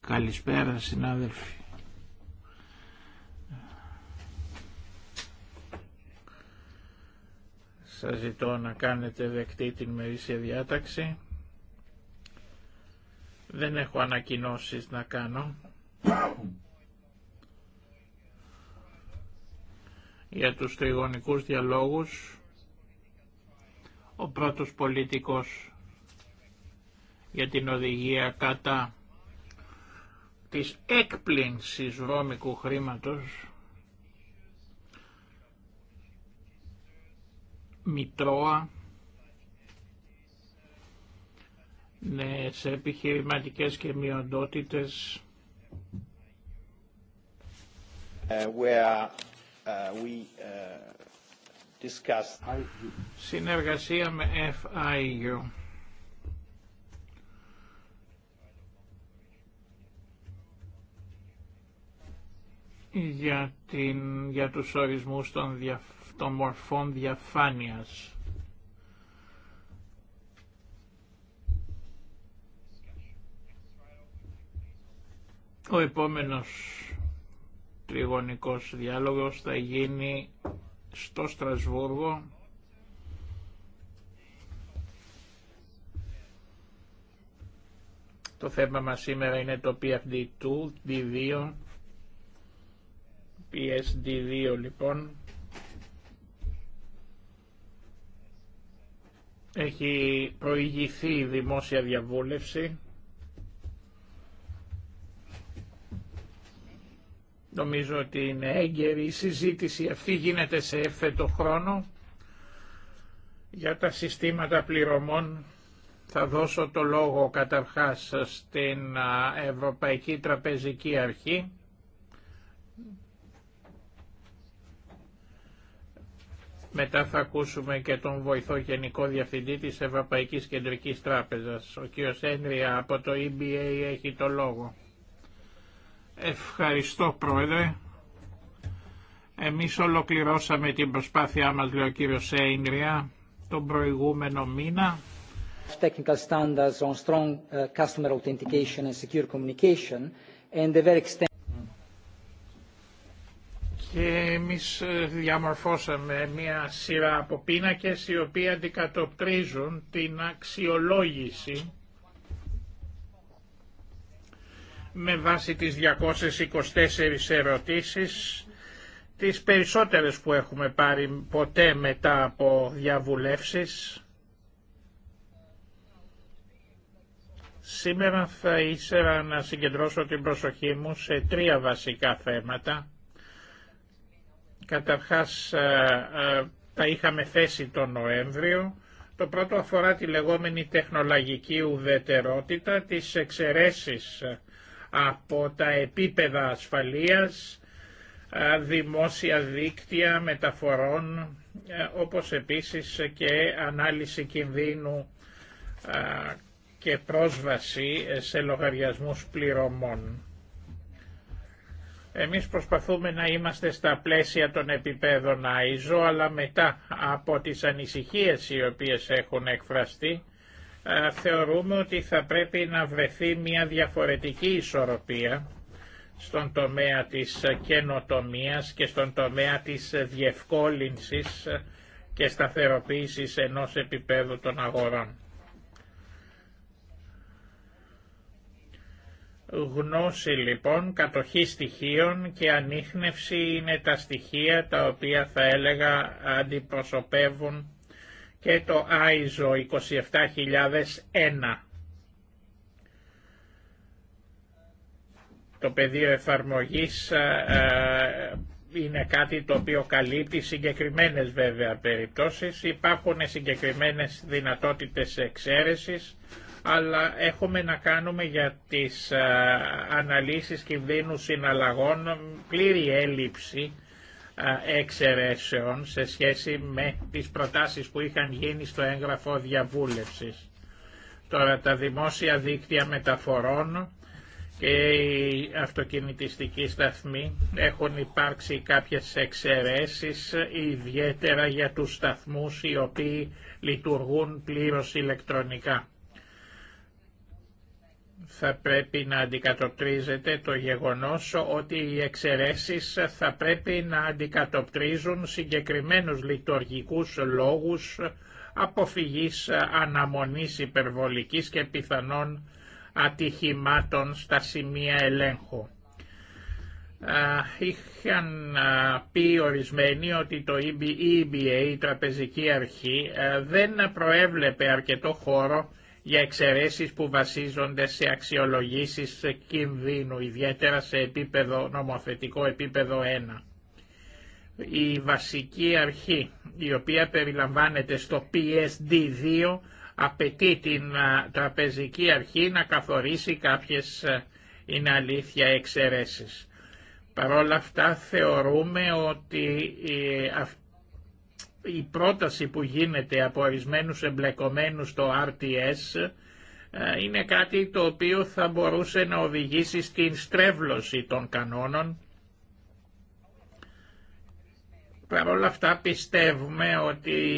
Καλησπέρα συνάδελφοι. Σας ζητώ να κάνετε δεκτή την μερίσια διάταξη. Δεν έχω ανακοινώσεις να κάνω. Για τους τριγωνικούς διαλόγους, ο πρώτος πολιτικός για την οδηγία κατά της έκπληξης βρώμικου χρήματος Μητρώα ναι, σε επιχειρηματικές και μειοντότητες ε, where ε, we ε, συνεργασία με FIU για, την, για τους ορισμούς των, των μορφών διαφάνειας. Ο επόμενος τριγωνικός διάλογος θα γίνει στο Στρασβούργο Το θέμα μας σήμερα είναι το PFD2, D2 PSD2 λοιπόν έχει προηγηθεί η δημόσια διαβούλευση Νομίζω ότι είναι έγκαιρη η συζήτηση αυτή γίνεται σε έφετο χρόνο για τα συστήματα πληρωμών θα δώσω το λόγο καταρχάς στην Ευρωπαϊκή Τραπεζική Αρχή Μετά θα ακούσουμε και τον βοηθό Γενικό Διευθυντή της Ευρωπαϊκής Κεντρικής Τράπεζας. Ο κ. Ένρια από το EBA έχει το λόγο. Ευχαριστώ Πρόεδρε. Εμείς ολοκληρώσαμε την προσπάθειά μας, λέει ο κύριος Ένδρια, τον προηγούμενο μήνα. Technical standards on strong uh, customer authentication and secure communication and the very extent και εμείς ε, διαμορφώσαμε μια σειρά από πίνακες οι οποίοι αντικατοπτρίζουν την αξιολόγηση με βάση τις 224 ερωτήσεις, τις περισσότερες που έχουμε πάρει ποτέ μετά από διαβουλεύσεις. Σήμερα θα ήθελα να συγκεντρώσω την προσοχή μου σε τρία βασικά θέματα Καταρχάς ε, ε, τα είχαμε θέσει τον Νοέμβριο. Το πρώτο αφορά τη λεγόμενη τεχνολογική ουδετερότητα, τις εξαιρέσεις ε, από τα επίπεδα ασφαλείας, δημόσια δίκτυα μεταφορών, όπως επίσης και ανάλυση κινδύνου και πρόσβαση σε λογαριασμούς πληρωμών. Εμείς προσπαθούμε να είμαστε στα πλαίσια των επιπέδων ΆΙΖΟ, αλλά μετά από τις ανησυχίες οι οποίες έχουν εκφραστεί, ε, θεωρούμε ότι θα πρέπει να βρεθεί μια διαφορετική ισορροπία στον τομέα της καινοτομίας και στον τομέα της διευκόλυνσης και σταθεροποίησης ενός επίπεδου των αγορών. Γνώση λοιπόν, κατοχή στοιχείων και ανείχνευση είναι τα στοιχεία τα οποία θα έλεγα αντιπροσωπεύουν και το ISO 27001. Το πεδίο εφαρμογής ε, ε, είναι κάτι το οποίο καλύπτει συγκεκριμένες βέβαια περιπτώσεις. Υπάρχουν συγκεκριμένες δυνατότητες εξαίρεσης αλλά έχουμε να κάνουμε για τις ε, αναλύσεις κινδύνου συναλλαγών πλήρη έλλειψη ε, εξαιρέσεων σε σχέση με τις προτάσεις που είχαν γίνει στο έγγραφο διαβούλευσης. Τώρα τα δημόσια δίκτυα μεταφορών και οι αυτοκινητιστική σταθμοί έχουν υπάρξει κάποιες εξαιρέσεις ιδιαίτερα για τους σταθμούς οι οποίοι λειτουργούν πλήρως ηλεκτρονικά θα πρέπει να αντικατοπτρίζεται το γεγονός ότι οι εξαιρέσει θα πρέπει να αντικατοπτρίζουν συγκεκριμένους λειτουργικούς λόγους αποφυγής αναμονής υπερβολικής και πιθανών ατυχημάτων στα σημεία ελέγχου. Είχαν πει ορισμένοι ότι το EBA, e η Τραπεζική Αρχή, δεν προέβλεπε αρκετό χώρο για εξαιρέσεις που βασίζονται σε αξιολογήσεις κινδύνου, ιδιαίτερα σε επίπεδο, νομοθετικό επίπεδο 1. Η βασική αρχή, η οποία περιλαμβάνεται στο PSD2, απαιτεί την τραπεζική αρχή να καθορίσει κάποιες, είναι αλήθεια, εξαιρέσεις. Παρ' όλα αυτά θεωρούμε ότι ε, η πρόταση που γίνεται από ορισμένου εμπλεκομένους στο RTS ε, είναι κάτι το οποίο θα μπορούσε να οδηγήσει στην στρέβλωση των κανόνων. Παρ' όλα αυτά πιστεύουμε ότι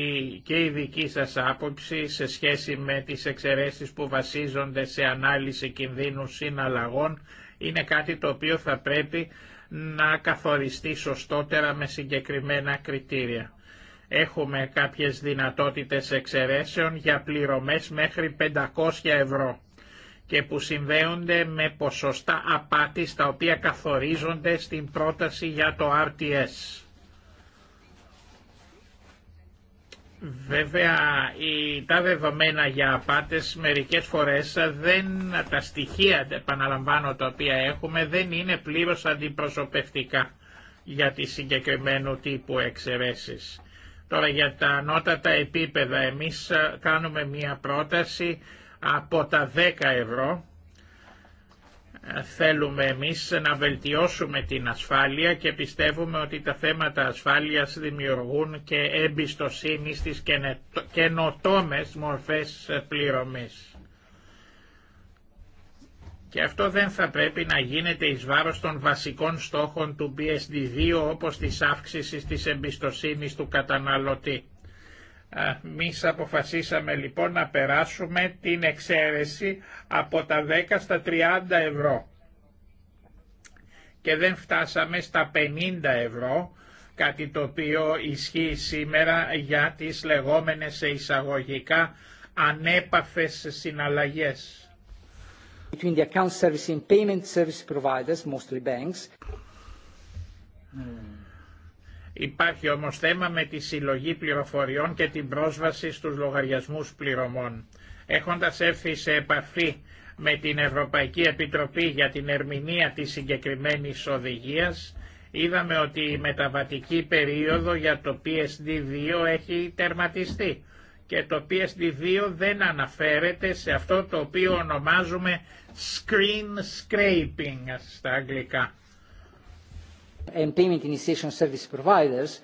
και η δική σας άποψη σε σχέση με τις εξαιρέσεις που βασίζονται σε ανάλυση κινδύνου συναλλαγών είναι κάτι το οποίο θα πρέπει να καθοριστεί σωστότερα με συγκεκριμένα κριτήρια έχουμε κάποιες δυνατότητες εξαιρέσεων για πληρωμές μέχρι 500 ευρώ και που συνδέονται με ποσοστά απάτης τα οποία καθορίζονται στην πρόταση για το RTS. Βέβαια, τα δεδομένα για απάτες μερικές φορές δεν, τα στοιχεία, επαναλαμβάνω, τα οποία έχουμε δεν είναι πλήρως αντιπροσωπευτικά για τη συγκεκριμένου τύπου εξαιρέσεις. Τώρα για τα ανώτατα επίπεδα εμείς ε, κάνουμε μία πρόταση από τα 10 ευρώ. Ε, θέλουμε εμείς να βελτιώσουμε την ασφάλεια και πιστεύουμε ότι τα θέματα ασφάλειας δημιουργούν και εμπιστοσύνη στις καινοτόμες μορφές ε, πληρωμής. Και αυτό δεν θα πρέπει να γίνεται εις βάρος των βασικών στόχων του PSD2 όπως της αύξησης της εμπιστοσύνης του καταναλωτή. Εμεί αποφασίσαμε λοιπόν να περάσουμε την εξαίρεση από τα 10 στα 30 ευρώ και δεν φτάσαμε στα 50 ευρώ, κάτι το οποίο ισχύει σήμερα για τις λεγόμενες εισαγωγικά ανέπαφες συναλλαγές between account hmm. Υπάρχει όμως θέμα με τη συλλογή πληροφοριών και την πρόσβαση στους λογαριασμούς πληρωμών. Έχοντας έρθει σε επαφή με την Ευρωπαϊκή Επιτροπή για την ερμηνεία της συγκεκριμένης οδηγίας, είδαμε ότι η μεταβατική περίοδο για το PSD2 έχει τερματιστεί και το PSD2 δεν αναφέρεται σε αυτό το οποίο ονομάζουμε screen scraping στα αγγλικά. service providers.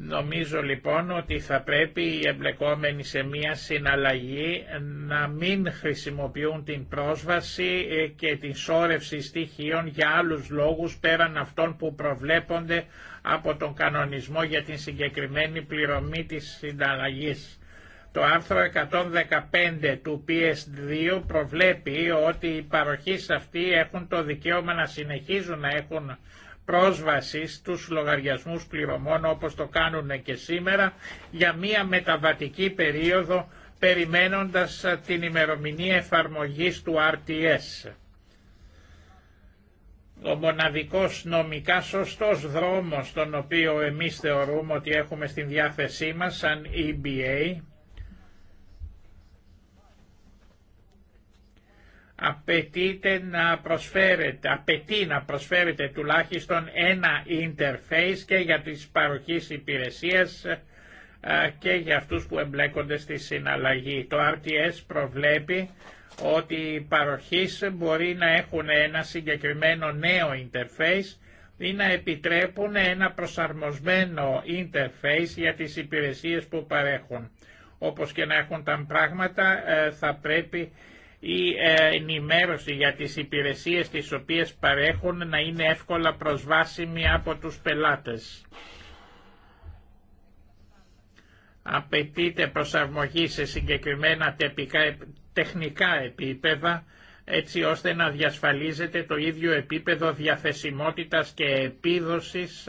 Νομίζω λοιπόν ότι θα πρέπει οι εμπλεκόμενοι σε μία συναλλαγή να μην χρησιμοποιούν την πρόσβαση ε, και την σόρευση στοιχείων για άλλους λόγους πέραν αυτών που προβλέπονται από τον κανονισμό για την συγκεκριμένη πληρωμή της Το άρθρο 115 του PS2 προβλέπει ότι οι παροχείς αυτοί έχουν το δικαίωμα να συνεχίζουν να έχουν πρόσβαση στους λογαριασμούς πληρωμών όπως το κάνουν και σήμερα για μία μεταβατική περίοδο περιμένοντας την ημερομηνία εφαρμογής του RTS. Ο μοναδικός νομικά σωστός δρόμος τον οποίο εμείς θεωρούμε ότι έχουμε στην διάθεσή μας σαν EBA απαιτείται να προσφέρετε, απαιτεί να προσφέρετε τουλάχιστον ένα interface και για τις παροχής υπηρεσίες ε, και για αυτούς που εμπλέκονται στη συναλλαγή. Το RTS προβλέπει ότι οι μπορεί να έχουν ένα συγκεκριμένο νέο interface ή να επιτρέπουν ένα προσαρμοσμένο interface για τις υπηρεσίες που παρέχουν. Όπως και να έχουν τα πράγματα ε, θα πρέπει η ε, ενημέρωση για τις υπηρεσίες τις οποίες παρέχουν να είναι εύκολα προσβάσιμη από τους πελάτες. Απαιτείται προσαρμογή σε συγκεκριμένα τεχνικά επίπεδα έτσι ώστε να διασφαλίζεται το ίδιο επίπεδο διαθεσιμότητας και επίδοσης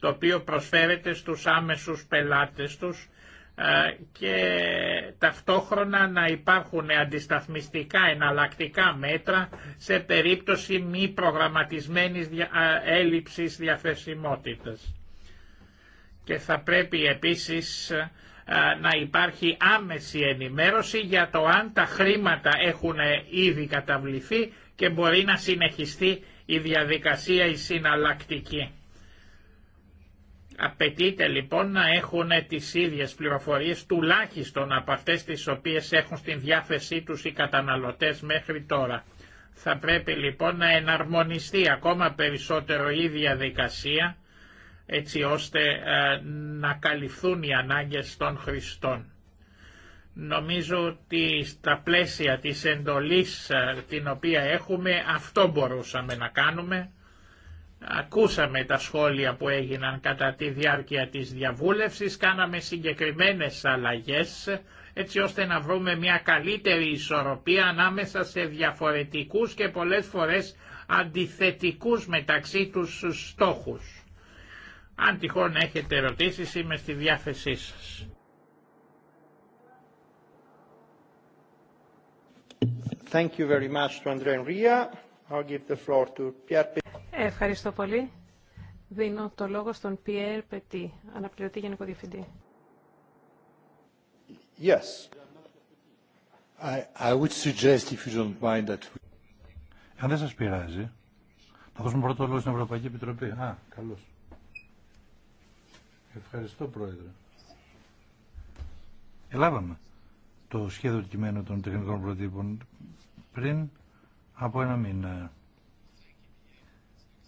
το οποίο προσφέρεται στους άμεσους πελάτες τους ε, και ταυτόχρονα να υπάρχουν αντισταθμιστικά εναλλακτικά μέτρα σε περίπτωση μη προγραμματισμένης ε, έλλειψης διαθεσιμότητας. Και θα πρέπει επίσης ε, να υπάρχει άμεση ενημέρωση για το αν τα χρήματα έχουν ε, ήδη καταβληθεί και μπορεί να συνεχιστεί η διαδικασία η συναλλακτική. Απαιτείται λοιπόν να έχουν ε, τις ίδιες πληροφορίες τουλάχιστον από αυτές τις οποίες έχουν στην διάθεσή τους οι καταναλωτές μέχρι τώρα. Θα πρέπει λοιπόν να εναρμονιστεί ακόμα περισσότερο η διαδικασία έτσι ώστε ε, να καλυφθούν οι ανάγκες των χρηστών. Νομίζω ότι στα πλαίσια της εντολής ε, την οποία έχουμε αυτό μπορούσαμε να κάνουμε. Ακούσαμε τα σχόλια που έγιναν κατά τη διάρκεια της διαβούλευσης, κάναμε συγκεκριμένες αλλαγές έτσι ώστε να βρούμε μια καλύτερη ισορροπία ανάμεσα σε διαφορετικούς και πολλές φορές αντιθετικούς μεταξύ τους στόχους. Αν τυχόν έχετε ερωτήσεις είμαι στη διάθεσή σας. Thank you very much to Andrea I'll give the floor to Pierre Ευχαριστώ πολύ. Δίνω το λόγο στον Pierre Πετή, αναπληρωτή Γενικό Διευθυντή. Yes. I, I would suggest, if you don't mind, that... Αν δεν σας πειράζει, θα δώσουμε πρώτο λόγο στην Ευρωπαϊκή Επιτροπή. Α, καλώς. Ευχαριστώ Πρόεδρε. Ελάβαμε το σχέδιο κειμένου των τεχνικών προτύπων πριν από ένα μήνα.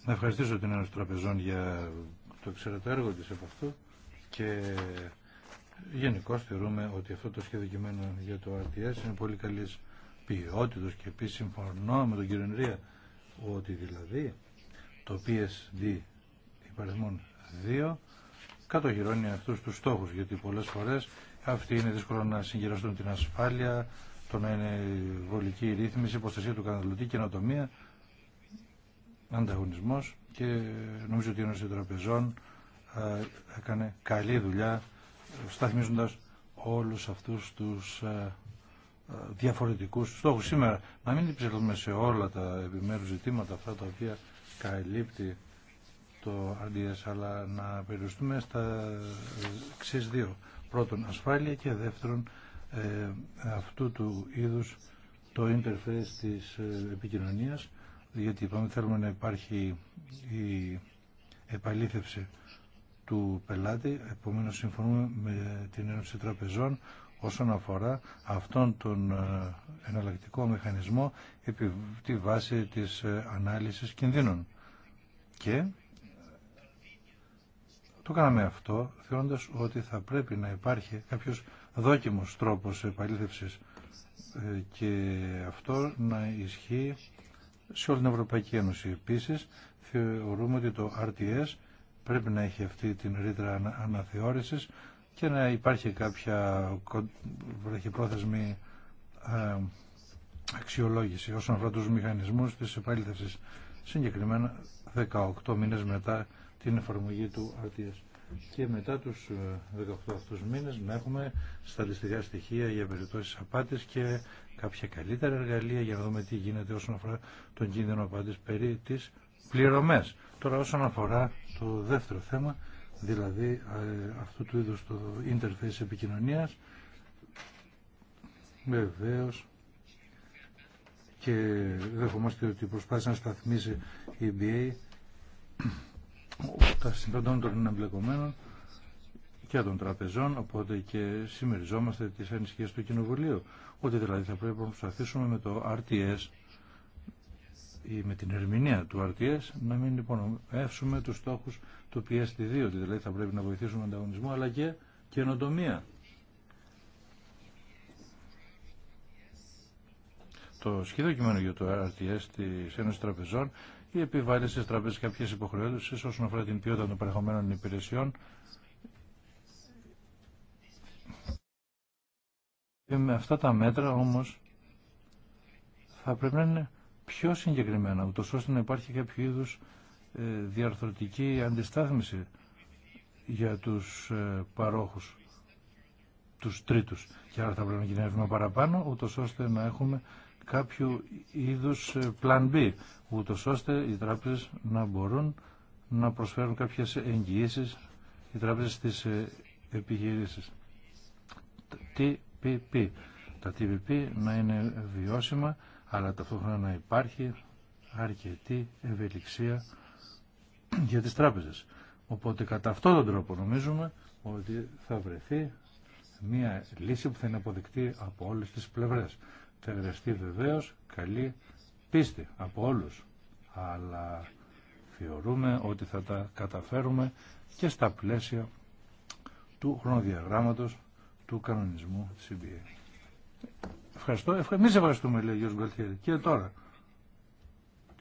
Να ευχαριστήσω την Ένωση Τραπεζών για το εξαιρετό έργο της από αυτού και γενικώ θεωρούμε ότι αυτό το σχέδιο κειμένου για το RTS είναι πολύ καλής ποιότητα και επίση συμφωνώ με τον κύριο Ενρία ότι δηλαδή το PSD υπαριθμών 2 κατοχυρώνει αυτούς τους στόχους, γιατί πολλές φορές αυτοί είναι δύσκολο να συγκεραστούν την ασφάλεια, το να είναι βολική ρύθμιση, υποστασία του καταναλωτή, καινοτομία, ανταγωνισμός και νομίζω ότι η Ένωση Τραπεζών ε, έκανε καλή δουλειά σταθμίζοντας όλους αυτούς τους ε, ε, διαφορετικούς στόχους. Σήμερα να μην υψηλούμε σε όλα τα επιμέρους ζητήματα αυτά τα οποία καλύπτει το RDS, αλλά να περιοριστούμε στα ε, εξή δύο. Πρώτον, ασφάλεια και δεύτερον, ε, αυτού του είδους το interface της ε, επικοινωνίας, γιατί είπαμε θέλουμε να υπάρχει η επαλήθευση του πελάτη, επομένως συμφωνούμε με την Ένωση Τραπεζών όσον αφορά αυτόν τον εναλλακτικό μηχανισμό επί τη βάση της ανάλυσης κινδύνων. Και το κάναμε αυτό θεωρώντας ότι θα πρέπει να υπάρχει κάποιος δόκιμος τρόπος επαλήθευσης ε, και αυτό να ισχύει σε όλη την Ευρωπαϊκή Ένωση. Επίσης θεωρούμε ότι το RTS πρέπει να έχει αυτή την ρήτρα αναθεώρησης και να υπάρχει κάποια βραχυπρόθεσμη ε, αξιολόγηση όσον αφορά τους μηχανισμούς της επαλήθευσης. Συγκεκριμένα 18 μήνες μετά την εφαρμογή του RTS. Και μετά τους 18 ε, αυτούς μήνες να έχουμε στατιστικά στοιχεία για περιπτώσεις απάτης και κάποια καλύτερα εργαλεία για να δούμε τι γίνεται όσον αφορά τον κίνδυνο απάτης περί της πληρωμές. Τώρα όσον αφορά το δεύτερο θέμα, δηλαδή ε, αυτού του είδους το interface επικοινωνίας, Βεβαίω. Και δεχόμαστε ότι προσπάθησε να σταθμίσει η EBA τα συμφέροντα των εμπλεκομένων και των τραπεζών, οπότε και συμμεριζόμαστε τις ανησυχίες του Κοινοβουλίου. Ότι δηλαδή θα πρέπει να προσπαθήσουμε με το RTS ή με την ερμηνεία του RTS να μην υπονομεύσουμε τους στόχους του PSD2, ότι δηλαδή θα πρέπει να βοηθήσουμε ανταγωνισμό αλλά και καινοτομία. Το σχεδόν κειμένο για το RTS της Ένωσης Τραπεζών η επιβάλληση στι τραπέζε κάποιε υποχρεώσει όσον αφορά την ποιότητα των παρεχωμένων υπηρεσιών. Και με αυτά τα μέτρα όμως θα πρέπει να είναι πιο συγκεκριμένα, ούτως ώστε να υπάρχει κάποιο είδου ε, διαρθρωτική αντιστάθμιση για τους ε, παρόχους, τους τρίτους. Και άρα θα πρέπει να γίνει ένα παραπάνω, ούτως ώστε να έχουμε κάποιου είδους plan ε, B, ούτως ώστε οι τράπεζες να μπορούν να προσφέρουν κάποιες εγγυήσεις οι τράπεζες στις ε, επιχειρήσεις. TPP. Τα TPP να είναι βιώσιμα, αλλά ταυτόχρονα να υπάρχει αρκετή ευελιξία για τις τράπεζες. Οπότε κατά αυτόν τον τρόπο νομίζουμε ότι θα βρεθεί μια λύση που θα είναι αποδεκτή από όλες τις πλευρές θα βεβαίω καλή πίστη από όλους. Αλλά θεωρούμε ότι θα τα καταφέρουμε και στα πλαίσια του χρονοδιαγράμματος του κανονισμού της CBA. Ευχαριστώ. Ευχα... Εμείς ευχαριστούμε, λέει ο Γιώργος Και τώρα.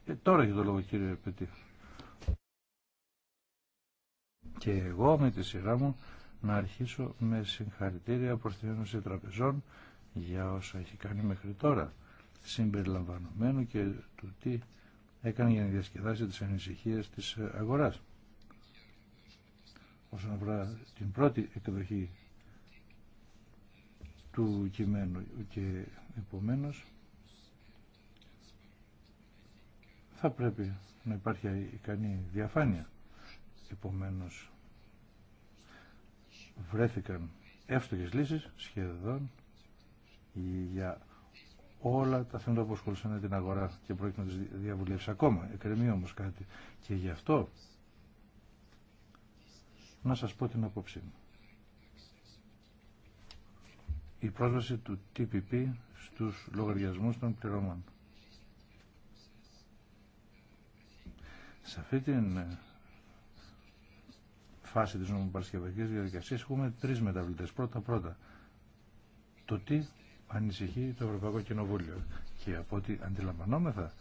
Και ε, τώρα έχει το λόγο, κύριε Πετή. Και εγώ με τη σειρά μου να αρχίσω με συγχαρητήρια προς την Ένωση Τραπεζών για όσα έχει κάνει μέχρι τώρα συμπεριλαμβανομένου και του τι έκανε για να διασκεδάσει τις ανησυχίες της αγοράς. Όσον αφορά την πρώτη εκδοχή του κειμένου και επομένως θα πρέπει να υπάρχει ικανή διαφάνεια. Επομένως βρέθηκαν εύστοχες λύσεις σχεδόν για όλα τα θέματα που ασχολούσαν την αγορά και πρόκειται να τις διαβουλεύσει ακόμα. Εκκρεμεί όμω κάτι. Και γι' αυτό να σας πω την απόψη μου. Η πρόσβαση του TPP στους λογαριασμούς των πληρώμων. Σε αυτή την ε, φάση της νομοπαρασκευακής διαδικασίας έχουμε τρεις μεταβλητές. Πρώτα-πρώτα, το τι ανησυχεί το Ευρωπαϊκό Κοινοβούλιο. Και από ό,τι αντιλαμβανόμεθα,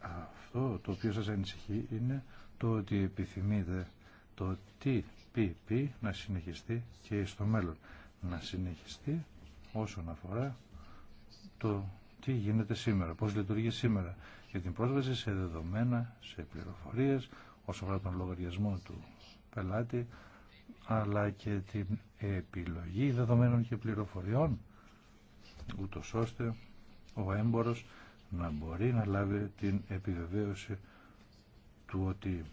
αυτό το οποίο σας ανησυχεί είναι το ότι επιθυμείτε το TPP να συνεχιστεί και στο μέλλον. Να συνεχιστεί όσον αφορά το τι γίνεται σήμερα, πώς λειτουργεί σήμερα για την πρόσβαση σε δεδομένα, σε πληροφορίες, όσον αφορά τον λογαριασμό του πελάτη, αλλά και την επιλογή δεδομένων και πληροφοριών ούτω ώστε ο έμπορος να μπορεί να λάβει την επιβεβαίωση του ότι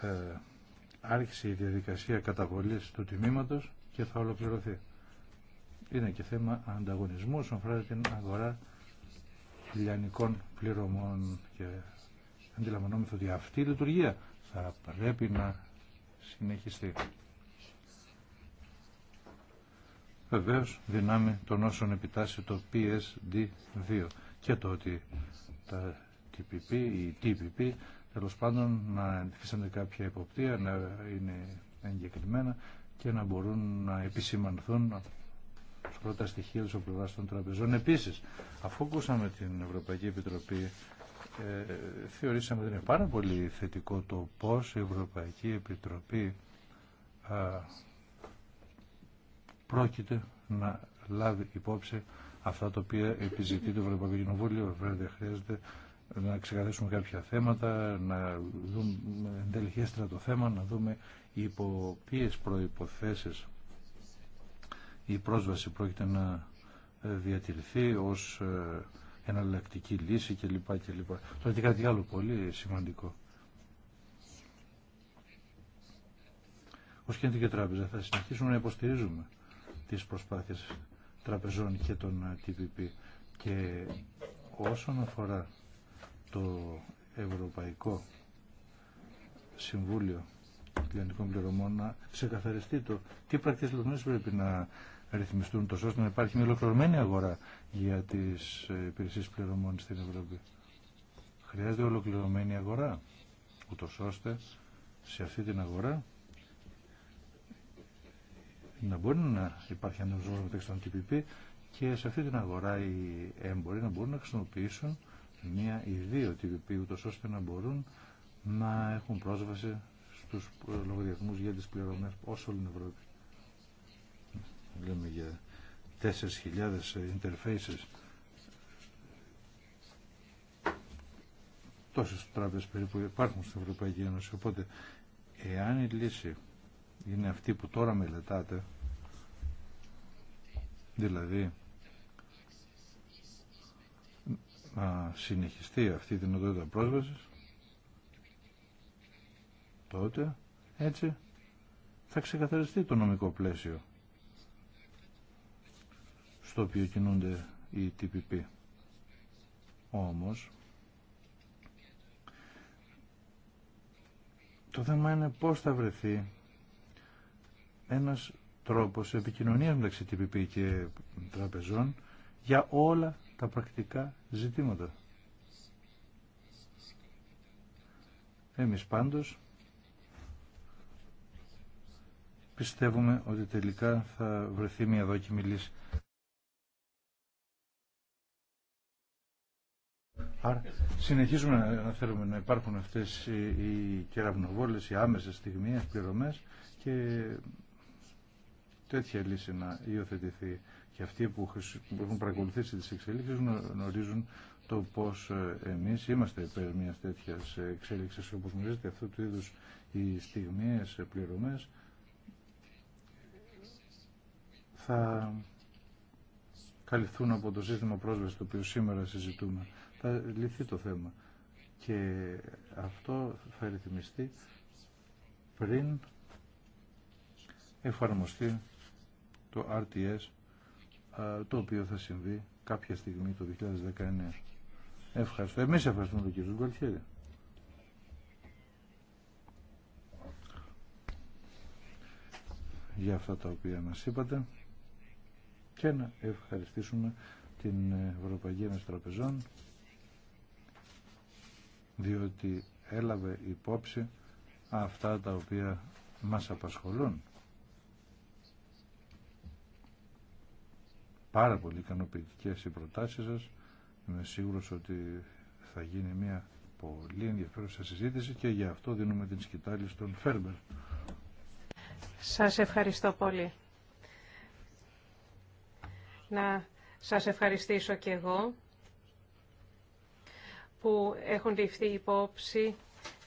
ε, άρχισε η διαδικασία καταβολής του τιμήματος και θα ολοκληρωθεί. Είναι και θέμα ανταγωνισμού όσον αφορά την αγορά λιανικών πληρωμών και αντιλαμβανόμεθα ότι αυτή η λειτουργία θα πρέπει να συνεχιστεί. βεβαίω δυνάμει των όσων επιτάσσει το PSD2 και το ότι τα TPP ή TPP τέλο πάντων να υφίστανται κάποια υποπτία, να είναι εγκεκριμένα και να μπορούν να επισημανθούν πρώτα στοιχεία του οπλευρά των τραπεζών. Επίση, αφού ακούσαμε την Ευρωπαϊκή Επιτροπή, ε, θεωρήσαμε ότι είναι πάρα πολύ θετικό το πώς η Ευρωπαϊκή Επιτροπή α, πρόκειται να λάβει υπόψη αυτά τα οποία επιζητεί το Ευρωπαϊκό Κοινοβούλιο. Βέβαια χρειάζεται να ξεκαθαρίσουμε κάποια θέματα, να δούμε εντελεχέστερα το θέμα, να δούμε υπό ποιε προποθέσει η πρόσβαση πρόκειται να ε, διατηρηθεί ως ε, εναλλακτική λύση κλπ. κλπ. Τώρα και κάτι άλλο πολύ σημαντικό. Ως και Τράπεζα θα συνεχίσουμε να υποστηρίζουμε τις προσπάθειες τραπεζών και των ε, TPP. Και όσον αφορά το Ευρωπαϊκό Συμβούλιο Κοινωνικών Πληρωμών να ξεκαθαριστεί το τι πρακτικές λειτουργίες πρέπει να ρυθμιστούν τόσο ώστε να υπάρχει μια ολοκληρωμένη αγορά για τις ε, υπηρεσίες πληρωμών στην Ευρώπη. Χρειάζεται ολοκληρωμένη αγορά, ούτως ώστε σε αυτή την αγορά να μπορεί να υπάρχει ανταγωνισμό μεταξύ των TPP και σε αυτή την αγορά οι έμποροι να μπορούν να χρησιμοποιήσουν μία ή δύο TPP ούτως ώστε να μπορούν να έχουν πρόσβαση στους ε, λογαριασμούς για τις πληρωμές όσο όλη την Ευρώπη. Λέμε για 4.000 ε, interfaces. Τόσες τράπεζες περίπου υπάρχουν στην Ευρωπαϊκή Ένωση. Οπότε, εάν η λύση είναι αυτή που τώρα μελετάτε δηλαδή να συνεχιστεί αυτή η δυνατότητα πρόσβασης τότε έτσι θα ξεκαθαριστεί το νομικό πλαίσιο στο οποίο κινούνται οι TPP. Όμως, το θέμα είναι πώς θα βρεθεί ένας τρόπος επικοινωνίας μεταξύ TPP και τραπεζών για όλα τα πρακτικά ζητήματα. Εμείς πάντως πιστεύουμε ότι τελικά θα βρεθεί μια δόκιμη λύση. Άρα συνεχίζουμε να θέλουμε να υπάρχουν αυτές οι κεραυνοβόλες, οι άμεσες στιγμές, πληρωμές και τέτοια λύση να υιοθετηθεί και αυτοί που έχουν παρακολουθήσει τις εξελίξεις γνωρίζουν το πώς ε, εμείς είμαστε υπέρ μιας τέτοιας εξέλιξης όπως γνωρίζετε αυτού του είδους οι στιγμίες ε, πληρωμές θα καλυφθούν από το σύστημα πρόσβασης το οποίο σήμερα συζητούμε. Θα λυθεί το θέμα. Και αυτό θα ρυθμιστεί πριν εφαρμοστεί το RTS το οποίο θα συμβεί κάποια στιγμή το 2019. Ευχαριστώ. Εμείς ευχαριστούμε τον κύριο Γκολτιέρη για αυτά τα οποία μας είπατε και να ευχαριστήσουμε την Ευρωπαϊκή Ένωση Τραπεζών διότι έλαβε υπόψη αυτά τα οποία μας απασχολούν. πάρα πολύ ικανοποιητικέ οι προτάσει σας. Είμαι σίγουρος ότι θα γίνει μια πολύ ενδιαφέρουσα συζήτηση και γι' αυτό δίνουμε την σκητάλη στον Φέρμπερ. Σας ευχαριστώ πολύ. Να σα ευχαριστήσω και εγώ που έχουν ληφθεί υπόψη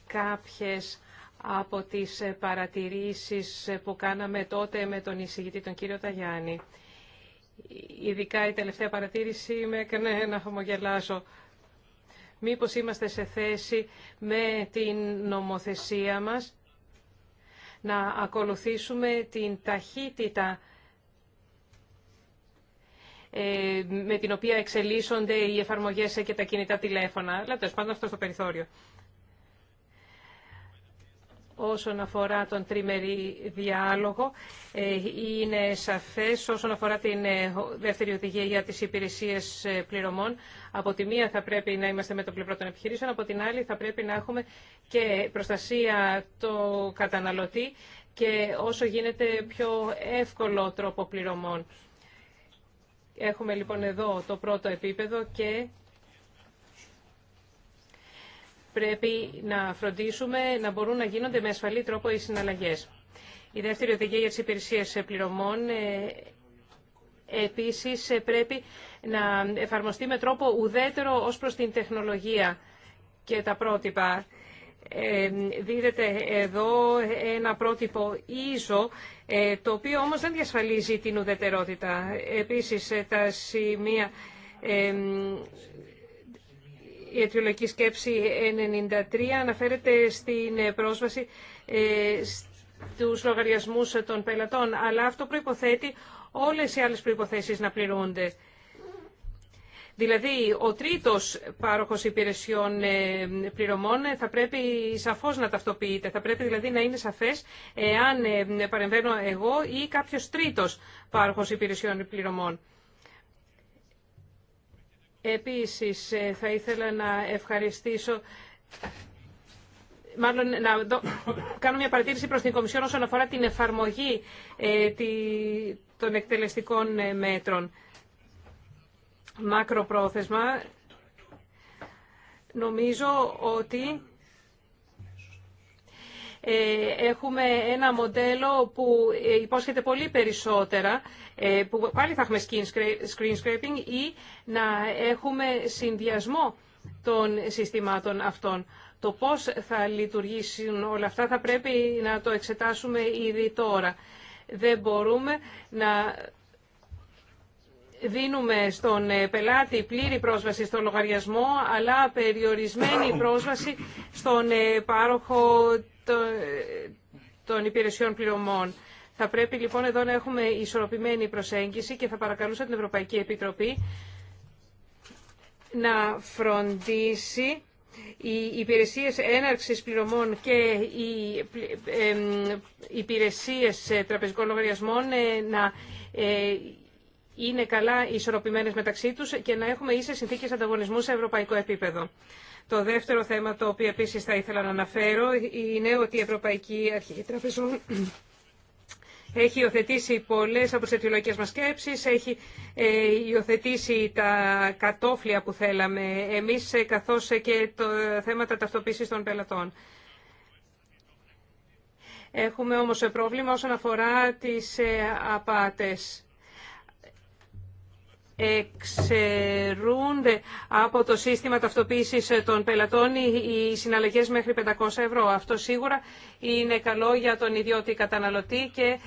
κάποιες από τις παρατηρήσεις που κάναμε τότε με τον εισηγητή τον κύριο Ταγιάννη. Ειδικά η τελευταία παρατήρηση με έκανε να χαμογελάσω. Μήπως είμαστε σε θέση με την νομοθεσία μας να ακολουθήσουμε την ταχύτητα ε, με την οποία εξελίσσονται οι εφαρμογές και τα κινητά τηλέφωνα. Λέτε πάντα αυτό στο περιθώριο όσον αφορά τον τριμερή διάλογο. Ε, είναι σαφές όσον αφορά την ε, δεύτερη οδηγία για τις υπηρεσίες ε, πληρωμών. Από τη μία θα πρέπει να είμαστε με το πλευρό των επιχειρήσεων, από την άλλη θα πρέπει να έχουμε και προστασία το καταναλωτή και όσο γίνεται πιο εύκολο τρόπο πληρωμών. Έχουμε λοιπόν εδώ το πρώτο επίπεδο και πρέπει να φροντίσουμε να μπορούν να γίνονται με ασφαλή τρόπο οι συναλλαγές. Η δεύτερη οδηγία για τις υπηρεσίες πληρωμών ε, επίσης ε, πρέπει να εφαρμοστεί με τρόπο ουδέτερο ως προς την τεχνολογία και τα πρότυπα. Ε, δίδεται εδώ ένα πρότυπο ίσο, το οποίο όμως δεν διασφαλίζει την ουδετερότητα. Επίσης, τα σημεία η αιτιολογική σκέψη 93 αναφέρεται στην πρόσβαση ε, στους λογαριασμούς των πελατών, αλλά αυτό προϋποθέτει όλες οι άλλες προϋποθέσεις να πληρούνται. Δηλαδή, ο τρίτος πάροχος υπηρεσιών ε, πληρωμών θα πρέπει σαφώς να ταυτοποιείται. Θα πρέπει δηλαδή να είναι σαφές εάν ε, παρεμβαίνω εγώ ή κάποιος τρίτος πάροχος υπηρεσιών πληρωμών. Επίσης, ε, θα ήθελα να ευχαριστήσω μάλλον να κάνω μια παρατήρηση προς την Κομισιόν όσον αφορά την εφαρμογή ε, τη, των εκτελεστικών ε, μέτρων. Μακροπρόθεσμα, νομίζω ότι ε, έχουμε ένα μοντέλο που ε, υπόσχεται πολύ περισσότερα, ε, που πάλι θα έχουμε screen scraping ή να έχουμε συνδυασμό των συστημάτων αυτών. Το πώς θα λειτουργήσουν όλα αυτά θα πρέπει να το εξετάσουμε ήδη τώρα. Δεν μπορούμε να δίνουμε στον ε, πελάτη πλήρη πρόσβαση στον λογαριασμό, αλλά περιορισμένη πρόσβαση στον ε, πάροχο ε, των υπηρεσιών πληρωμών. Θα πρέπει λοιπόν εδώ να έχουμε ισορροπημένη προσέγγιση και θα παρακαλούσα την Ευρωπαϊκή Επιτροπή να φροντίσει οι υπηρεσίες έναρξης πληρωμών και οι υπηρεσίες τραπεζικών λογαριασμών να είναι καλά ισορροπημένε μεταξύ του και να έχουμε ίσες συνθήκες ανταγωνισμού σε ευρωπαϊκό επίπεδο. Το δεύτερο θέμα το οποίο επίσης θα ήθελα να αναφέρω είναι ότι η Ευρωπαϊκή Αρχή Τραπεζών έχει υιοθετήσει πολλέ από τι αιτιολογικές μας σκέψεις, έχει ε, υιοθετήσει τα κατόφλια που θέλαμε εμείς, ε, καθώ ε, και το θέματα ταυτοποίηση των πελατών. Έχουμε όμως πρόβλημα όσον αφορά τις απάτες εξαιρούνται από το σύστημα ταυτοποίησης των πελατών οι συναλλαγές μέχρι 500 ευρώ. Αυτό σίγουρα είναι καλό για τον ιδιώτη καταναλωτή και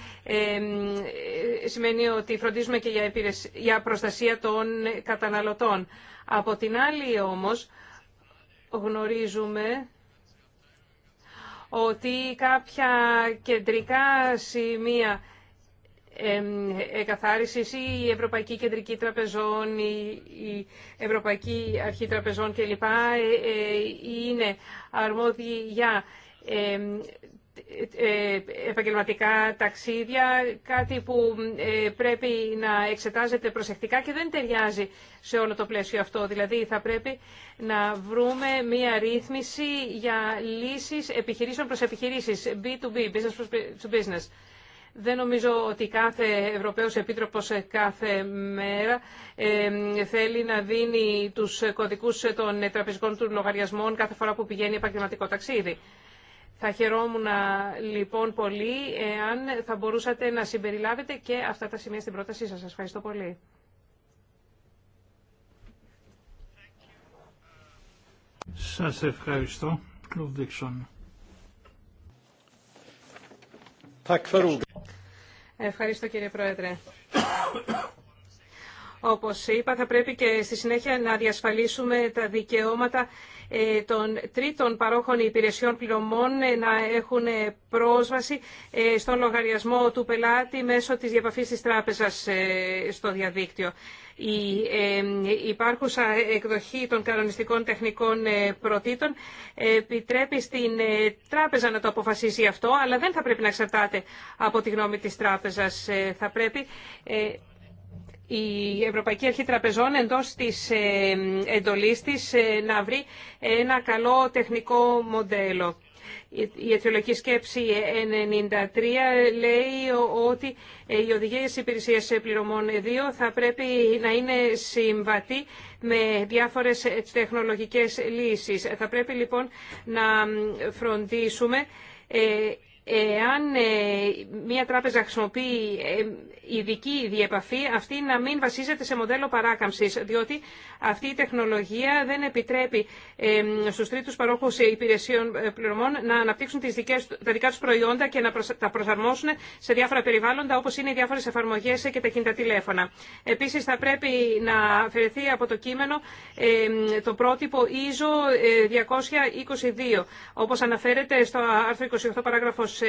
σημαίνει ότι φροντίζουμε και για προστασία των καταναλωτών. Από την άλλη όμως γνωρίζουμε ότι κάποια κεντρικά σημεία Εκαθάριση η Ευρωπαϊκή Κεντρική Τραπεζών, η Ευρωπαϊκή Αρχή Τραπεζών κλπ. Ε, ε, είναι αρμόδιοι για ε, επαγγελματικά ταξίδια, κάτι που πρέπει να εξετάζεται προσεκτικά και δεν ταιριάζει σε όλο το πλαίσιο αυτό. Δηλαδή θα πρέπει να βρούμε μία ρύθμιση για λύσεις επιχειρήσεων προς επιχειρήσεις, B2B, business to business. Δεν νομίζω ότι κάθε Ευρωπαίος Επίτροπος κάθε μέρα θέλει να δίνει τους κωδικούς των τραπεζικών του λογαριασμών κάθε φορά που πηγαίνει επαγγελματικό ταξίδι. Θα χαιρόμουν λοιπόν πολύ εάν θα μπορούσατε να συμπεριλάβετε και αυτά τα σημεία στην πρότασή σας. Σας ευχαριστώ πολύ. Σας ευχαριστώ, Κλουβ Δίξον. Ευχαριστώ κύριε Πρόεδρε. Όπως είπα, θα πρέπει και στη συνέχεια να διασφαλίσουμε τα δικαιώματα ε, των τρίτων παρόχων υπηρεσιών πληρωμών ε, να έχουν ε, πρόσβαση στον λογαριασμό του πελάτη μέσω της διαπαφής της τράπεζας στο διαδίκτυο. Η ε, υπάρχουσα εκδοχή των κανονιστικών τεχνικών ε, προτήτων ε, επιτρέπει στην τράπεζα να το αποφασίσει αυτό, αλλά δεν θα πρέπει να εξαρτάται από τη γνώμη της τράπεζας. Θα πρέπει η Ευρωπαϊκή Αρχή Τραπεζών εντός της εντολής της να βρει ένα καλό τεχνικό μοντέλο. Η αιτιολογική σκέψη 93 λέει ότι ε, οι οδηγίες υπηρεσίες πληρωμών 2 θα πρέπει να είναι συμβατοί με διάφορες τεχνολογικές λύσεις. Θα πρέπει λοιπόν να φροντίσουμε ε, εάν ε, μια τράπεζα χρησιμοποιεί ε, ειδική διεπαφή, αυτή να μην βασίζεται σε μοντέλο παράκαμψης, διότι αυτή η τεχνολογία δεν επιτρέπει ε, στους τρίτους παρόχους υπηρεσιών πληρωμών να αναπτύξουν τις δικές, τα δικά τους προϊόντα και να τα προσαρμόσουν σε διάφορα περιβάλλοντα, όπως είναι οι διάφορες εφαρμογές και τα κινητά τηλέφωνα. Επίσης, θα πρέπει να αφαιρεθεί από το κείμενο το πρότυπο ISO 222, όπως αναφέρεται στο άρθρο 28 παράγραφος 3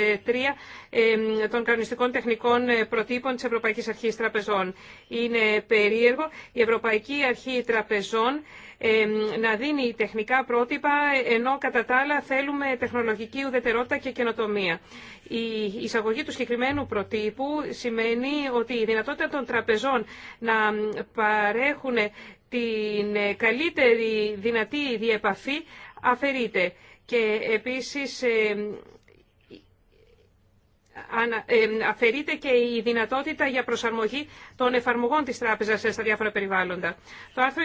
των κανονιστικών τεχνικών ε, προτύπων της Ευρωπαϊκής Αρχής Τραπεζών. Είναι περίεργο η Ευρωπαϊκή Αρχή Τραπεζών να δίνει τεχνικά πρότυπα, ενώ κατά τα άλλα θέλουμε τεχνολογική ουδετερότητα και καινοτομία. Η εισαγωγή του συγκεκριμένου προτύπου σημαίνει ότι η δυνατότητα των τραπεζών να παρέχουν την καλύτερη δυνατή διεπαφή αφαιρείται. Και επίσης ε, αφαιρείται και η δυνατότητα για προσαρμογή των εφαρμογών της τράπεζας στα διάφορα περιβάλλοντα. Το άρθρο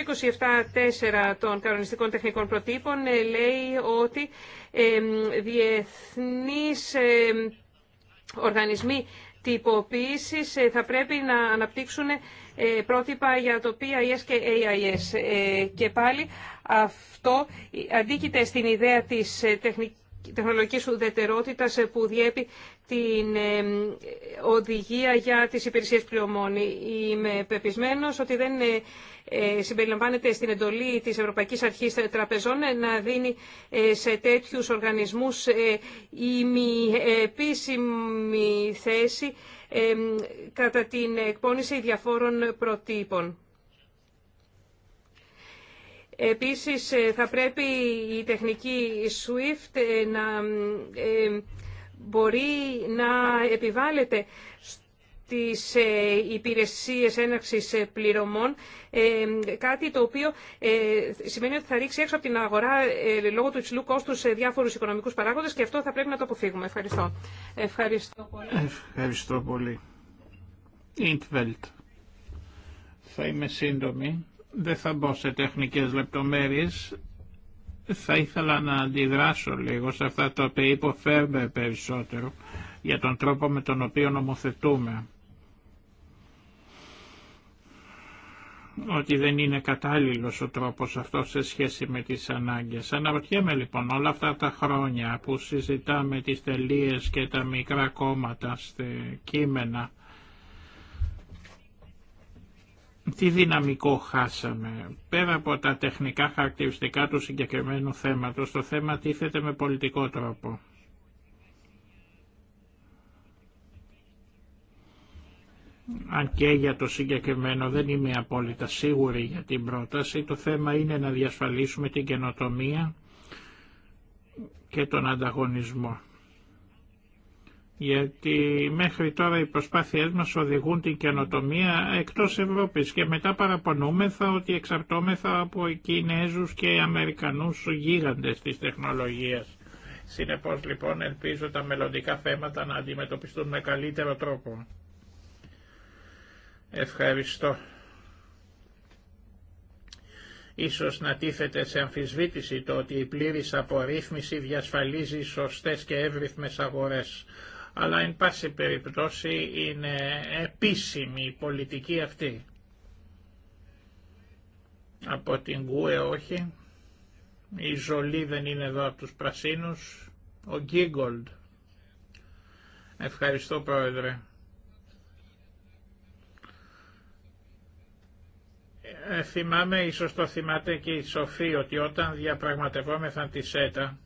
27.4 των κανονιστικών τεχνικών προτύπων ε, λέει ότι ε, διεθνείς οργανισμοί τυποποίησης θα πρέπει να αναπτύξουν πρότυπα για το PIS και AIS. Και πάλι αυτό αντίκειται στην ιδέα της τεχνικής τεχνολογικής ουδετερότητας που διέπει την ε, οδηγία για τις υπηρεσίες πλειομόνη. Είμαι πεπισμένος ότι δεν ε, ε, συμπεριλαμβάνεται στην εντολή της Ευρωπαϊκής Αρχής Τραπεζών να δίνει σε τέτοιους οργανισμούς η επίσημη θέση κατά την εκπόνηση διαφόρων προτύπων. Επίσης, θα πρέπει η τεχνική SWIFT να μπορεί να επιβάλλεται στις ε, υπηρεσίες έναρξης ε, πληρωμών, ε, κάτι το οποίο σημαίνει ότι θα ρίξει έξω από την αγορά λόγω του υψηλού κόστου σε διάφορους οικονομικούς παράγοντες και αυτό θα πρέπει να το αποφύγουμε. Ευχαριστώ. Ευχαριστώ πολύ. Ευχαριστώ πολύ. Ιντβελτ. Θα είμαι σύντομη. Δεν θα μπω σε τεχνικές λεπτομέρειες. Θα ήθελα να αντιδράσω λίγο σε αυτά τα οποία είπε περισσότερο για τον τρόπο με τον οποίο νομοθετούμε. Ότι δεν είναι κατάλληλος ο τρόπος αυτό σε σχέση με τις ανάγκες. Αναρωτιέμαι λοιπόν όλα αυτά τα χρόνια που συζητάμε τις τελείες και τα μικρά κόμματα κείμενα τι δυναμικό χάσαμε. Πέρα από τα τεχνικά χαρακτηριστικά του συγκεκριμένου θέματος, το θέμα τίθεται με πολιτικό τρόπο. Αν και για το συγκεκριμένο δεν είμαι απόλυτα σίγουρη για την πρόταση, το θέμα είναι να διασφαλίσουμε την καινοτομία και τον ανταγωνισμό γιατί μέχρι τώρα οι προσπάθειές μας οδηγούν την καινοτομία εκτός Ευρώπης και μετά παραπονούμεθα ότι εξαρτώμεθα από οι Κινέζους και οι Αμερικανούς γίγαντες της τεχνολογίας. Συνεπώς λοιπόν ελπίζω τα μελλοντικά θέματα να αντιμετωπιστούν με καλύτερο τρόπο. Ευχαριστώ. Ίσως να τίθεται σε αμφισβήτηση το ότι η πλήρης απορρίθμιση διασφαλίζει σωστές και εύρυθμες αγορές αλλά εν πάση περιπτώσει είναι επίσημη η πολιτική αυτή. Από την Γκουε όχι, η Ζολή δεν είναι εδώ από τους Πρασίνους, ο Γκίγκολντ. Ευχαριστώ Πρόεδρε. Ε, θυμάμαι, ίσως το θυμάται και η Σοφή, ότι όταν διαπραγματευόμεθαν τη ΣΕΤΑ,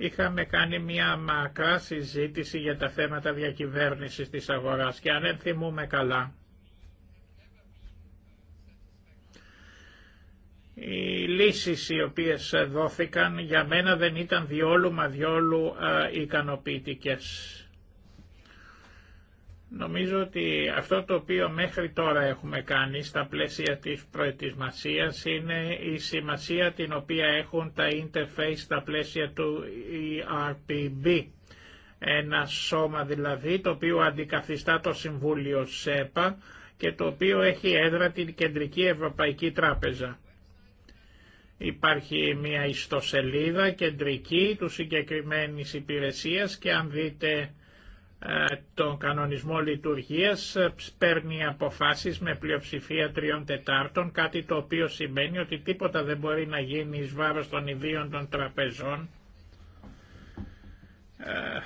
είχαμε κάνει μια μακρά συζήτηση για τα θέματα διακυβέρνησης της αγοράς και αν δεν καλά, οι λύσεις οι οποίες δόθηκαν για μένα δεν ήταν διόλου μα διόλου ε, ικανοποιητικές. Νομίζω ότι αυτό το οποίο μέχρι τώρα έχουμε κάνει στα πλαίσια της προετοιμασίας είναι η σημασία την οποία έχουν τα interface στα πλαίσια του ERPB. Ένα σώμα δηλαδή το οποίο αντικαθιστά το Συμβούλιο ΣΕΠΑ και το οποίο έχει έδρα την Κεντρική Ευρωπαϊκή Τράπεζα. Υπάρχει μια ιστοσελίδα κεντρική του συγκεκριμένης υπηρεσίας και αν δείτε ε, τον κανονισμό λειτουργίας ε, παίρνει αποφάσεις με πλειοψηφία τριών τετάρτων, κάτι το οποίο σημαίνει ότι τίποτα δεν μπορεί να γίνει εις βάρος των ιδίων των τραπεζών. Ε,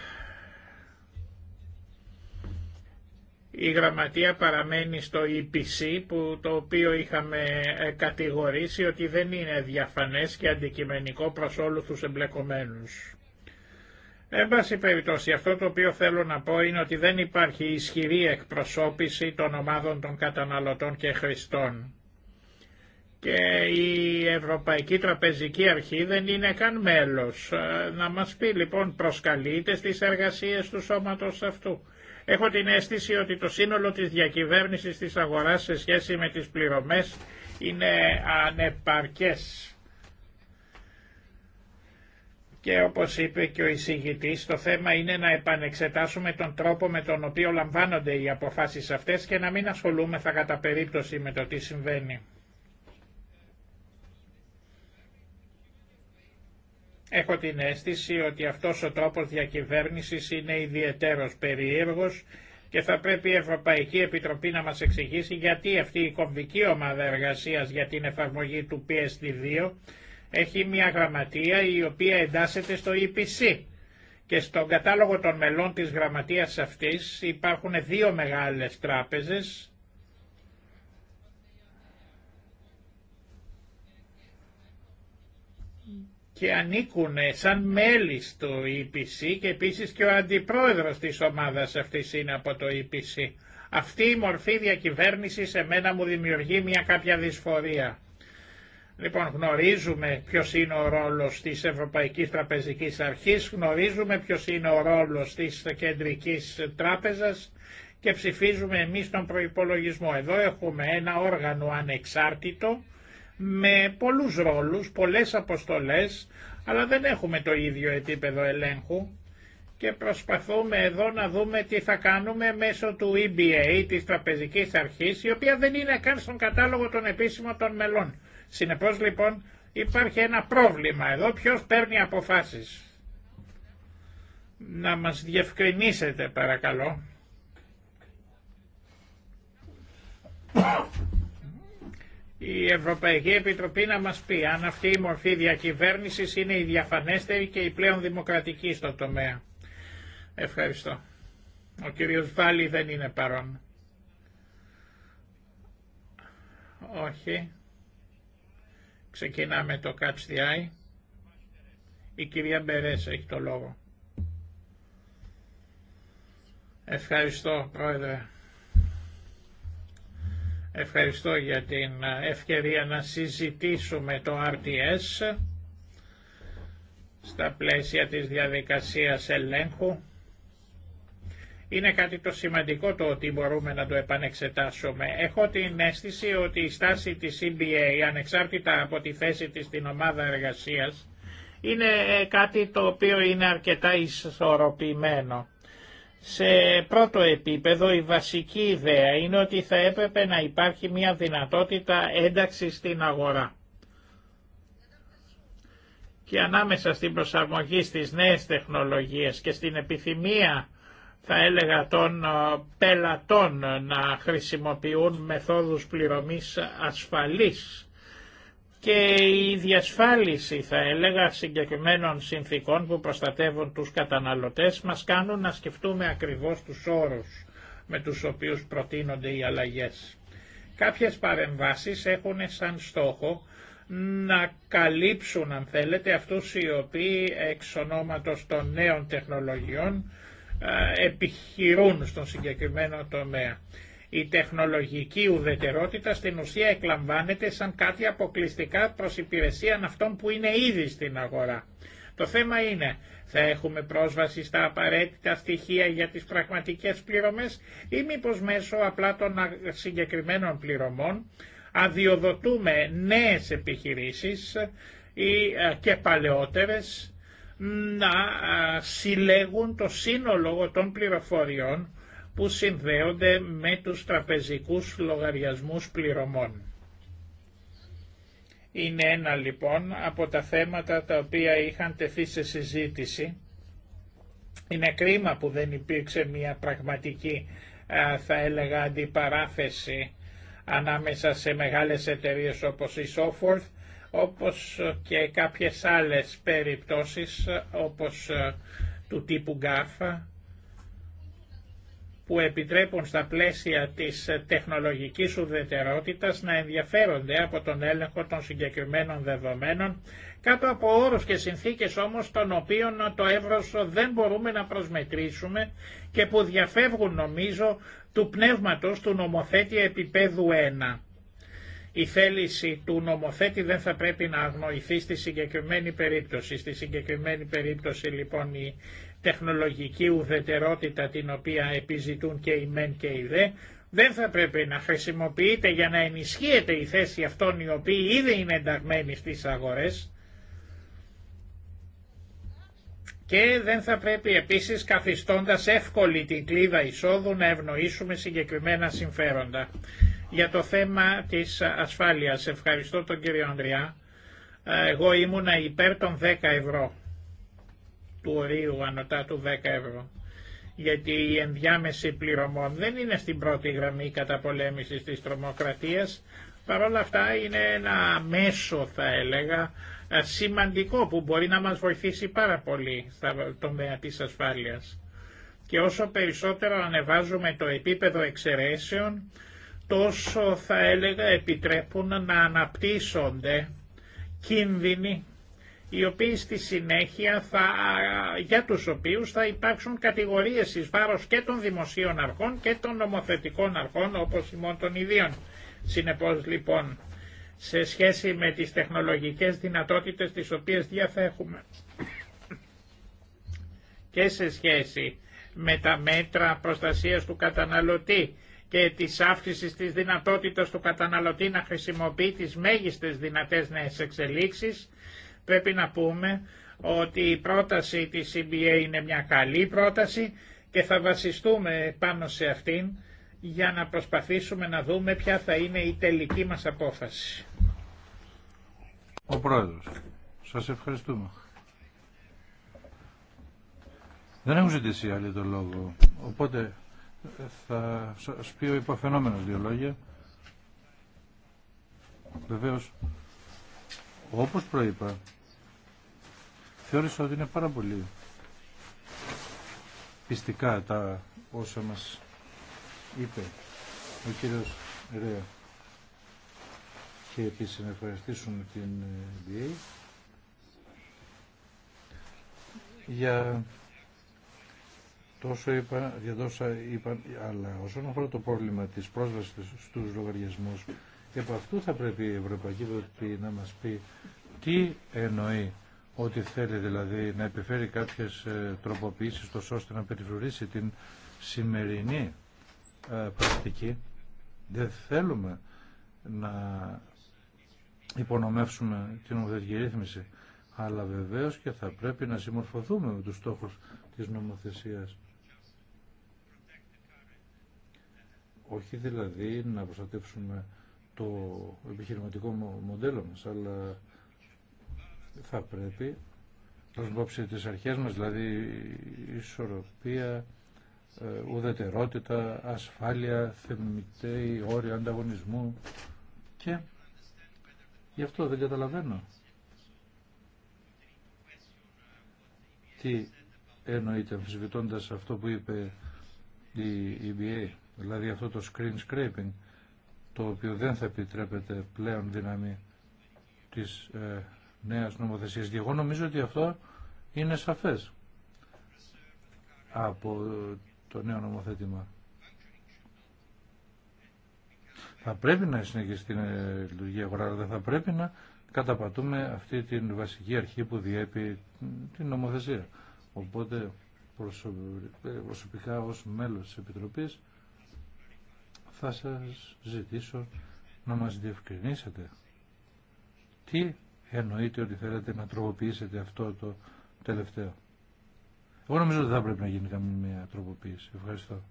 η γραμματεία παραμένει στο EPC που το οποίο είχαμε κατηγορήσει ότι δεν είναι διαφανές και αντικειμενικό προς όλους τους εμπλεκομένους. Εν πάση περιπτώσει, αυτό το οποίο θέλω να πω είναι ότι δεν υπάρχει ισχυρή εκπροσώπηση των ομάδων των καταναλωτών και χρηστών. Και η Ευρωπαϊκή Τραπεζική Αρχή δεν είναι καν μέλος. Ε, να μας πει λοιπόν προσκαλείται στις εργασίες του σώματος αυτού. Έχω την αίσθηση ότι το σύνολο της διακυβέρνησης της αγοράς σε σχέση με τις πληρωμές είναι ανεπαρκές και όπως είπε και ο εισηγητής το θέμα είναι να επανεξετάσουμε τον τρόπο με τον οποίο λαμβάνονται οι αποφάσεις αυτές και να μην ασχολούμεθα κατά περίπτωση με το τι συμβαίνει. Έχω την αίσθηση ότι αυτός ο τρόπος διακυβέρνησης είναι ιδιαίτερος περίεργος και θα πρέπει η Ευρωπαϊκή Επιτροπή να μας εξηγήσει γιατί αυτή η κομβική ομάδα εργασίας για την εφαρμογή του PSD2 έχει μια γραμματεία η οποία εντάσσεται στο EPC. Και στον κατάλογο των μελών της γραμματείας αυτής υπάρχουν δύο μεγάλες τράπεζες, και ανήκουν σαν μέλη στο EPC και επίσης και ο αντιπρόεδρος της ομάδας αυτής είναι από το EPC. Αυτή η μορφή διακυβέρνησης εμένα μου δημιουργεί μια κάποια δυσφορία. Λοιπόν, γνωρίζουμε ποιος είναι ο ρόλος της Ευρωπαϊκής Τραπεζικής Αρχής, γνωρίζουμε ποιος είναι ο ρόλος της Κεντρικής Τράπεζας και ψηφίζουμε εμείς τον προϋπολογισμό. Εδώ έχουμε ένα όργανο ανεξάρτητο με πολλούς ρόλους, πολλές αποστολές, αλλά δεν έχουμε το ίδιο επίπεδο ελέγχου και προσπαθούμε εδώ να δούμε τι θα κάνουμε μέσω του EBA, της Τραπεζικής Αρχής, η οποία δεν είναι καν στον κατάλογο των επίσημων των μελών. Συνεπώς λοιπόν υπάρχει ένα πρόβλημα εδώ, ποιος παίρνει αποφάσεις. Να μας διευκρινίσετε παρακαλώ. Η Ευρωπαϊκή Επιτροπή να μας πει αν αυτή η μορφή διακυβέρνησης είναι η διαφανέστερη και η πλέον δημοκρατική στο τομέα. Ευχαριστώ. Ο κύριος Βάλλη δεν είναι παρόν. Όχι. Ξεκινάμε το Catch the Eye. Η κυρία Μπερέσα έχει το λόγο. Ευχαριστώ πρόεδρε. Ευχαριστώ για την ευκαιρία να συζητήσουμε το RTS στα πλαίσια της διαδικασίας ελέγχου. Είναι κάτι το σημαντικό το ότι μπορούμε να το επανεξετάσουμε. Έχω την αίσθηση ότι η στάση της EBA, ανεξάρτητα από τη θέση της στην ομάδα εργασίας, είναι κάτι το οποίο είναι αρκετά ισορροπημένο. Σε πρώτο επίπεδο η βασική ιδέα είναι ότι θα έπρεπε να υπάρχει μια δυνατότητα ένταξη στην αγορά. Και ανάμεσα στην προσαρμογή στις νέες τεχνολογίες και στην επιθυμία θα έλεγα των ε, πελατών να χρησιμοποιούν μεθόδους πληρωμής ασφαλής και η διασφάλιση θα έλεγα συγκεκριμένων συνθήκων που προστατεύουν τους καταναλωτές μας κάνουν να σκεφτούμε ακριβώς τους όρους με τους οποίους προτείνονται οι αλλαγές. Κάποιες παρεμβάσεις έχουν σαν στόχο να καλύψουν αν θέλετε αυτούς οι οποίοι εξ των νέων τεχνολογιών ε, επιχειρούν στον συγκεκριμένο τομέα. Η τεχνολογική ουδετερότητα στην ουσία εκλαμβάνεται σαν κάτι αποκλειστικά προς υπηρεσίαν αυτών που είναι ήδη στην αγορά. Το θέμα είναι, θα έχουμε πρόσβαση στα απαραίτητα στοιχεία για τις πραγματικές πληρωμές ή μήπως μέσω απλά των συγκεκριμένων πληρωμών αδειοδοτούμε νέες επιχειρήσεις ή ε, και παλαιότερες να συλλέγουν το σύνολο των πληροφοριών που συνδέονται με τους τραπεζικούς λογαριασμούς πληρωμών. Είναι ένα λοιπόν από τα θέματα τα οποία είχαν τεθεί σε συζήτηση. Είναι κρίμα που δεν υπήρξε μια πραγματική θα έλεγα αντιπαράθεση ανάμεσα σε μεγάλες εταιρείες όπως η Software όπως και κάποιες άλλες περιπτώσεις όπως ε, του τύπου γκάφα που επιτρέπουν στα πλαίσια της τεχνολογικής ουδετερότητας να ενδιαφέρονται από τον έλεγχο των συγκεκριμένων δεδομένων κάτω από όρους και συνθήκες όμως των οποίων το εύρος δεν μπορούμε να προσμετρήσουμε και που διαφεύγουν νομίζω του πνεύματος του νομοθέτη επίπεδου 1 η θέληση του νομοθέτη δεν θα πρέπει να αγνοηθεί στη συγκεκριμένη περίπτωση. Στη συγκεκριμένη περίπτωση λοιπόν η τεχνολογική ουδετερότητα την οποία επιζητούν και οι μεν και οι δε δεν θα πρέπει να χρησιμοποιείται για να ενισχύεται η θέση αυτών οι οποίοι ήδη είναι ενταγμένοι στις αγορές και δεν θα πρέπει επίσης καθιστώντας εύκολη την κλίδα εισόδου να ευνοήσουμε συγκεκριμένα συμφέροντα. Για το θέμα της ασφάλειας, ευχαριστώ τον κύριο Ανδριά. Ε, εγώ ήμουνα υπέρ των 10 ευρώ, του ορίου ανωτά του 10 ευρώ. Γιατί η ενδιάμεση πληρωμών δεν είναι στην πρώτη γραμμή πολέμησης της τρομοκρατίας, παρόλα αυτά είναι ένα μέσο θα έλεγα ε, σημαντικό που μπορεί να μας βοηθήσει πάρα πολύ στα τομέα της ασφάλειας. Και όσο περισσότερο ανεβάζουμε το επίπεδο εξαιρέσεων, τόσο θα έλεγα επιτρέπουν να αναπτύσσονται κίνδυνοι οι οποίοι στη συνέχεια θα, για τους οποίους θα υπάρξουν κατηγορίες εις βάρος και των δημοσίων αρχών και των νομοθετικών αρχών όπως ημών των ιδίων. Συνεπώς λοιπόν σε σχέση με τις τεχνολογικές δυνατότητες τις οποίες διαθέχουμε και σε σχέση με τα μέτρα προστασίας του καταναλωτή και της αύξησης της δυνατότητας του καταναλωτή να χρησιμοποιεί τις μέγιστες δυνατές νέες εξελίξεις, πρέπει να πούμε ότι η πρόταση της CBA είναι μια καλή πρόταση και θα βασιστούμε πάνω σε αυτήν για να προσπαθήσουμε να δούμε ποια θα είναι η τελική μας απόφαση. Ο Πρόεδρος, σας ευχαριστούμε. Δεν έχουν ζητήσει λόγο, οπότε θα σας πει ο υποφαινόμενος δύο λόγια. Βεβαίως, όπως προείπα, θεώρησα ότι είναι πάρα πολύ πιστικά τα όσα μας είπε ο κύριος Ρέα. Και επίσης να ευχαριστήσουμε την ΔΕΗ για τόσο είπα, διαδόσα αλλά όσον αφορά το πρόβλημα της πρόσβασης στους λογαριασμούς, επ' αυτού θα πρέπει η Ευρωπαϊκή να μας πει τι εννοεί ότι θέλει δηλαδή να επιφέρει κάποιες ε, τροποποιήσεις τόσο ώστε να περιφρουρήσει την σημερινή ε, πρακτική. Δεν θέλουμε να υπονομεύσουμε την ομοθετική ρύθμιση, αλλά βεβαίως και θα πρέπει να συμμορφωθούμε με τους στόχους της νομοθεσίας. Όχι δηλαδή να προστατεύσουμε το επιχειρηματικό μοντέλο μας, αλλά θα πρέπει να υπόψη τις αρχές μας, δηλαδή ισορροπία, ε, ουδετερότητα, ασφάλεια, θεμητέοι όρια ανταγωνισμού και γι' αυτό δεν καταλαβαίνω τι εννοείται αμφισβητώντας αυτό που είπε η EBA δηλαδή αυτό το screen scraping, το οποίο δεν θα επιτρέπεται πλέον δύναμη της ε, νέας νομοθεσίας. Και εγώ νομίζω ότι αυτό είναι σαφές από το νέο νομοθέτημα. Θα πρέπει να συνεχίσει την ε, λειτουργία αγορά, αλλά δεν θα πρέπει να καταπατούμε αυτή την βασική αρχή που διέπει την νομοθεσία. Οπότε ε, προσωπικά ως μέλος της Επιτροπής θα σας ζητήσω να μας διευκρινίσετε τι εννοείτε ότι θέλετε να τροποποιήσετε αυτό το τελευταίο. Εγώ νομίζω ότι θα πρέπει να γίνει καμία τροποποίηση. Ευχαριστώ.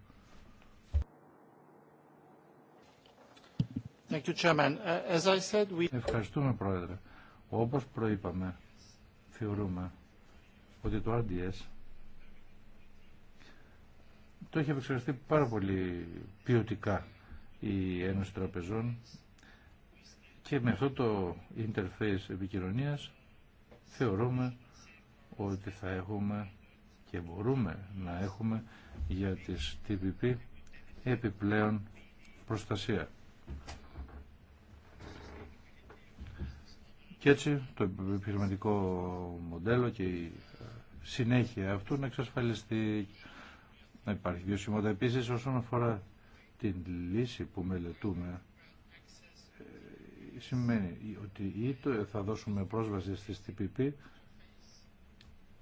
Thank you, Chairman. Uh, as I said, we... Ευχαριστούμε, Πρόεδρε. Όπως προείπαμε, θεωρούμε ότι το RDS το έχει επεξεργαστεί πάρα πολύ ποιοτικά η Ένωση Τραπεζών και με αυτό το interface επικοινωνίας θεωρούμε ότι θα έχουμε και μπορούμε να έχουμε για τις TPP επιπλέον προστασία. Και έτσι το επιχειρηματικό μοντέλο και η συνέχεια αυτού να εξασφαλιστεί να υπάρχει βιωσιμότητα. Επίσης όσον αφορά την λύση που μελετούμε ε, σημαίνει ότι είτε θα δώσουμε πρόσβαση στις TPP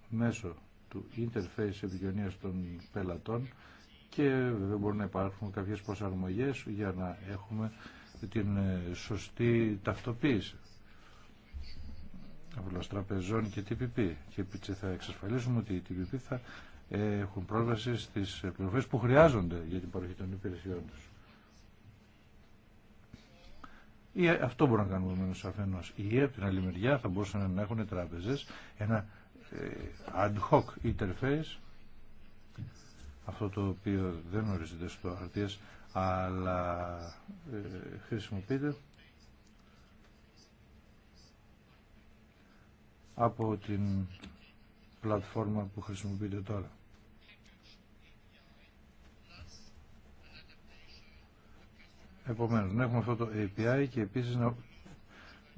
μέσω του interface επικοινωνίας των πελατών και βέβαια μπορούν να υπάρχουν κάποιες προσαρμογές για να έχουμε την ε, σωστή ταυτοποίηση απλώς τραπεζών και TPP και θα εξασφαλίσουμε ότι η TPP θα έχουν πρόσβαση στις πληροφορίες που χρειάζονται για την παροχή των υπηρεσιών τους. Ή αυτό μπορούμε να κάνουμε επομένω αφενό. Ή από την άλλη μεριά θα μπορούσαν να έχουν τράπεζε ένα ε, ad hoc interface, αυτό το οποίο δεν ορίζεται στο αρτίες, αλλά ε, χρησιμοποιείται από την πλατφόρμα που χρησιμοποιείται τώρα. Επομένως, να έχουμε αυτό το API και επίσης να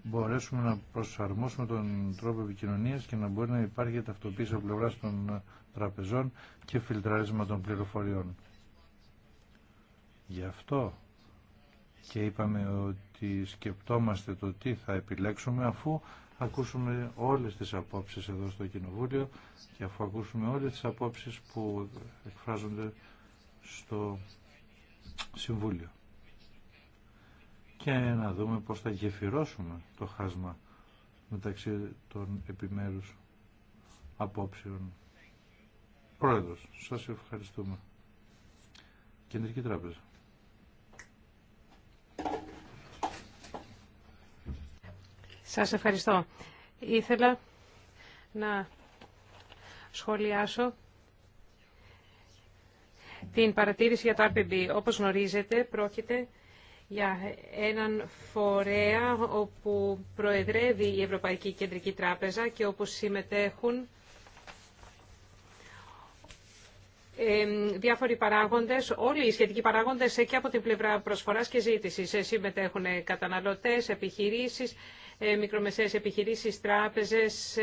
μπορέσουμε να προσαρμόσουμε τον τρόπο επικοινωνία και να μπορεί να υπάρχει ταυτοποίηση από πλευρά των τραπεζών και φιλτράρισμα των πληροφοριών. Γι' αυτό και είπαμε ότι σκεπτόμαστε το τι θα επιλέξουμε αφού ακούσουμε όλες τις απόψεις εδώ στο Κοινοβούλιο και αφού ακούσουμε όλες τις απόψεις που εκφράζονται στο Συμβούλιο και να δούμε πώς θα γεφυρώσουμε το χάσμα μεταξύ των επιμέρους απόψεων. Πρόεδρος, σας ευχαριστούμε. Κεντρική Τράπεζα. Σας ευχαριστώ. Ήθελα να σχολιάσω την παρατήρηση για το RPB. Όπως γνωρίζετε, πρόκειται για έναν φορέα όπου προεδρεύει η Ευρωπαϊκή Κεντρική Τράπεζα και όπου συμμετέχουν διάφοροι παράγοντες, όλοι οι σχετικοί παράγοντες και από την πλευρά προσφοράς και ζήτησης. Ε, συμμετέχουν ε, καταναλωτές, επιχειρήσεις, ε, μικρομεσαίες επιχειρήσεις, τράπεζες,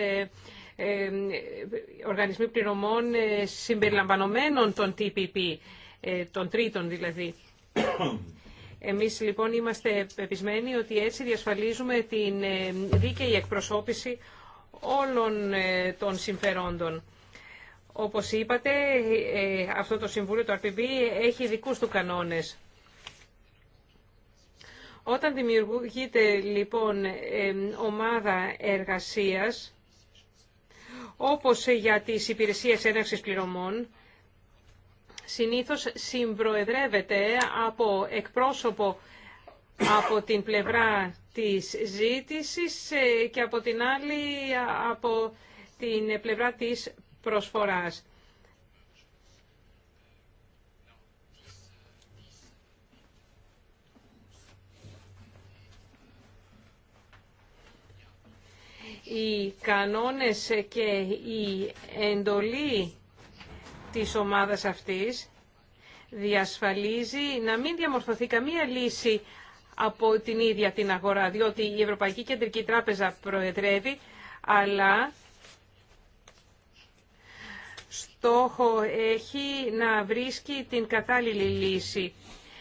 οργανισμοί πληρωμών συμπεριλαμβανομένων των TPP, των τρίτων δηλαδή. Εμείς λοιπόν είμαστε πεπισμένοι ότι έτσι διασφαλίζουμε την ε, δίκαιη εκπροσώπηση όλων ε, των συμφερόντων. Όπως είπατε, ε, αυτό το Συμβούλιο, του RPB, έχει δικούς του κανόνες. Όταν δημιουργείται λοιπόν ομάδα εργασίας, όπως για τις υπηρεσίες έναρξης πληρωμών, συνήθως συμπροεδρεύεται από εκπρόσωπο από την πλευρά της ζήτησης ε, και από την άλλη από την πλευρά της προσφοράς. Οι κανόνες και η εντολή της ομάδας αυτής διασφαλίζει να μην διαμορφωθεί καμία λύση από την ίδια την αγορά, διότι η Ευρωπαϊκή Κεντρική Τράπεζα προεδρεύει, αλλά στόχο έχει να βρίσκει την κατάλληλη λύση.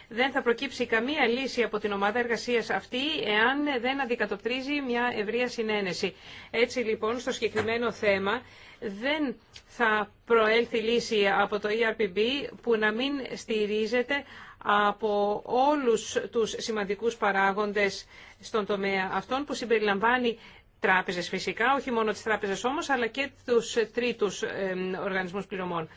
Δεν θα προκύψει καμία λύση από την ομάδα εργασία αυτή εάν δεν αντικατοπτρίζει μια ευρεία συνένεση. Έτσι λοιπόν στο συγκεκριμένο θέμα δεν θα προέλθει λύση από το ERPB που να μην στηρίζεται από όλους τους σημαντικούς παράγοντες στον τομέα αυτών που συμπεριλαμβάνει τράπεζες φυσικά, όχι μόνο τις τράπεζες όμως, αλλά και τους τρίτους οργανισμούς πληρωμών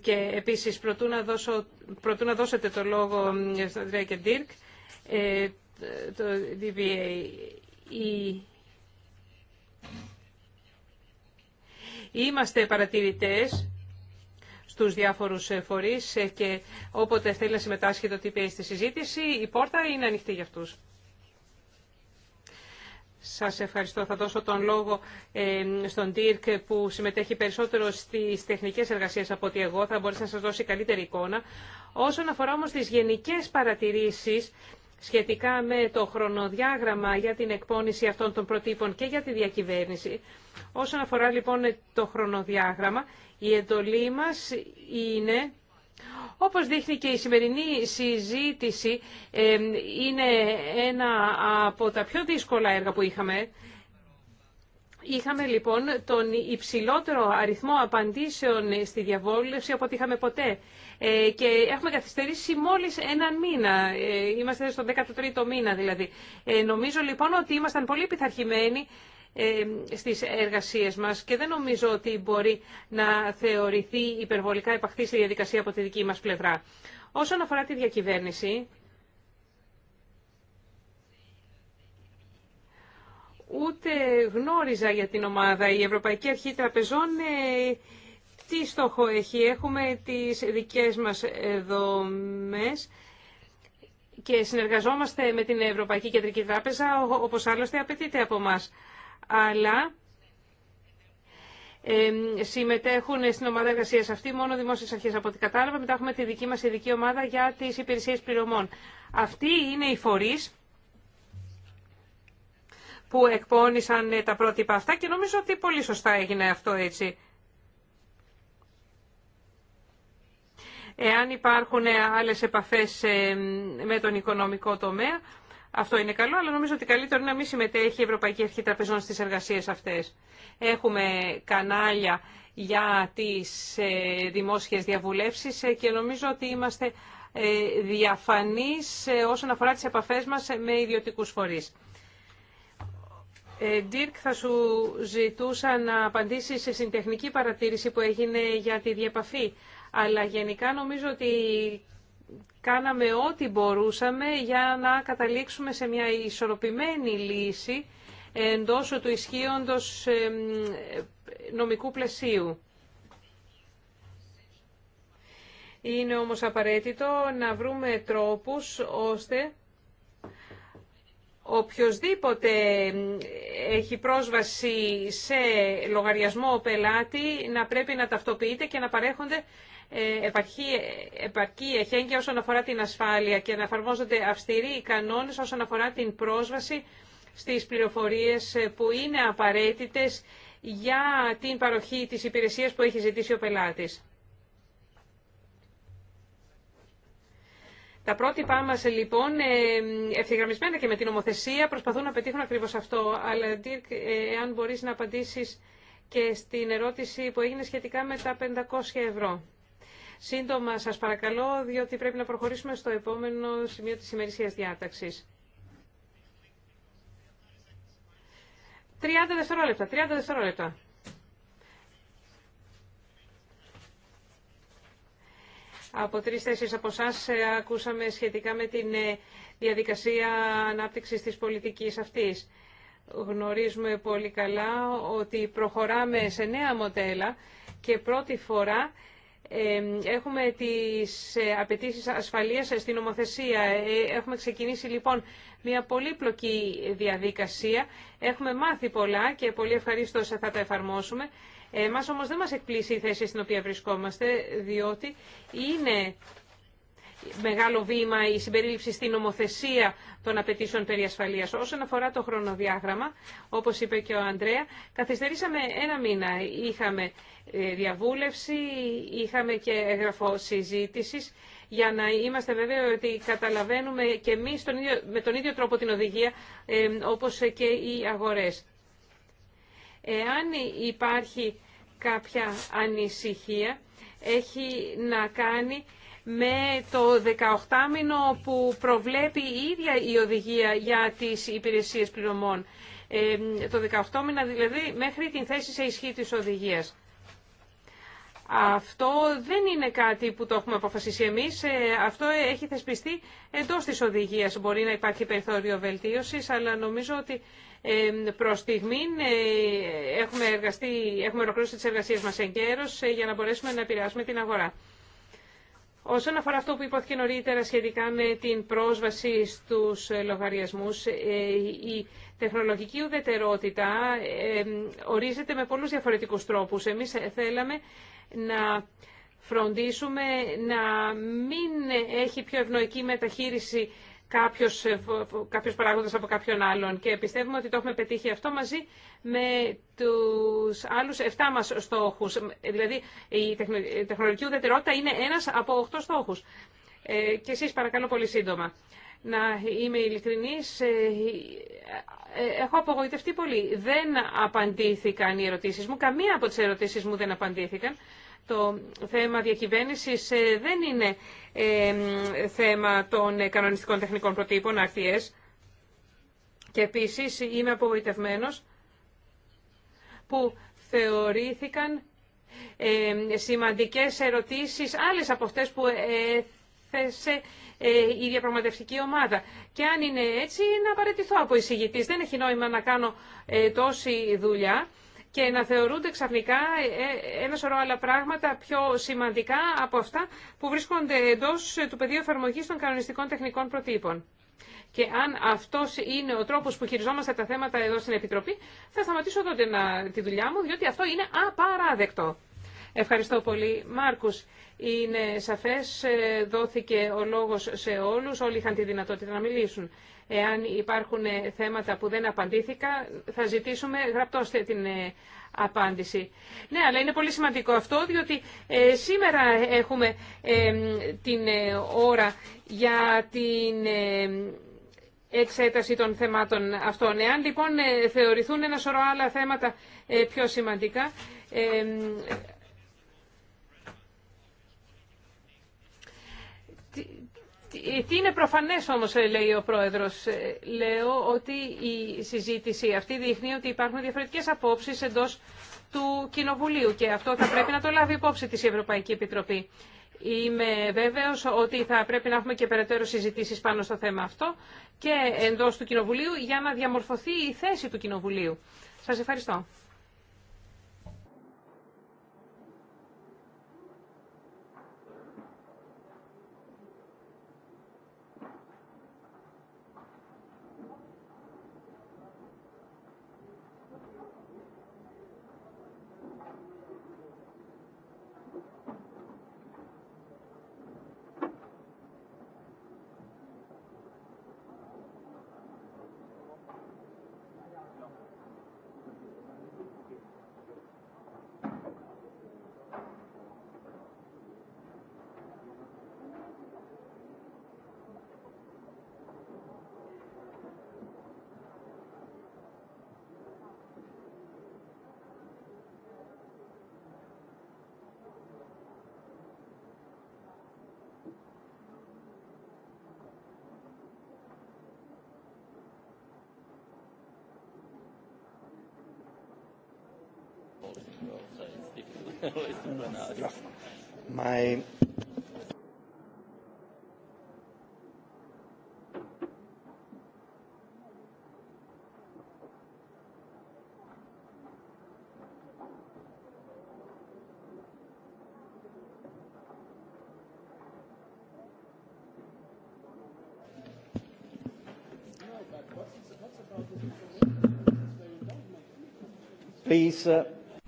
και επίσης προτού να, δώσω, προτού να δώσετε το λόγο στον Αντρέα και ε, το DBA, Είμαστε παρατηρητές στους διάφορους ε, φορείς ε, και όποτε θέλει να συμμετάσχει το TPA στη συζήτηση, η πόρτα είναι ανοιχτή για αυτούς. Σας ευχαριστώ. Θα δώσω τον λόγο ε, στον Τιρκ που συμμετέχει περισσότερο στις τεχνικές εργασίες από ότι εγώ. Θα μπορέσει να σας δώσει καλύτερη εικόνα. Όσον αφορά όμως τις γενικές παρατηρήσεις σχετικά με το χρονοδιάγραμμα για την εκπόνηση αυτών των προτύπων και για τη διακυβέρνηση. Όσον αφορά λοιπόν το χρονοδιάγραμμα, η εντολή μας είναι όπως δείχνει και η σημερινή συζήτηση, ε, είναι ένα από τα πιο δύσκολα έργα που είχαμε. Είχαμε λοιπόν τον υψηλότερο αριθμό απαντήσεων στη διαβόλευση από ό,τι είχαμε ποτέ. Ε, και έχουμε καθυστερήσει μόλις έναν μήνα. Ε, είμαστε στο 13ο μήνα δηλαδή. νομίζω λοιπόν ότι ήμασταν πολύ πειθαρχημένοι ε, στις εργασίες μας και δεν νομίζω ότι μπορεί να θεωρηθεί υπερβολικά επαχθή στη διαδικασία από τη δική μας πλευρά. Όσον αφορά τη διακυβέρνηση, ούτε γνώριζα για την ομάδα. Η Ευρωπαϊκή Αρχή Τραπεζών ε, τι στόχο έχει. Έχουμε τις δικές μας δομές και συνεργαζόμαστε με την Ευρωπαϊκή Κεντρική Τράπεζα, όπως άλλωστε απαιτείται από μας αλλά συμμετέχουν στην ομάδα εργασία αυτή μόνο δημόσιες αρχέ από ό,τι κατάλαβα. Μετά έχουμε τη δική μα ειδική ομάδα για τι υπηρεσίε πληρωμών. Αυτοί είναι οι φορεί που εκπώνησαν ε, τα πρότυπα αυτά και νομίζω ότι πολύ σωστά έγινε αυτό έτσι. Εάν υπάρχουν ε, άλλες επαφές ε, με τον οικονομικό τομέα, αυτό είναι καλό, αλλά νομίζω ότι καλύτερο είναι να μην συμμετέχει η Ευρωπαϊκή Αρχή Τραπεζών στις εργασίες αυτές. Έχουμε κανάλια για τις ε, δημόσιες διαβουλεύσεις ε, και νομίζω ότι είμαστε ε, διαφανείς όσον αφορά τις επαφές μας με ιδιωτικούς φορείς. Ντίρκ, θα σου ζητούσα να απαντήσεις σε τεχνική παρατήρηση που έγινε για τη διεπαφή. Αλλά γενικά νομίζω ότι κάναμε ό,τι μπορούσαμε για να καταλήξουμε σε μια ισορροπημένη λύση εντός του ισχύοντος νομικού πλαισίου. Είναι όμως απαραίτητο να βρούμε τρόπους ώστε οποιοδήποτε έχει πρόσβαση σε λογαριασμό πελάτη να πρέπει να ταυτοποιείται και να παρέχονται επαρκή εχέγγυα όσον αφορά την ασφάλεια και να εφαρμόζονται αυστηροί κανόνες όσον αφορά την πρόσβαση στις πληροφορίες που είναι απαραίτητες για την παροχή της υπηρεσίας που έχει ζητήσει ο πελάτης. Τα πρότυπά μα λοιπόν, ε, ευθυγραμμισμένα και με την ομοθεσία προσπαθούν να πετύχουν ακριβώ αυτό. Αλλά, Ντίρκ, ε, εάν μπορεί να απαντήσει και στην ερώτηση που έγινε σχετικά με τα 500 ευρώ. Σύντομα σας παρακαλώ, διότι πρέπει να προχωρήσουμε στο επόμενο σημείο της ημερησίας διάταξης. 30 δευτερόλεπτα, 30 δευτερόλεπτα. Από θέσεις από εσά ε, ακούσαμε σχετικά με την ε, διαδικασία ανάπτυξης της πολιτικής αυτής. Γνωρίζουμε πολύ καλά ότι προχωράμε σε νέα μοντέλα και πρώτη φορά Έχουμε τις ε, απαιτήσει ασφαλείας στην νομοθεσία. Ε, έχουμε ξεκινήσει λοιπόν μια πολύπλοκη διαδικασία. Έχουμε μάθει πολλά και πολύ ευχαρίστω θα τα εφαρμόσουμε. Εμάς όμως δεν μας εκπλήσει η θέση στην οποία βρισκόμαστε, διότι είναι μεγάλο βήμα η συμπερίληψη στην νομοθεσία των απαιτήσεων περί ασφαλείας. Όσον αφορά το χρονοδιάγραμμα, όπως είπε και ο Ανδρέα, καθυστερήσαμε ένα μήνα. Είχαμε ε, διαβούλευση, είχαμε και έγγραφο συζήτησης για να είμαστε βέβαιοι ότι καταλαβαίνουμε και εμείς με τον ίδιο τρόπο την οδηγία ε, όπως και οι αγορές. Εάν υπάρχει κάποια ανησυχία, έχει να κάνει με το 18μηνο που προβλέπει η ίδια η οδηγία για τις υπηρεσίες πληρωμών. Ε, το 18μηνα δηλαδή μέχρι την θέση σε ισχύ της οδηγίας. Αυτό δεν είναι κάτι που το έχουμε αποφασίσει εμείς. Ε, αυτό έχει θεσπιστεί εντός της οδηγίας. Μπορεί να υπάρχει περιθώριο βελτίωσης, αλλά νομίζω ότι ε, προς στιγμήν ε, έχουμε, έχουμε ολοκληρώσει τις εργασίες μας εγκαίρως για να μπορέσουμε να επηρεάσουμε την αγορά. Όσον αφορά αυτό που και νωρίτερα σχετικά με την πρόσβαση στους ε, λογαριασμούς, ε, η τεχνολογική ουδετερότητα ε, ορίζεται με πολλούς διαφορετικούς τρόπους. Εμείς θέλαμε να φροντίσουμε να μην έχει πιο ευνοϊκή μεταχείριση κάποιος, ε, κάποιος παράγοντας από κάποιον άλλον. Και πιστεύουμε ότι το έχουμε πετύχει αυτό μαζί με τους άλλους 7 μας στόχους. Δηλαδή η τεχνολογική ουδετερότητα είναι ένας από 8 στόχους. Ε, και εσείς παρακαλώ πολύ σύντομα. Να είμαι ειλικρινής, ε, ε, έχω απογοητευτεί πολύ. Δεν απαντήθηκαν οι ερωτήσεις μου, καμία από τις ερωτήσεις μου δεν απαντήθηκαν. Το θέμα διακυβέρνησης ε, δεν είναι ε, θέμα των ε, κανονιστικών τεχνικών προτύπων, RTS. Και επίσης είμαι απογοητευμένος που θεωρήθηκαν σημαντικές ερωτήσεις άλλες από αυτές που έθεσε η διαπραγματευτική ομάδα. Και αν είναι έτσι, να παραιτηθώ από εισηγητής. Δεν έχει νόημα να κάνω τόση δουλειά και να θεωρούνται ξαφνικά ε, ένα σωρό άλλα πράγματα πιο σημαντικά από αυτά που βρίσκονται εντός του πεδίου εφαρμογής των κανονιστικών τεχνικών προτύπων. Και αν αυτό είναι ο τρόπο που χειριζόμαστε τα θέματα εδώ στην Επιτροπή, θα σταματήσω τότε να, τη δουλειά μου, διότι αυτό είναι απαράδεκτο. Ευχαριστώ πολύ. Μάρκους, είναι σαφές, ε, δόθηκε ο λόγος σε όλους, όλοι είχαν τη δυνατότητα να μιλήσουν. Εάν υπάρχουν ε, θέματα που δεν απαντήθηκα, θα ζητήσουμε γραπτώς την ε, απάντηση. Ναι, αλλά είναι πολύ σημαντικό αυτό, διότι ε, σήμερα έχουμε την ώρα για την εξέταση των θεμάτων αυτών. Εάν λοιπόν θεωρηθούν ένα σωρό άλλα θέματα πιο σημαντικά, Ε, τι είναι προφανές όμως, ε, λέει ο Πρόεδρος. Ε, λέω ότι η συζήτηση αυτή δείχνει ότι υπάρχουν διαφορετικές απόψεις εντός του Κοινοβουλίου και αυτό θα πρέπει να το λάβει υπόψη της Ευρωπαϊκή Επιτροπή. Είμαι βέβαιος ότι θα πρέπει να έχουμε και περαιτέρω συζητήσεις πάνω στο θέμα αυτό και εντός του Κοινοβουλίου για να διαμορφωθεί η θέση του Κοινοβουλίου. Σας ευχαριστώ. My uh,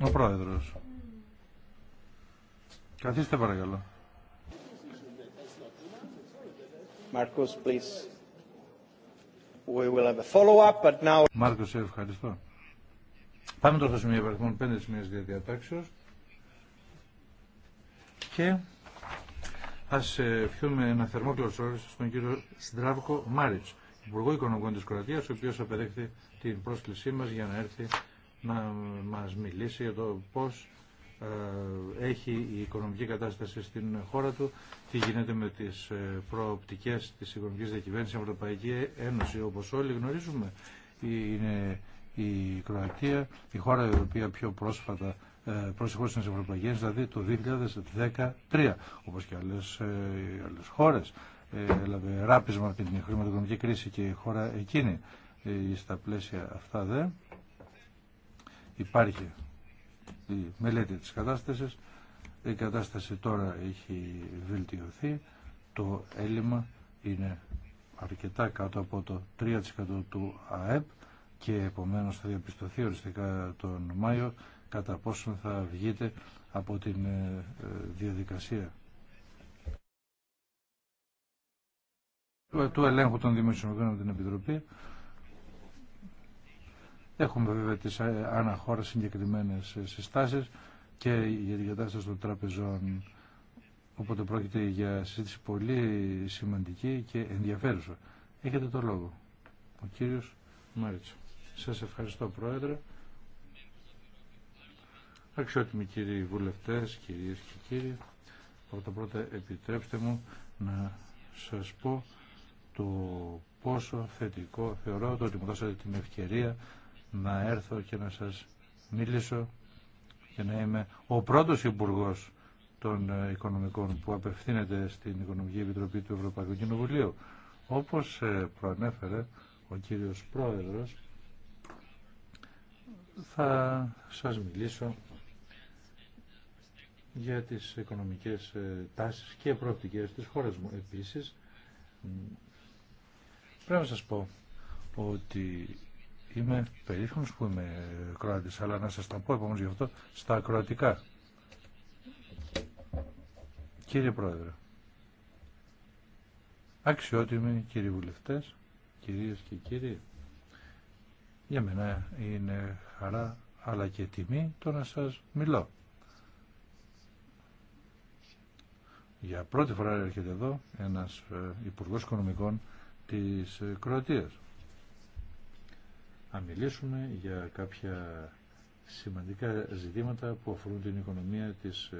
Ο Πρόεδρος. Καθίστε παρακαλώ. Μάρκος, please. now... ευχαριστώ. Πάμε τώρα στο σημείο υπαριθμών πέντε σημείες διαδιατάξεως και ας ευχαριστούμε ένα θερμό κλωσόρι στον κύριο Στράβκο Μάριτς, Υπουργό Οικονομικών της Κροατίας, ο οποίος απεδέχθη την πρόσκλησή μας για να έρθει να μας μιλήσει για το πώς ε, έχει η οικονομική κατάσταση στην χώρα του, τι γίνεται με τις ε, προοπτικές της οικονομικής διακυβέρνησης στην Ευρωπαϊκή Ένωση. Όπως όλοι γνωρίζουμε, είναι η Κροατία, η χώρα η οποία πιο πρόσφατα ε, προσεχώς στις Ευρωπαϊκές, δηλαδή το 2013, όπως και άλλες, άλλες χώρες. Έλαβε ράπισμα από την χρηματοοικονομική κρίση και η χώρα εκείνη. Στα πλαίσια αυτά δε υπάρχει η μελέτη της κατάστασης. Η κατάσταση τώρα έχει βελτιωθεί. Το έλλειμμα είναι αρκετά κάτω από το 3% του ΑΕΠ και επομένως θα διαπιστωθεί οριστικά τον Μάιο κατά πόσο θα βγείτε από την ε, διαδικασία του ελέγχου των δημοσιονομικών από την Επιτροπή Έχουμε βέβαια τις ε, αναχώρες συγκεκριμένες ε, συστάσεις και για την κατάσταση των τραπεζών. Οπότε πρόκειται για συζήτηση πολύ σημαντική και ενδιαφέρουσα. Έχετε το λόγο. Ο κύριος Μάριτσο. Σας ευχαριστώ Πρόεδρε. Αξιότιμοι κύριοι βουλευτές, κυρίες και κύριοι, πρώτα πρώτα επιτρέψτε μου να σας πω το πόσο θετικό θεωρώ το ότι μου δώσατε την ευκαιρία να έρθω και να σας μίλησω και να είμαι ο πρώτος υπουργό των ε, οικονομικών που απευθύνεται στην Οικονομική Επιτροπή του Ευρωπαϊκού Κοινοβουλίου. Όπως ε, προανέφερε ο κύριος Πρόεδρος, θα σας μιλήσω για τις οικονομικές ε, τάσεις και προοπτικές της χώρας μου. Επίσης, πρέπει να σας πω ότι Είμαι περίφανος που είμαι Κροάτης, αλλά να σας τα πω επόμενος γι' αυτό στα κροατικά. Κύριε Πρόεδρε, αξιότιμοι κύριοι βουλευτές, κυρίες και κύριοι, για μένα είναι χαρά αλλά και τιμή το να σας μιλώ. Για πρώτη φορά έρχεται εδώ ένας ε, Υπουργός Οικονομικών της ε, Κροατίας να μιλήσουμε για κάποια σημαντικά ζητήματα που αφορούν την οικονομία της ε,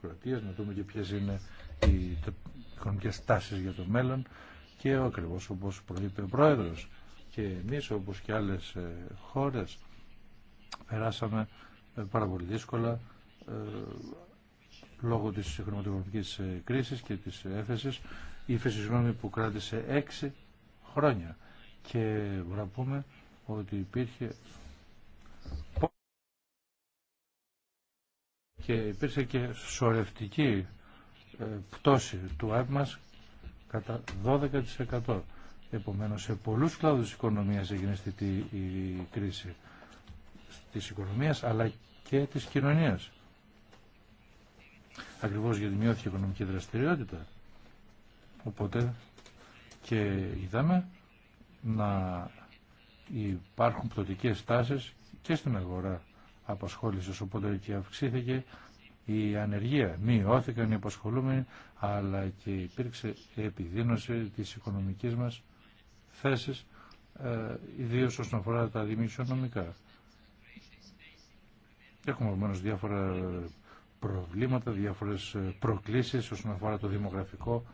Κροατίας, να δούμε και ποιες είναι οι οικονομικές τάσεις για το μέλλον και ακριβώς όπως προείπε ο Πρόεδρος και εμείς όπως και άλλες ε, χώρες περάσαμε ε, πάρα πολύ δύσκολα λόγω της χρηματοοικονομικής κρίσης και της έφεσης ύφεση συγγνώμη που κράτησε έξι χρόνια και μπορούμε πούμε ότι υπήρχε και υπήρξε και σορευτική ε, πτώση του ΑΕΠ μας κατά 12%. Επομένως, σε πολλούς κλάδους της οικονομίας έγινε η κρίση της οικονομίας αλλά και της κοινωνίας. Ακριβώς γιατί μειώθηκε η οικονομική δραστηριότητα. Οπότε και είδαμε να υπάρχουν πτωτικές τάσεις και στην αγορά απασχόλησης, οπότε και αυξήθηκε η ανεργία. Μειώθηκαν οι απασχολούμενοι, αλλά και υπήρξε επιδείνωση της οικονομικής μας θέσης, ε, ιδίως όσον αφορά τα δημιουργικά. Έχουμε όμως διάφορα προβλήματα, διάφορες ε, προκλήσεις όσον αφορά το δημογραφικό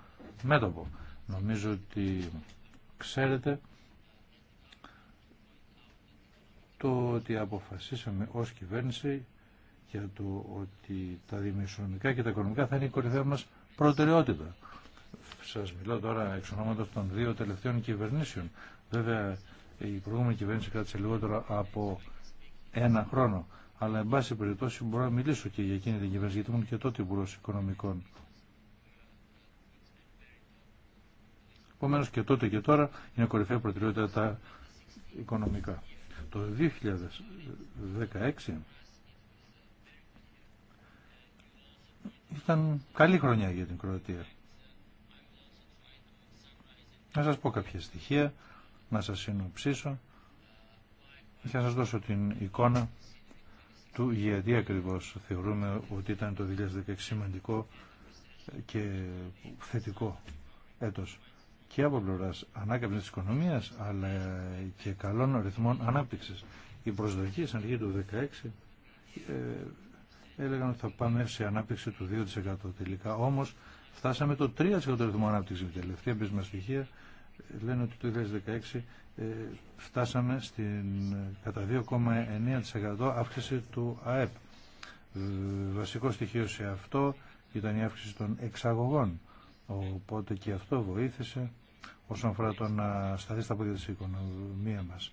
μέτωπο. Νομίζω ότι ξέρετε το ότι αποφασίσαμε ως κυβέρνηση για το ότι τα δημοσιονομικά και τα οικονομικά θα είναι η κορυφαία μας προτεραιότητα. Σας μιλώ τώρα εξ ονόματος των δύο τελευταίων κυβερνήσεων. Βέβαια η προηγούμενη κυβέρνηση κράτησε λιγότερο από ένα χρόνο. Αλλά εν πάση περιπτώσει μπορώ να μιλήσω και για εκείνη την κυβέρνηση γιατί ήμουν και τότε υπουργός οικονομικών. Επομένως και τότε και τώρα είναι κορυφαία προτεραιότητα τα οικονομικά. Το 2016 ήταν καλή χρονιά για την Κροατία. Να σας πω κάποια στοιχεία, να σας συνοψίσω και να σας δώσω την εικόνα του γιατί ακριβώς θεωρούμε ότι ήταν το 2016 σημαντικό και θετικό έτος και από πλευρά ανάκαμψη τη οικονομία αλλά και καλών ρυθμών ανάπτυξη. Οι προσδοκίε στην αρχή του 2016 ε, έλεγαν ότι θα πάμε σε ανάπτυξη του 2%. Τελικά όμω φτάσαμε το 3% ρυθμό ανάπτυξη. Τα τελευταία πέσμα στοιχεία ε, λένε ότι το 2016 ε, φτάσαμε στην ε, κατά 2,9% αύξηση του ΑΕΠ. Βασικό στοιχείο σε αυτό ήταν η αύξηση των εξαγωγών. Οπότε και αυτό βοήθησε όσον αφορά το να σταθεί στα πόδια τη οικονομία μας.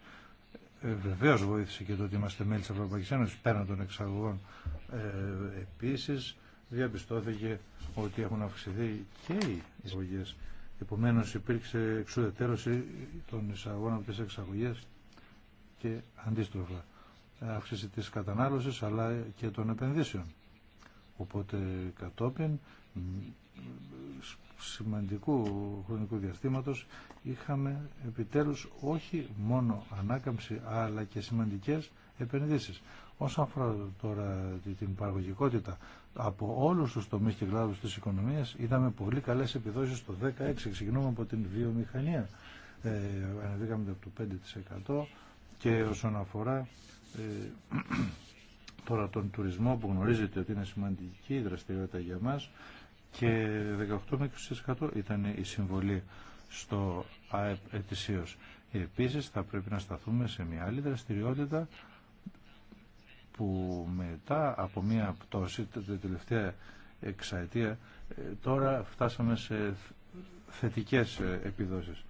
Ε, Βεβαίω βοήθησε και το ότι είμαστε μέλη τη Ευρωπαϊκή Ένωση πέραν των εξαγωγών. Ε, επίσης διαπιστώθηκε ότι έχουν αυξηθεί και οι εισαγωγέ. Επομένω υπήρξε εξουδετέρωση των εισαγωγών από τις εξαγωγές και αντίστροφα αύξηση τη κατανάλωση αλλά και των επενδύσεων. Οπότε κατόπιν σημαντικού χρονικού διαστήματος είχαμε επιτέλους όχι μόνο ανάκαμψη αλλά και σημαντικές επενδύσεις. Όσον αφορά τώρα την παραγωγικότητα, από όλους τους τομείς και κλάδους της οικονομίας είδαμε πολύ καλές επιδόσεις το 2016. Ξεκινούμε από την βιομηχανία. Ε, ανεβήκαμε από το 5% και όσον αφορά ε, τώρα τον τουρισμό που γνωρίζετε ότι είναι σημαντική δραστηριότητα για μας και 18 με 20% ήταν η συμβολή στο ΑΕΠ ετησίως. Επίσης θα πρέπει να σταθούμε σε μια άλλη δραστηριότητα που μετά από μια πτώση την τελευταία εξαετία ε, τώρα φτάσαμε σε θετικές ε, επιδόσεις.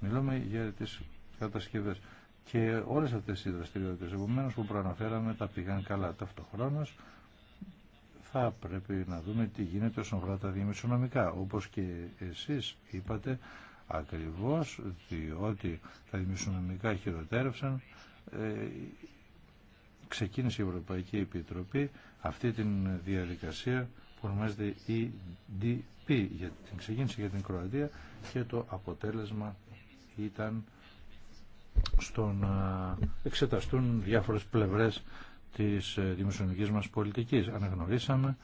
Μιλούμε για τις κατασκευές και όλες αυτές οι δραστηριότητες επομένως που προαναφέραμε τα πήγαν καλά ταυτοχρόνως θα πρέπει να δούμε τι γίνεται όσον αφορά τα Όπως και εσείς είπατε, ακριβώς διότι τα δημισιονομικά χειροτέρευσαν, ε, ξεκίνησε η Ευρωπαϊκή Επιτροπή αυτή την διαδικασία που ονομάζεται EDP, για την ξεκίνησε για την Κροατία και το αποτέλεσμα ήταν στο να εξεταστούν διάφορες πλευρές της ε, δημοσιονομικής μας πολιτικής. Αναγνωρίσαμε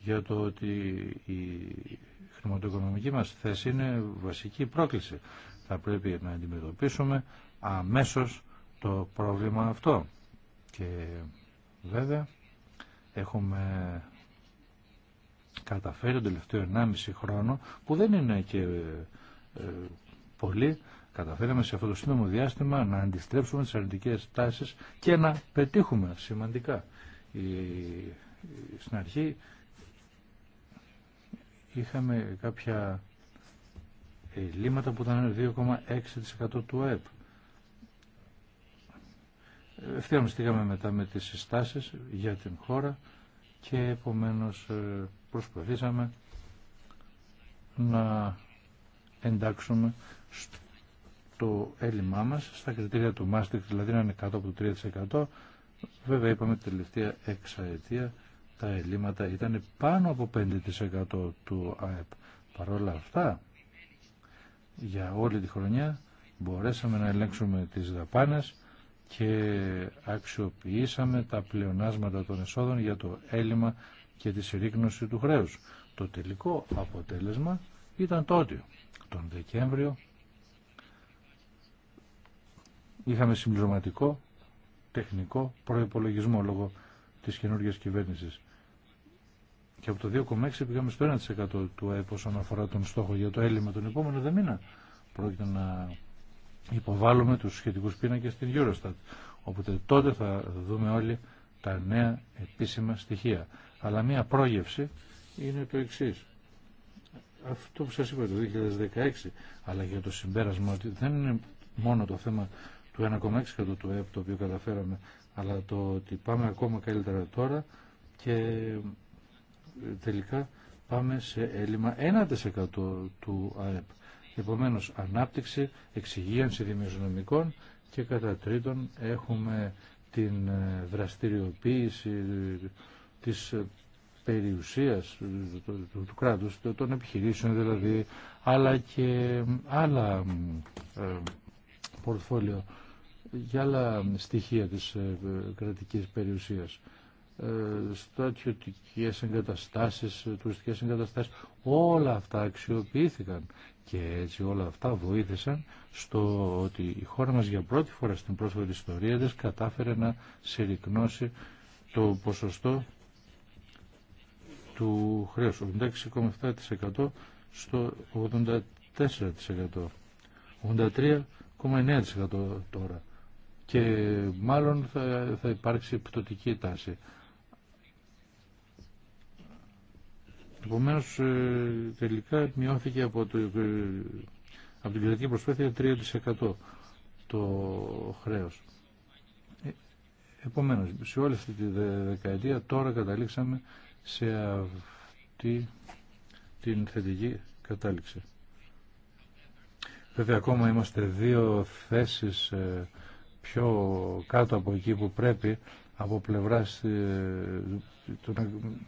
για το ότι η χρηματοοικονομική μας θέση είναι βασική πρόκληση. Θα πρέπει να αντιμετωπίσουμε αμέσως το πρόβλημα αυτό. Και βέβαια έχουμε καταφέρει τον τελευταίο 1,5 χρόνο που δεν είναι και ε, ε, πολύ καταφέραμε σε αυτό το σύντομο διάστημα να αντιστρέψουμε τις αρνητικές τάσεις και να πετύχουμε σημαντικά. Στην αρχή είχαμε κάποια ελλείμματα που ήταν 2,6% του ΑΕΠ. Ευθεία στήκαμε μετά με τις συστάσεις για την χώρα και επομένως ε, προσπαθήσαμε να εντάξουμε το έλλειμμά μας στα κριτήρια του Μάστριξ, δηλαδή να είναι κάτω από το 3%. Βέβαια είπαμε την τελευταία εξαετία τα ελλείμματα ήταν πάνω από 5% του ΑΕΠ. Παρ' όλα αυτά, για όλη τη χρονιά μπορέσαμε να ελέγξουμε τις δαπάνες και αξιοποιήσαμε τα πλεονάσματα των εσόδων για το έλλειμμα και τη συρρήκνωση του χρέους. Το τελικό αποτέλεσμα ήταν τότε, τον Δεκέμβριο είχαμε συμπληρωματικό τεχνικό προϋπολογισμό λόγω της καινούργιας κυβέρνησης. Και από το 2,6 πήγαμε στο 1% του ΑΕΠ όσον αφορά τον στόχο για το έλλειμμα τον επόμενο δε μήνα. Πρόκειται να υποβάλουμε τους σχετικούς πίνακες στην Eurostat. Οπότε τότε θα δούμε όλοι τα νέα επίσημα στοιχεία. Αλλά μία πρόγευση είναι το εξή. Αυτό που σας είπα το 2016, αλλά για το συμπέρασμα ότι δεν είναι μόνο το θέμα του 1,6% του ΕΠ το οποίο καταφέραμε, αλλά το ότι πάμε ακόμα καλύτερα τώρα και ε, τελικά πάμε σε έλλειμμα 1% του ΑΕΠ. Επομένως, ανάπτυξη, εξυγίανση δημιουργικών και κατά τρίτον έχουμε την ε, δραστηριοποίηση της ε, περιουσίας του κράτους, των επιχειρήσεων δηλαδή, αλλά και άλλα πορτφόλιο για άλλα στοιχεία της ε, κρατικής περιουσίας ε, στρατιωτικές εγκαταστάσεις, ε, τουριστικές εγκαταστάσεις, όλα αυτά αξιοποιήθηκαν και έτσι όλα αυτά βοήθησαν στο ότι η χώρα μας για πρώτη φορά στην πρόσφατη ιστορία της κατάφερε να συρρυκνώσει το ποσοστό του χρέους, 86,7% στο 84%, 83,9% τώρα και μάλλον θα, θα υπάρξει πτωτική τάση. Επομένως, ε, τελικά μειώθηκε από, το, από την κρατική προσπάθεια 3% το χρέος. Ε, επομένως, σε όλη αυτή τη δεκαετία τώρα καταλήξαμε σε αυτή την θετική κατάληξη. Βέβαια, ακόμα είμαστε δύο θέσεις ε, πιο κάτω από εκεί που πρέπει από πλευρά ε,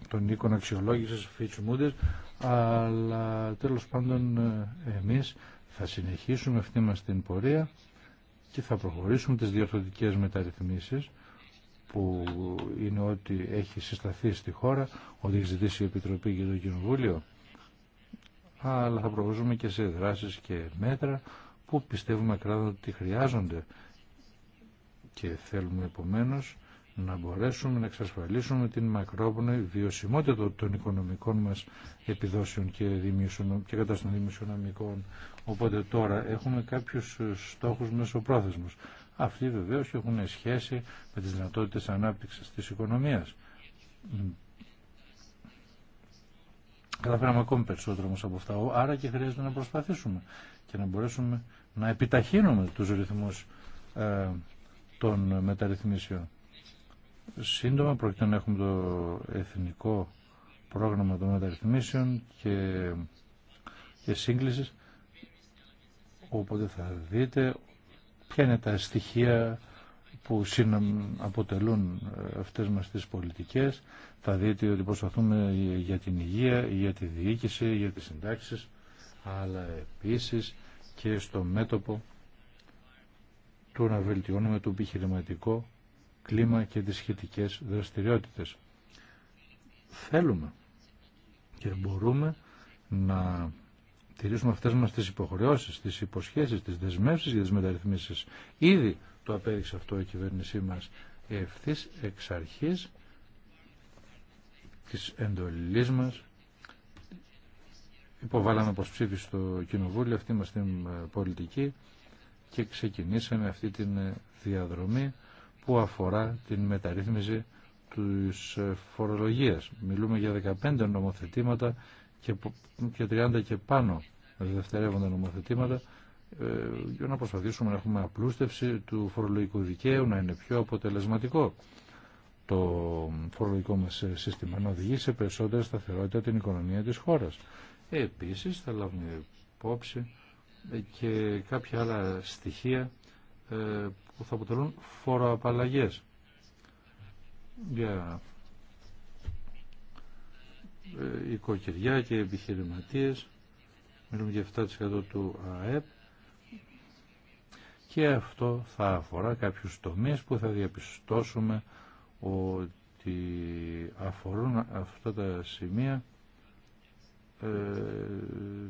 των οίκων αξιολόγησης Fitch αλλά τέλος πάντων ε, εμείς θα συνεχίσουμε αυτή μας την πορεία και θα προχωρήσουμε τις διορθωτικές μεταρρυθμίσεις που είναι ότι έχει συσταθεί στη χώρα, ότι έχει ζητήσει η Επιτροπή και το Κοινοβούλιο, αλλά θα προχωρήσουμε και σε δράσεις και μέτρα που πιστεύουμε ακράδαντα ότι χρειάζονται και θέλουμε επομένως να μπορέσουμε να εξασφαλίσουμε την μακρόπνοη βιωσιμότητα των οικονομικών μας επιδόσεων και, και δημιουργικών δημιουσιονομικών. Οπότε τώρα έχουμε κάποιους ε, στόχους μεσοπρόθεσμους. Αυτοί βεβαίως έχουν σχέση με τις δυνατότητες ανάπτυξης της οικονομίας. Καταφέραμε ακόμη περισσότερο όμως από αυτά, άρα και χρειάζεται να προσπαθήσουμε και να μπορέσουμε να επιταχύνουμε τους ρυθμούς ε, των μεταρρυθμίσεων. Σύντομα πρόκειται να έχουμε το εθνικό πρόγραμμα των μεταρρυθμίσεων και, και σύγκλησης οπότε θα δείτε ποια είναι τα στοιχεία που αποτελούν ε, αυτές μας τις πολιτικές. Θα δείτε ότι προσπαθούμε για την υγεία, για τη διοίκηση, για τις συντάξεις, αλλά επίσης και στο μέτωπο του να βελτιώνουμε το επιχειρηματικό κλίμα και τις σχετικές δραστηριότητες. Θέλουμε και μπορούμε να τηρήσουμε αυτές μας τις υποχρεώσεις, τις υποσχέσεις, τις δεσμεύσεις για τις μεταρρυθμίσεις. Ήδη το απέδειξε αυτό η κυβέρνησή μας ευθύς εξ αρχής της εντολής μας. Υποβάλαμε προς ψήφι στο Κοινοβούλιο αυτή μας την ε, πολιτική και ξεκινήσαμε αυτή την ε, διαδρομή που αφορά την μεταρρύθμιση της ε, φορολογίας. Μιλούμε για 15 νομοθετήματα και 30 και πάνω δευτερεύοντα νομοθετήματα ε, για να προσπαθήσουμε να έχουμε απλούστευση του φορολογικού δικαίου, να είναι πιο αποτελεσματικό το φορολογικό μας σύστημα, να οδηγεί σε περισσότερη σταθερότητα την οικονομία της χώρας. Επίσης θα λάβουμε υπόψη ε, και κάποια άλλα στοιχεία ε, που θα αποτελούν φοροαπαλλαγές για ε, οικοκυριά και επιχειρηματίες μιλούμε για 7% του ΑΕΠ και αυτό θα αφορά κάποιους τομείς που θα διαπιστώσουμε ότι αφορούν αυτά τα σημεία ε,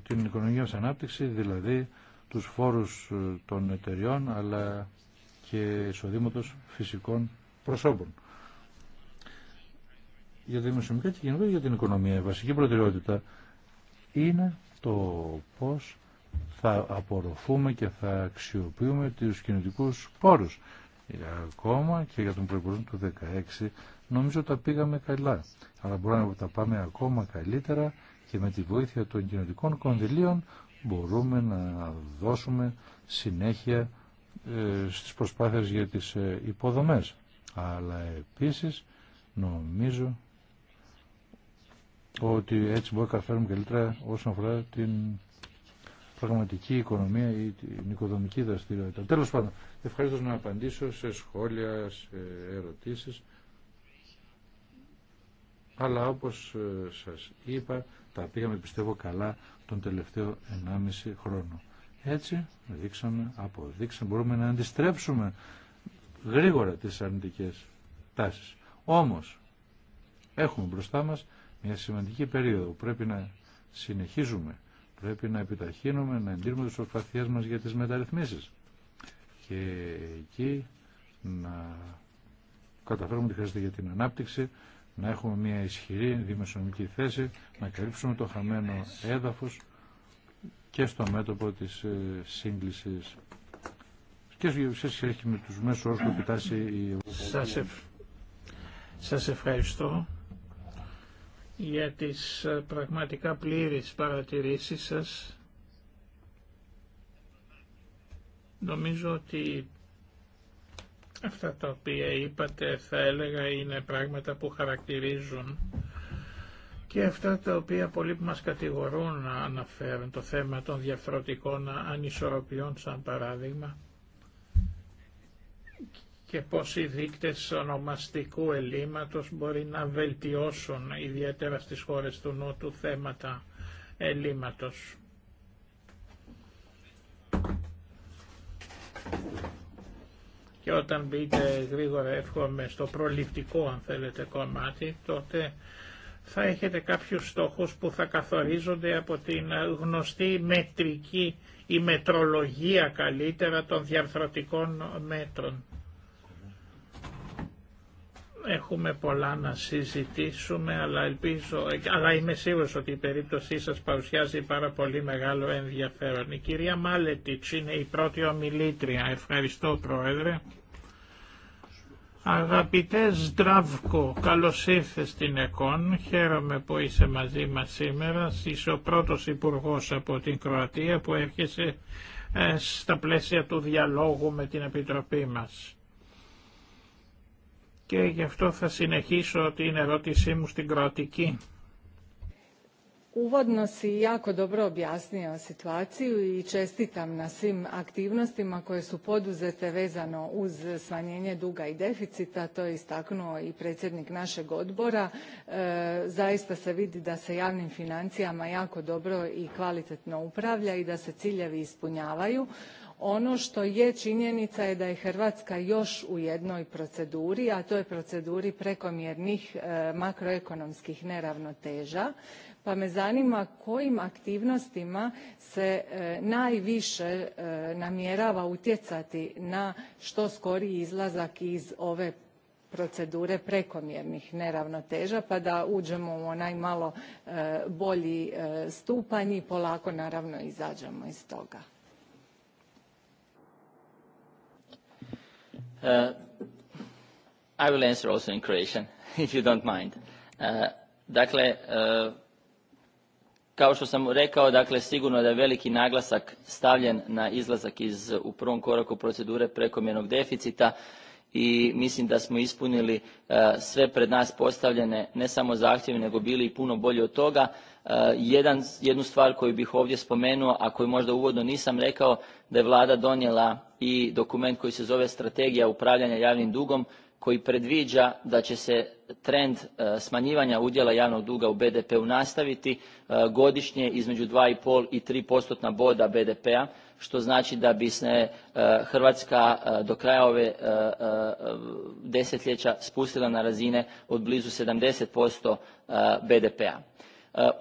την οικονομική μας ανάπτυξη, δηλαδή τους φόρους ε, των εταιριών αλλά και εισοδήματος φυσικών προσώπων. Για τη δημοσιομική και γενικότερα για την οικονομία η βασική προτεραιότητα είναι το πώς θα απορροφούμε και θα αξιοποιούμε τους κινητικούς πόρους. Ακόμα και για τον προϋπολογισμό του 2016 νομίζω τα πήγαμε καλά. Αλλά μπορούμε να τα πάμε ακόμα καλύτερα και με τη βοήθεια των κοινωνικών κονδυλίων μπορούμε να δώσουμε συνέχεια ε, στις προσπάθειες για τις ε, υποδομές. Αλλά επίσης νομίζω ότι έτσι μπορεί να καταφέρουμε καλύτερα όσον αφορά την πραγματική οικονομία ή την οικοδομική δραστηριότητα. Τέλος πάντων, ευχαριστώ να απαντήσω σε σχόλια, σε ερωτήσεις. Αλλά όπως ε, σας είπα, τα πήγαμε πιστεύω καλά τον τελευταίο 1,5 χρόνο. Έτσι δείξαμε, αποδείξαμε, μπορούμε να αντιστρέψουμε γρήγορα τις αρνητικές τάσεις. Όμως, έχουμε μπροστά μας μια σημαντική περίοδο πρέπει να συνεχίζουμε, πρέπει να επιταχύνουμε, να εντύρουμε τις προσπαθίες μας για τις μεταρρυθμίσεις. Και εκεί να καταφέρουμε τη χρήση για την ανάπτυξη, να έχουμε μια ισχυρή δημοσιονομική θέση, να καλύψουμε το χαμένο έδαφος και στο μέτωπο της ε, σύγκλησης και σε με τους μέσους όρους που επιτάσσει η Σας, Σας ευχαριστώ για τις ε, πραγματικά πλήρες παρατηρήσεις σας. Νομίζω ότι Αυτά τα οποία είπατε θα έλεγα είναι πράγματα που χαρακτηρίζουν και αυτά τα οποία πολλοί που μας κατηγορούν να αναφέρουν το θέμα των διαφορετικών ανισορροπιών σαν παράδειγμα και πώς οι δείκτες ονομαστικού ελλείμματος μπορεί να βελτιώσουν ιδιαίτερα στις χώρες του Νότου θέματα ελλείμματος και όταν μπείτε γρήγορα εύχομαι στο προληπτικό αν θέλετε κομμάτι τότε θα έχετε κάποιους στόχους που θα καθορίζονται από την γνωστή μετρική η μετρολογία καλύτερα των διαρθρωτικών μέτρων. Έχουμε πολλά να συζητήσουμε, αλλά, ελπίζω, αλλά είμαι σίγουρος ότι η περίπτωσή σας παρουσιάζει πάρα πολύ μεγάλο ενδιαφέρον. Η κυρία Μάλετιτς είναι η πρώτη ομιλήτρια. Ευχαριστώ, Πρόεδρε. Αγαπητέ Δράβκο, καλώ ήρθες στην ΕΚΟΝ. Χαίρομαι που είσαι μαζί μας σήμερα. Είσαι ο πρώτο υπουργό από την Κροατία που έρχεσαι ε, στα πλαίσια του διαλόγου με την Επιτροπή μας και γι' αυτό θα συνεχίσω την ερώτησή μου στην κροατική. Uvodno si jako dobro objasnio situaciju i čestitam na svim aktivnostima koje su poduzete vezano uz smanjenje duga i deficita, to je istaknuo i predsjednik našeg odbora. Zaista se vidi da se javnim financijama jako dobro i kvalitetno upravlja i da se ciljevi ispunjavaju. Ono što je činjenica je da je Hrvatska još u jednoj proceduri, a to je proceduri prekomjernih makroekonomskih neravnoteža, pa me zanima kojim aktivnostima se najviše namjerava utjecati na što skoriji izlazak iz ove procedure prekomjernih neravnoteža pa da uđemo u onaj malo bolji stupanj i polako naravno izađemo iz toga. I will answer also in Croatian, if you don't mind. Dakle, kao što sam rekao, dakle, sigurno da je veliki naglasak stavljen na izlazak iz, u prvom koraku procedure prekomjernog deficita i mislim da smo ispunili sve pred nas postavljene, ne samo zahtjeve, nego bili i puno bolje od toga jednu stvar koju bih ovdje spomenuo a koju možda uvodno nisam rekao da je vlada donijela i dokument koji se zove strategija upravljanja javnim dugom koji predviđa da će se trend smanjivanja udjela javnog duga u BDP-u nastaviti godišnje između dva i tri postotna boda BDP-a, što znači da bi se Hrvatska do kraja ove desetljeća spustila na razine od blizu 70% BDP-a.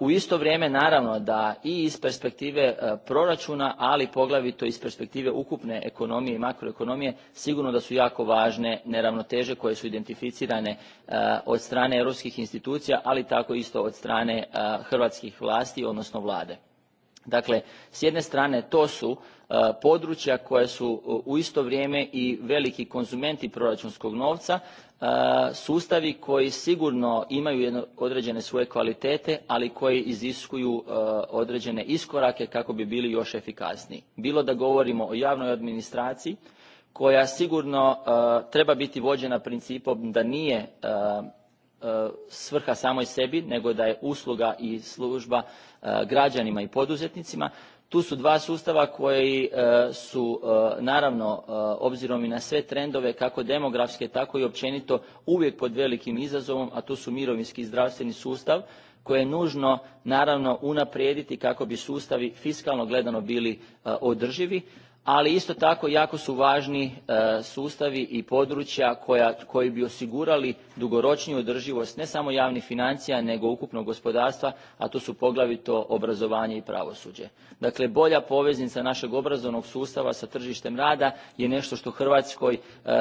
U isto vrijeme naravno da i iz perspektive proračuna, ali poglavito iz perspektive ukupne ekonomije i makroekonomije sigurno da su jako važne neravnoteže koje su identificirane od strane europskih institucija, ali tako isto od strane hrvatskih vlasti odnosno Vlade. Dakle, s jedne strane to su područja koja su u isto vrijeme i veliki konzumenti proračunskog novca, sustavi koji sigurno imaju određene svoje kvalitete, ali koji iziskuju određene iskorake kako bi bili još efikasniji. Bilo da govorimo o javnoj administraciji, koja sigurno treba biti vođena principom da nije svrha samoj sebi, nego da je usluga i služba građanima i poduzetnicima. Tu su dva sustava koji su naravno obzirom i na sve trendove kako demografske tako i općenito uvijek pod velikim izazovom, a to su mirovinski i zdravstveni sustav koje je nužno naravno unaprijediti kako bi sustavi fiskalno gledano bili održivi, ali isto tako jako su važni sustavi i područja koja, koji bi osigurali dugoročniju održivost ne samo javnih financija nego ukupnog gospodarstva, a to su poglavito obrazovanje i pravosuđe. Dakle, bolja poveznica našeg obrazovnog sustava sa tržištem rada je nešto što Hrvatskoj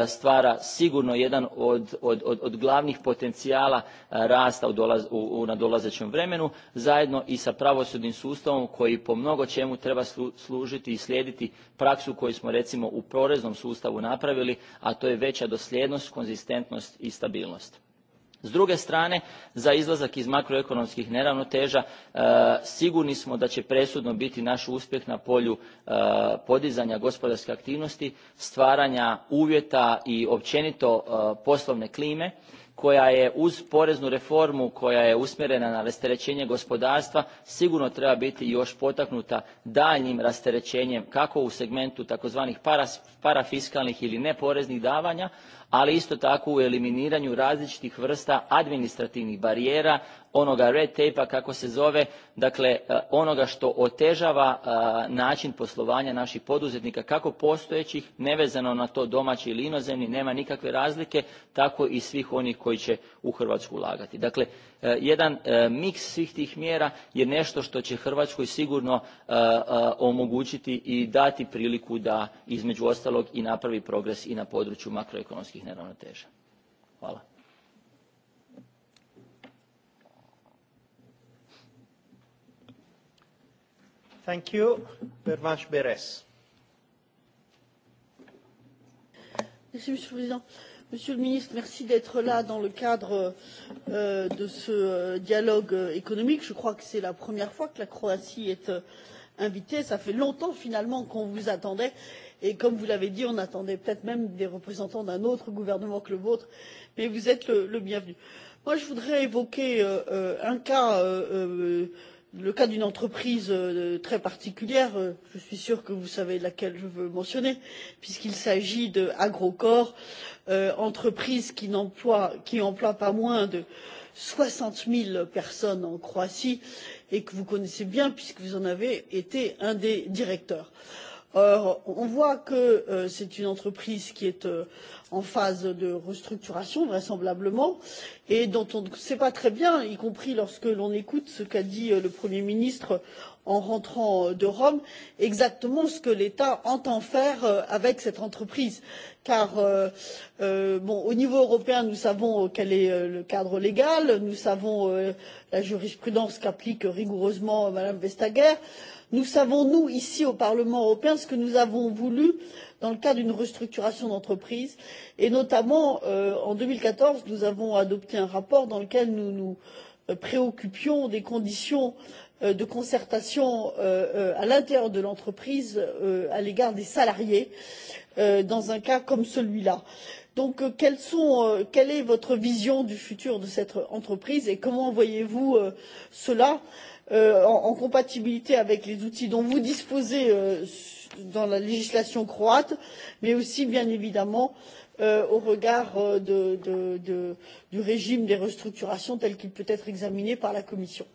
stvara sigurno jedan od, od, od, od glavnih potencijala rasta u, dolaz, u, u nadolazećem vremenu, zajedno i sa pravosudnim sustavom koji po mnogo čemu treba služiti i slijediti praksu koju smo recimo u proreznom sustavu napravili, a to je veća dosljednost, konzistentnost i stabilnost. S druge strane, za izlazak iz makroekonomskih neravnoteža sigurni smo da će presudno biti naš uspjeh na polju podizanja gospodarske aktivnosti, stvaranja uvjeta i općenito poslovne klime koja je uz poreznu reformu koja je usmjerena na rasterećenje gospodarstva sigurno treba biti još potaknuta daljnjim rasterećenjem kako u segmentu takozvanih parafiskalnih ili neporeznih davanja ali isto tako u eliminiranju različitih vrsta administrativnih barijera, onoga red tape kako se zove, dakle onoga što otežava način poslovanja naših poduzetnika, kako postojećih, nevezano na to domaći ili inozemni, nema nikakve razlike, tako i svih onih koji će u Hrvatsku ulagati. Dakle, jedan miks svih tih mjera je nešto što će Hrvatskoj sigurno omogućiti i dati priliku da između ostalog i napravi progres i na području makroekonomskih tih neravnoteža. Hvala. Thank you. Beres. Merci, Monsieur le Président. Monsieur le Ministre, merci d'être là dans le cadre de ce dialogue économique. Je crois que c'est la première fois que la Croatie est invitée. Ça fait longtemps finalement qu'on vous attendait et comme vous l'avez dit on attendait peut être même des représentants d'un autre gouvernement que le vôtre mais vous êtes le bienvenu. je voudrais évoquer un cas le cas d'une entreprise très particulière je suis sûre que vous savez laquelle je veux mentionner puisqu'il s'agit d'agrocor entreprise qui emploie pas moins de soixante personnes en croatie et que vous connaissez bien puisque vous en avez été un des directeurs on voit que c'est une entreprise qui est en phase de restructuration vraisemblablement et dont on ne sait pas très bien y compris lorsque l'on écoute ce qu'a dit le premier ministre en rentrant de Rome exactement ce que l'État entend faire avec cette entreprise car au niveau européen nous savons quel est le cadre légal nous savons la jurisprudence qu'applique rigoureusement Mme Vestager nous savons nous ici au Parlement européen ce que nous avons voulu dans le cadre d'une restructuration d'entreprise et notamment en 2014 nous avons adopté un rapport dans lequel nous nous préoccupions des conditions de concertation à l'intérieur de l'entreprise à l'égard des salariés dans un cas comme celui là. donc quelle est votre vision du futur de cette entreprise et comment voyez vous cela en compatibilité avec les outils dont vous disposez dans la législation croate mais aussi bien évidemment au regard du régime des restructurations tel qu'il peut être examiné par la commission?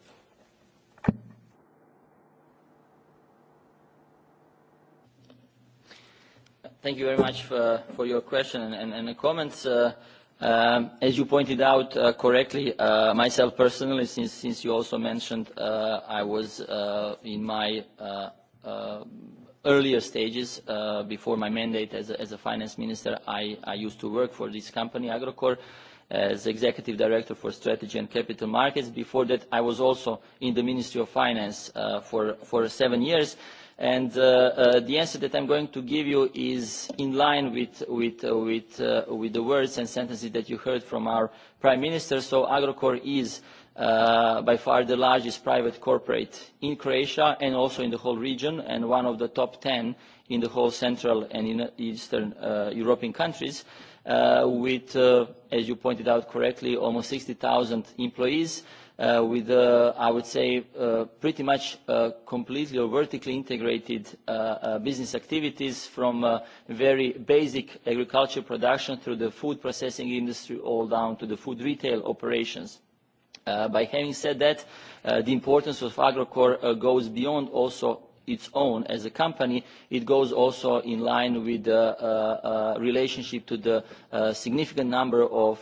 Thank you very much for your question and the comments. As you pointed out correctly, myself personally, since you also mentioned, I was in my earlier stages before my mandate as a finance minister, I I used to work for this company, Agrocor, as executive director for strategy and capital markets. Before that, I was also in the Ministry of Finance for for seven years And the answer that am going to give you is in line with the words and sentences that you heard from our Prime Minister. So Agrokor is by far the largest private corporate in Croatia and also in the whole region and one of the top ten in the whole Central and Eastern European countries with, as you pointed out correctly, almost 60,000 employees, with, I would say, pretty much completely or vertically integrated business activities from very basic agriculture production through the food processing industry all down to the food retail operations. By having said that, the importance of uh goes beyond also its own as a company, it goes also in line with the relationship to the significant number of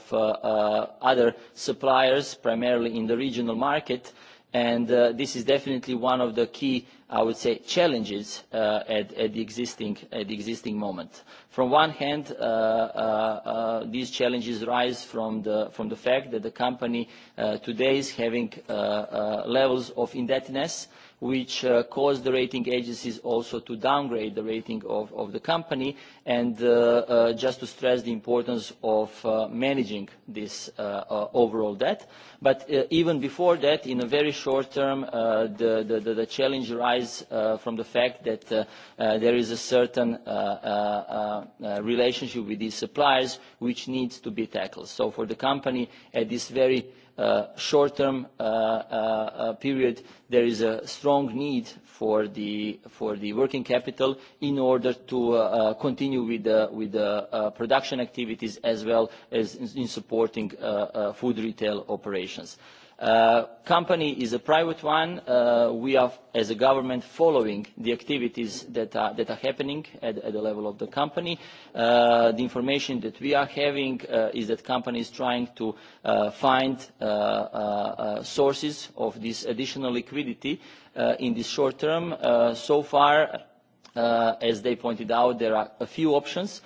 other suppliers, primarily in the regional market. And this is definitely one of the key, I would say, challenges at the existing moment. From one hand, these challenges rise from the fact that the company today is having levels of indebtedness which caused the rating agencies also to downgrade the rating of the company and just to stress the importance of managing this overall debt. But even before that, in a very short term, the challenge arises from the fact that there is a certain relationship with these suppliers which needs to be tackled. So for the company, at this very short term period there is a strong need for the working capital in order to continue with the with the production activities as well as in supporting food retail operations The company is a private one. We are, as a government, following the activities that are happening at the level of the company. The information that we are having is that company is trying to find sources of this additional liquidity in the short term. So far, as they pointed out, there are a few options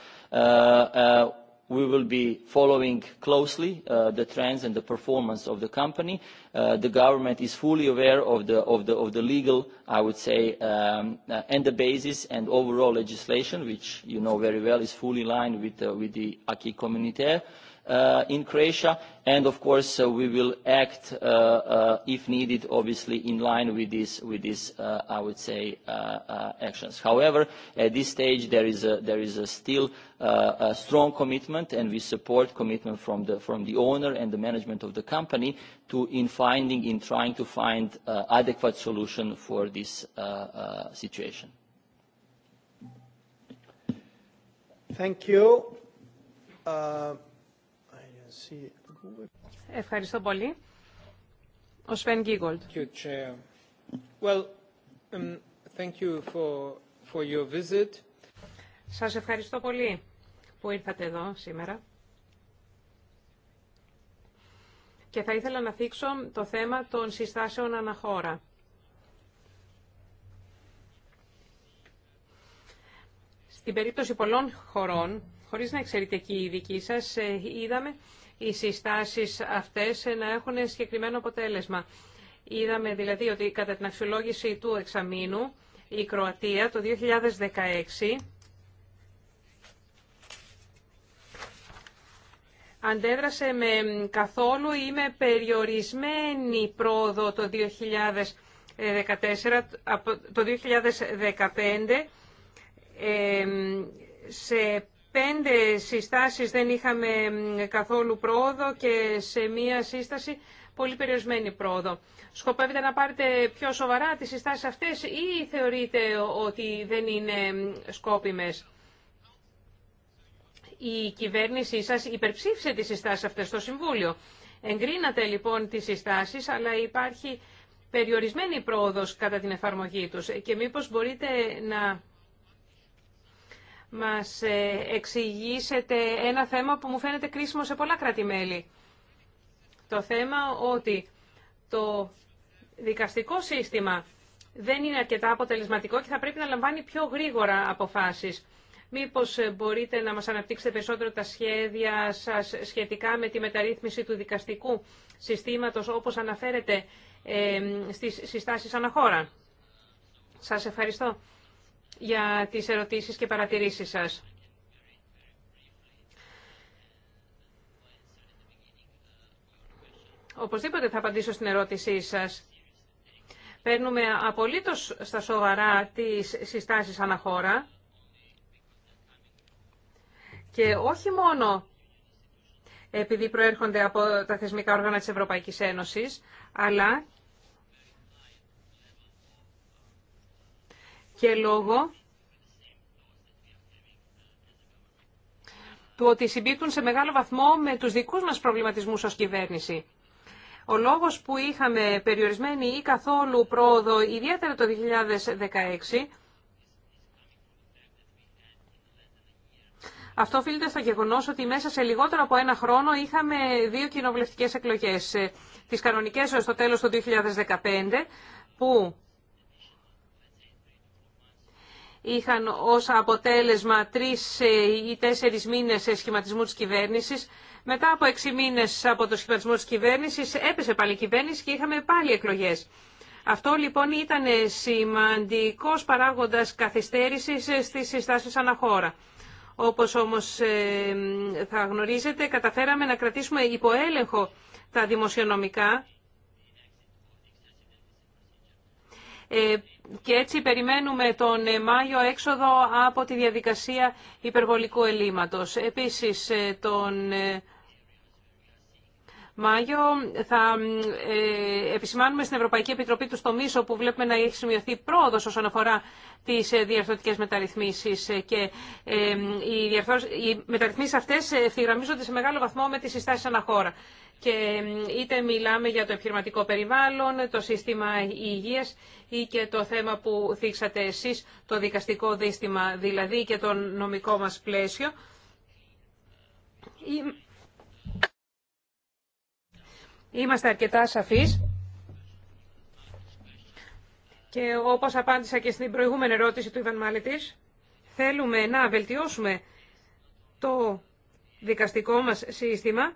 we will be following closely the trends and the performance of the company. The government is fully aware of the legal, I would say, and the basis and overall legislation, which you know very well is fully in line with the acquis communautaire in Croatia. And, of course, we will act, if needed, obviously, in line with these, I would say, actions. However, at this stage, there is still a strong commitment, and we support commitment from the owner and the management of the company in finding, in trying to find adequate solution for this situation. Thank you. Ευχαριστώ πολύ. Ο Σφεν Γίγολτ. thank you um, for, your Σας ευχαριστώ πολύ που ήρθατε εδώ σήμερα. Και θα ήθελα να θίξω το θέμα των συστάσεων αναχώρα. Στην περίπτωση πολλών χωρών, χωρίς να εξαιρείτε και η δική σας, ε, είδαμε οι συστάσεις αυτές να έχουν συγκεκριμένο αποτέλεσμα. Είδαμε δηλαδή ότι κατά την αξιολόγηση του εξαμήνου η Κροατία το 2016 αντέδρασε με καθόλου ή με περιορισμένη πρόοδο το 2014, το 2015 σε πέντε συστάσεις δεν είχαμε καθόλου πρόοδο και σε μία σύσταση πολύ περιορισμένη πρόοδο. Σκοπεύετε να πάρετε πιο σοβαρά τις συστάσεις αυτές ή θεωρείτε ότι δεν είναι σκόπιμες. Η κυβέρνησή σας υπερψήφισε τις συστάσεις αυτές στο Συμβούλιο. Εγκρίνατε λοιπόν τις συστάσεις, αλλά υπάρχει περιορισμένη πρόοδος κατά την εφαρμογή τους. Και μήπως μπορείτε να μας ε, εξηγήσετε ένα θέμα που μου φαίνεται κρίσιμο σε πολλά κράτη-μέλη. Το θέμα ότι το δικαστικό σύστημα δεν είναι αρκετά αποτελεσματικό και θα πρέπει να λαμβάνει πιο γρήγορα αποφάσεις. Μήπως ε, μπορείτε να μας αναπτύξετε περισσότερο τα σχέδια σας σχετικά με τη μεταρρύθμιση του δικαστικού συστήματος, όπως αναφέρετε στις συστάσεις αναχώρα. Σας ευχαριστώ για τις ερωτήσεις και παρατηρήσεις σας. Οπωσδήποτε θα απαντήσω στην ερώτησή σας. Παίρνουμε απολύτως στα σοβαρά τις συστάσεις αναχώρα και όχι μόνο επειδή προέρχονται από τα θεσμικά όργανα της Ευρωπαϊκής Ένωσης, αλλά και λόγω του ότι συμπίπτουν σε μεγάλο βαθμό με τους δικούς μας προβληματισμούς ως κυβέρνηση. Ο λόγος που είχαμε περιορισμένη ή καθόλου πρόοδο, ιδιαίτερα το 2016, Αυτό οφείλεται στο γεγονό ότι μέσα σε λιγότερο από ένα χρόνο είχαμε δύο κοινοβουλευτικέ εκλογέ. Ε, Τι κανονικέ στο τέλος του 2015, που είχαν ως αποτέλεσμα τρεις ε, ή τέσσερις μήνες σχηματισμού της κυβέρνησης. Μετά από έξι μήνες από το σχηματισμό της κυβέρνησης έπεσε πάλι η κυβέρνηση και είχαμε πάλι εκλογές. Αυτό λοιπόν ήταν σημαντικός παράγοντας καθυστέρησης ε, στις συστάσεις αναχώρα. Όπως όμως ε, θα γνωρίζετε, καταφέραμε να κρατήσουμε υποέλεγχο τα δημοσιονομικά και έτσι περιμένουμε τον ε, Μάιο έξοδο από τη διαδικασία υπερβολικού ελλείμματος. Επίσης, ε, τον ε, Μάιο θα ε, επισημάνουμε στην Ευρωπαϊκή Επιτροπή του μίσο που βλέπουμε να έχει σημειωθεί πρόοδο όσον αφορά τι ε, διαρθρωτικέ μεταρρυθμίσει. Ε, και οι μεταρρυθμίσει αυτέ ευθυγραμμίζονται σε μεγάλο βαθμό με τι συστάσει αναχώρα. Και είτε μιλάμε για το επιχειρηματικό περιβάλλον, το σύστημα υγεία ή και το θέμα που θίξατε εσεί, το δικαστικό δίστημα δηλαδή και το νομικό μα πλαίσιο Είμαστε αρκετά σαφείς. Και όπως απάντησα και στην προηγούμενη ερώτηση του Ιβαν Μάλετης, θέλουμε να βελτιώσουμε το δικαστικό μας σύστημα,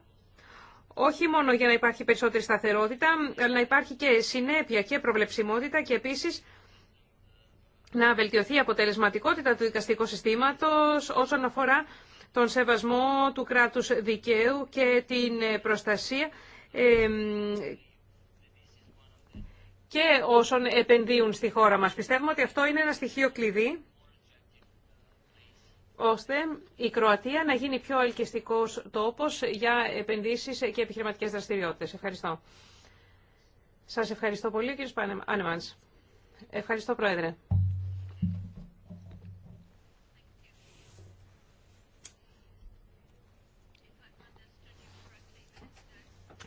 όχι μόνο για να υπάρχει περισσότερη σταθερότητα, αλλά να υπάρχει και συνέπεια και προβλεψιμότητα και επίσης να βελτιωθεί η αποτελεσματικότητα του δικαστικού συστήματος όσον αφορά τον σεβασμό του κράτους δικαίου και την προστασία και όσων επενδύουν στη χώρα μας. Πιστεύουμε ότι αυτό είναι ένα στοιχείο κλειδί, ώστε η Κροατία να γίνει πιο ελκυστικός τόπος για επενδύσεις και επιχειρηματικές δραστηριότητες. Ευχαριστώ. Σας ευχαριστώ πολύ, κύριε Σπάνεμαντς. Ευχαριστώ, Πρόεδρε.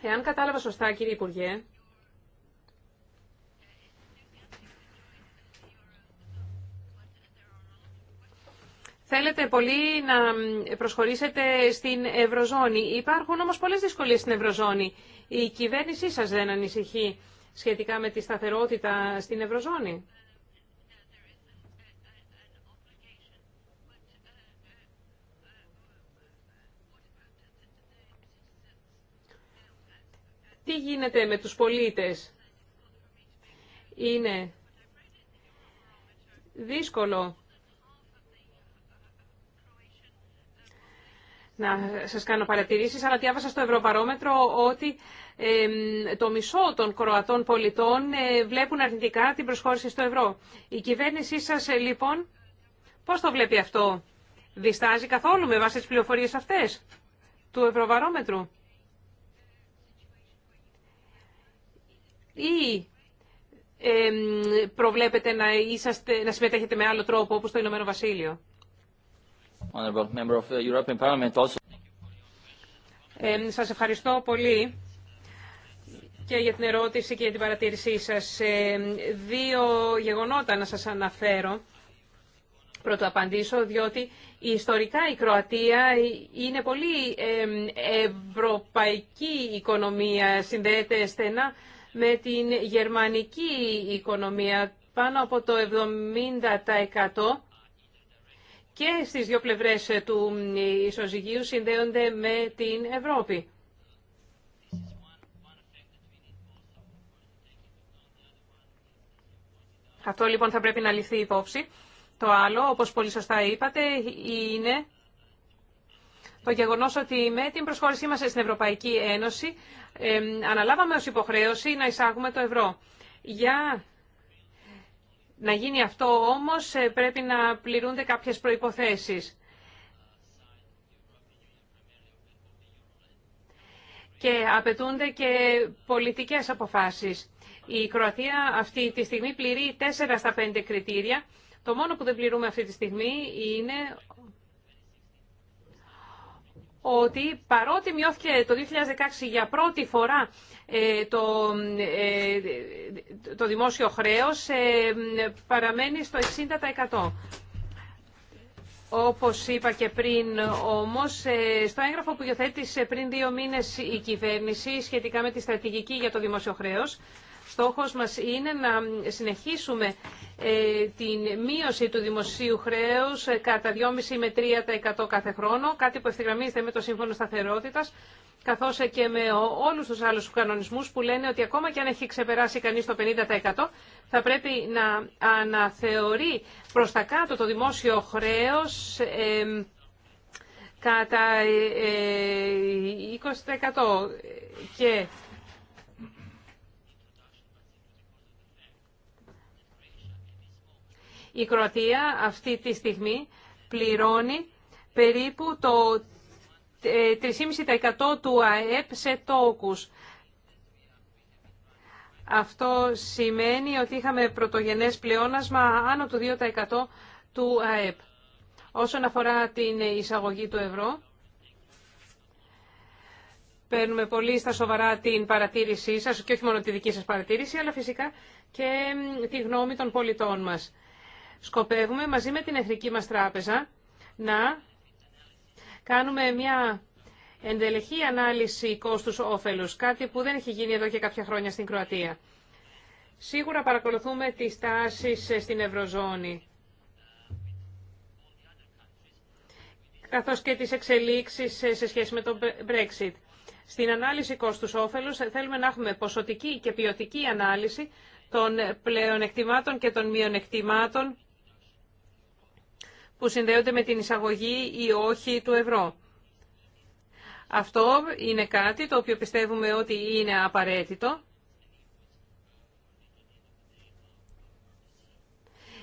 Εάν κατάλαβα σωστά, κύριε Υπουργέ, Θέλετε πολύ να προσχωρήσετε στην Ευρωζώνη. Υπάρχουν όμως πολλές δυσκολίες στην Ευρωζώνη. Η κυβέρνησή σας δεν ανησυχεί σχετικά με τη σταθερότητα στην Ευρωζώνη. Τι γίνεται με τους πολίτες. Είναι δύσκολο να σας κάνω παρατηρήσεις, αλλά διάβασα στο Ευρωπαρόμετρο ότι το μισό των Κροατών πολιτών ε, βλέπουν αρνητικά την προσχώρηση στο ευρώ. Η κυβέρνησή σας, ε, λοιπόν, πώς το βλέπει αυτό. Διστάζει καθόλου με βάση τις πληροφορίες αυτές του Ευρωβαρόμετρου. ή προβλέπετε να, είσαστε, να συμμετέχετε με άλλο τρόπο όπως το Ηνωμένο Βασίλειο. Ε, σας ευχαριστώ πολύ και για την ερώτηση και για την παρατήρησή σας. δύο γεγονότα να σας αναφέρω. Πρώτο απαντήσω, διότι ιστορικά η Κροατία είναι πολύ ευρωπαϊκή οικονομία, συνδέεται στενά με την γερμανική οικονομία πάνω από το 70% και στις δύο πλευρές του ισοζυγίου συνδέονται με την Ευρώπη. Αυτό λοιπόν θα πρέπει να ληφθεί υπόψη. Το άλλο, όπως πολύ σωστά είπατε, είναι το γεγονός ότι με την προσχώρησή μας στην Ευρωπαϊκή Ένωση ε, αναλάβαμε ως υποχρέωση να εισάγουμε το ευρώ. Για να γίνει αυτό όμως ε, πρέπει να πληρούνται κάποιες προϋποθέσεις. Και απαιτούνται και πολιτικές αποφάσεις. Η Κροατία αυτή τη στιγμή πληρεί 4 στα 5 κριτήρια. Το μόνο που δεν πληρούμε αυτή τη στιγμή είναι ότι παρότι μειώθηκε το 2016 για πρώτη φορά ε, το, ε, το δημόσιο χρέος, ε, παραμένει στο 60%. Όπως είπα και πριν όμως, στο έγγραφο που υιοθέτησε πριν δύο μήνες η κυβέρνηση σχετικά με τη στρατηγική για το δημόσιο χρέος, Στόχος μας είναι να συνεχίσουμε ε, την μείωση του δημοσίου χρέους ε, κατά 2,5 με 3% κάθε χρόνο, κάτι που ευθυγραμμίζεται με το Σύμφωνο Σταθερότητας, καθώς ε, και με όλους τους άλλους κανονισμούς που λένε ότι ακόμα και αν έχει ξεπεράσει κανείς το 50% θα πρέπει να αναθεωρεί προς τα κάτω το δημόσιο χρέος κατά 20% και Η Κροατία αυτή τη στιγμή πληρώνει περίπου το 3,5% ε, του ΑΕΠ σε τόκους. Αυτό σημαίνει ότι είχαμε πρωτογενές πλεόνασμα άνω του 2% του ΑΕΠ. Όσον αφορά την εισαγωγή του ευρώ, παίρνουμε πολύ στα σοβαρά την παρατήρησή σας και όχι μόνο τη δική σας παρατήρηση, αλλά φυσικά και τη γνώμη των πολιτών μας σκοπεύουμε μαζί με την Εθνική μας Τράπεζα να κάνουμε μια εντελεχή ανάλυση κόστους-όφελους, κάτι που δεν έχει γίνει εδώ και κάποια χρόνια στην Κροατία. Σίγουρα παρακολουθούμε τις τάσεις στην Ευρωζώνη, καθώς και τις εξελίξεις σε σχέση με το Brexit. Στην ανάλυση κόστους-όφελους θέλουμε να έχουμε ποσοτική και ποιοτική ανάλυση των πλεονεκτημάτων και των μειονεκτημάτων που συνδέονται με την εισαγωγή ή όχι του ευρώ. Αυτό είναι κάτι το οποίο πιστεύουμε ότι είναι απαραίτητο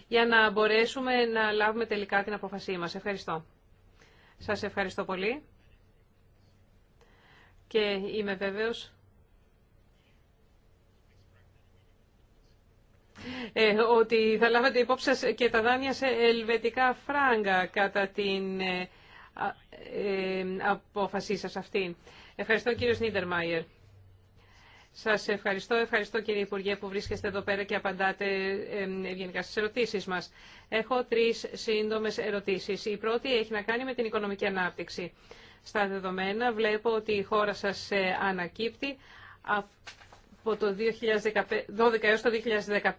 για να μπορέσουμε να λάβουμε τελικά την αποφασή μας. Ευχαριστώ. Σας ευχαριστώ πολύ και είμαι βέβαιος Ε, ότι θα λάβετε υπόψη σας και τα δάνεια σε ελβετικά φράγκα κατά την ε, ε, απόφασή σας αυτή. Ευχαριστώ κύριο Μάιερ. Σας ευχαριστώ. Ευχαριστώ κύριε Υπουργέ που βρίσκεστε εδώ πέρα και απαντάτε ευγενικά στις ερωτήσεις μας. Έχω τρεις σύντομες ερωτήσεις. Η πρώτη έχει να κάνει με την οικονομική ανάπτυξη. Στα δεδομένα βλέπω ότι η χώρα σας ανακύπτει από το 2012 έως το 2015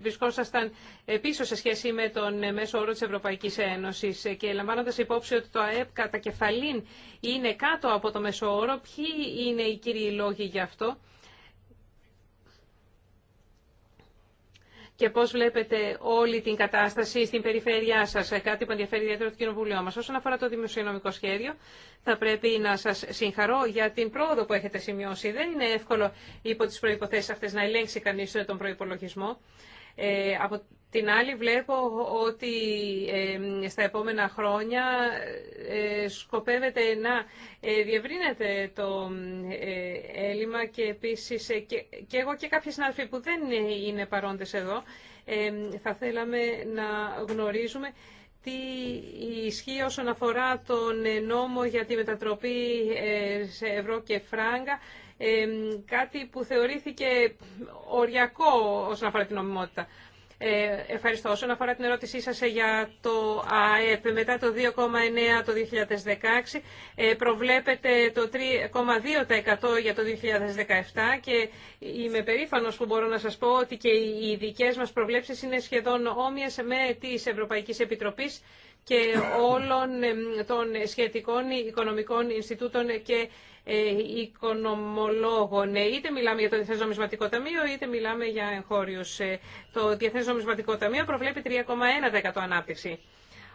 βρισκόσασταν πίσω σε σχέση με τον μέσο όρο της Ευρωπαϊκής Ένωσης και λαμβάνοντας υπόψη ότι το ΑΕΠ κατά κεφαλήν είναι κάτω από το μέσο όρο, ποιοι είναι οι κύριοι λόγοι γι' αυτό και πώς βλέπετε όλη την κατάσταση στην περιφέρειά σας, ε, κάτι που ενδιαφέρει ιδιαίτερα το Κοινοβουλίο μας. Όσον αφορά το δημοσιονομικό σχέδιο, θα πρέπει να σας συγχαρώ για την πρόοδο που έχετε σημειώσει. Δεν είναι εύκολο υπό τις προϋποθέσεις αυτές να ελέγξει κανείς τον προϋπολογισμό, ε, από την άλλη βλέπω ότι στα επόμενα χρόνια ε, σκοπεύεται να ε, διευρύνεται το έλλειμμα και επίσης και εγώ και κάποιοι συνάδελφοι που δεν είναι παρόντες εδώ θα θέλαμε να γνωρίζουμε τι ισχύει όσον αφορά τον νόμο για τη μετατροπή σε ευρώ και φράγκα κάτι που θεωρήθηκε οριακό όσον αφορά την νομιμότητα. Ε, ευχαριστώ. Όσον αφορά την ερώτησή σας ε, για το ΑΕΠ, μετά το 2,9 το 2016, ε, προβλέπετε το 3,2% για το 2017 και είμαι περήφανος που μπορώ να σας πω ότι και οι δικές μας προβλέψεις είναι σχεδόν όμοιες με της Ευρωπαϊκής Επιτροπής και όλων των σχετικών οικονομικών Ινστιτούτων και ε, οικονομολόγων. Ε, είτε μιλάμε για το Διεθνές Νομισματικό Ταμείο, είτε μιλάμε για εγχώριους. Ε, το Διεθνές Νομισματικό Ταμείο προβλέπει 3,1% ανάπτυξη.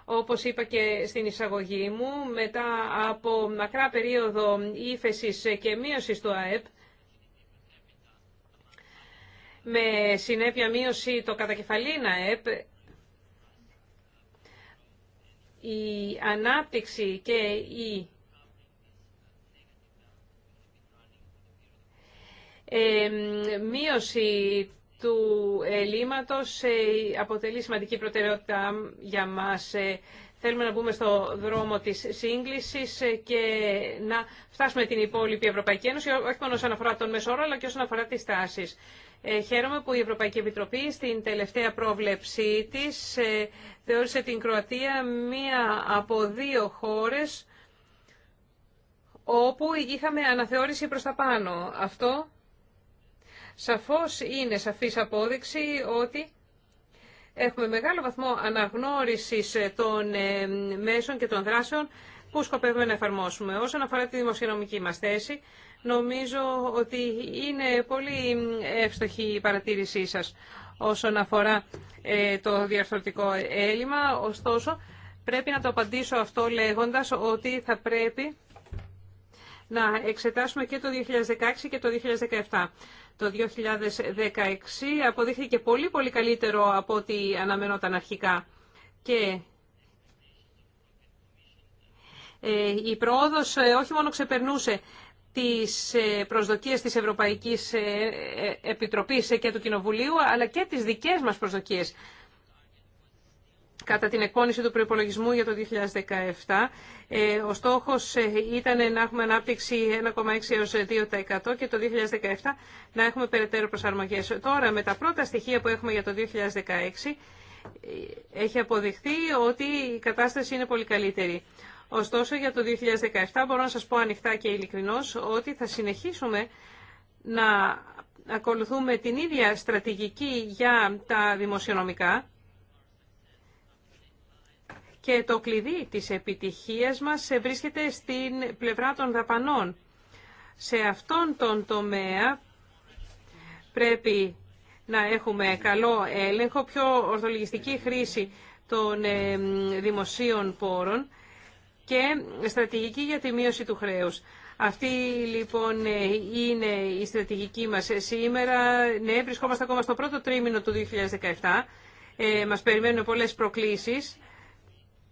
Όπως είπα και στην εισαγωγή μου, μετά από μακρά περίοδο ύφεση και μείωση του ΑΕΠ, με συνέπεια μείωση το κατακεφαλήν ΑΕΠ, η ανάπτυξη και η μείωση του ελλείμματος ε, αποτελεί σημαντική προτεραιότητα για μας. Ε, θέλουμε να μπούμε στο δρόμο της σύγκλησης ε, και να φτάσουμε την υπόλοιπη Ευρωπαϊκή Ένωση, όχι μόνο όσον αφορά τον μεσόρο, αλλά και όσον αφορά τις τάσεις. Χαίρομαι που η Ευρωπαϊκή Επιτροπή στην τελευταία πρόβλεψή της θεώρησε την Κροατία μία από δύο χώρες όπου είχαμε αναθεώρηση προς τα πάνω. Αυτό Σαφώς είναι σαφής απόδειξη ότι έχουμε μεγάλο βαθμό αναγνώρισης των ε, μέσων και των δράσεων που σκοπεύουμε να εφαρμόσουμε. Όσον αφορά τη δημοσιονομική μας θέση, νομίζω ότι είναι πολύ εύστοχη η παρατήρησή σας όσον αφορά ε, το διαρθρωτικό έλλειμμα. Ωστόσο, πρέπει να το απαντήσω αυτό λέγοντας ότι θα πρέπει να εξετάσουμε και το 2016 και το 2017 το 2016 αποδείχθηκε πολύ πολύ καλύτερο από ό,τι αναμενόταν αρχικά. Και ε, η πρόοδος ε, όχι μόνο ξεπερνούσε τις ε, προσδοκίες της Ευρωπαϊκής Επιτροπής και του Κοινοβουλίου, αλλά και τις δικές μας προσδοκίες κατά την εκπόνηση του προπολογισμού για το 2017. Ε, ο στόχος ε, ήταν να έχουμε ανάπτυξη 1,6 έως 2% και το 2017 να έχουμε περαιτέρω προσαρμογές. Τώρα με τα πρώτα στοιχεία που έχουμε για το 2016 έχει αποδειχθεί ότι η κατάσταση είναι πολύ καλύτερη. Ωστόσο για το 2017 μπορώ να σας πω ανοιχτά και ειλικρινώς ότι θα συνεχίσουμε να ακολουθούμε την ίδια στρατηγική για τα δημοσιονομικά και το κλειδί της επιτυχίας μας βρίσκεται στην πλευρά των δαπανών. Σε αυτόν τον τομέα πρέπει να έχουμε καλό έλεγχο, πιο ορθολογιστική χρήση των ε, δημοσίων πόρων και στρατηγική για τη μείωση του χρέους. Αυτή λοιπόν ε, είναι η στρατηγική μας σήμερα. Ναι, βρισκόμαστε ακόμα στο πρώτο τρίμηνο του 2017. Ε, μας περιμένουν πολλές προκλήσεις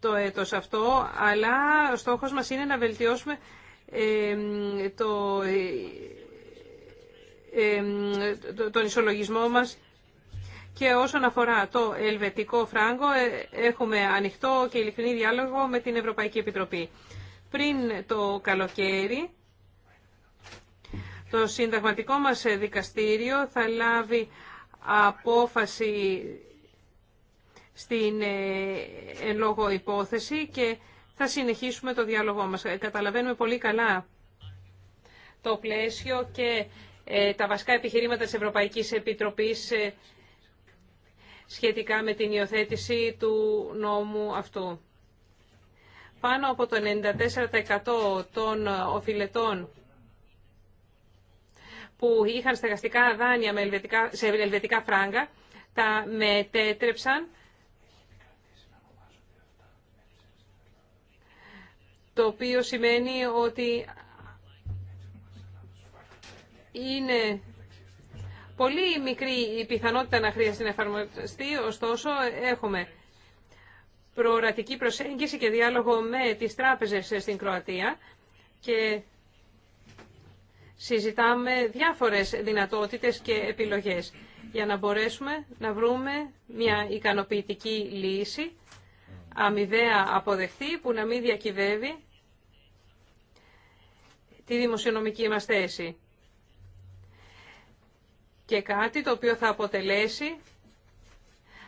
το έτος αυτό, αλλά ο στόχος μας είναι να βελτιώσουμε το, τον ισολογισμό μας και όσον αφορά το ελβετικό φράγκο, ε, έχουμε ανοιχτό και ειλικρινή διάλογο με την Ευρωπαϊκή Επιτροπή. Πριν το καλοκαίρι, το συνταγματικό μας δικαστήριο θα λάβει απόφαση στην ε, εν λόγω υπόθεση και θα συνεχίσουμε το διάλογό μας. Ε, καταλαβαίνουμε πολύ καλά το πλαίσιο και ε, τα βασικά επιχειρήματα της Ευρωπαϊκής Επιτροπής σχετικά με την υιοθέτηση του νόμου αυτού. Πάνω από το 94% των οφηλετών που είχαν στεγαστικά δάνεια σε ελβετικά φράγκα τα μετέτρεψαν το οποίο σημαίνει ότι είναι πολύ μικρή η πιθανότητα να χρειαστεί να εφαρμοστεί, ωστόσο έχουμε προορατική προσέγγιση και διάλογο με τις τράπεζες στην Κροατία και συζητάμε διάφορες δυνατότητες και επιλογές για να μπορέσουμε να βρούμε μια ικανοποιητική λύση αμοιβαία αποδεχτή που να μην διακυβεύει τη δημοσιονομική μας θέση. Και κάτι το οποίο θα αποτελέσει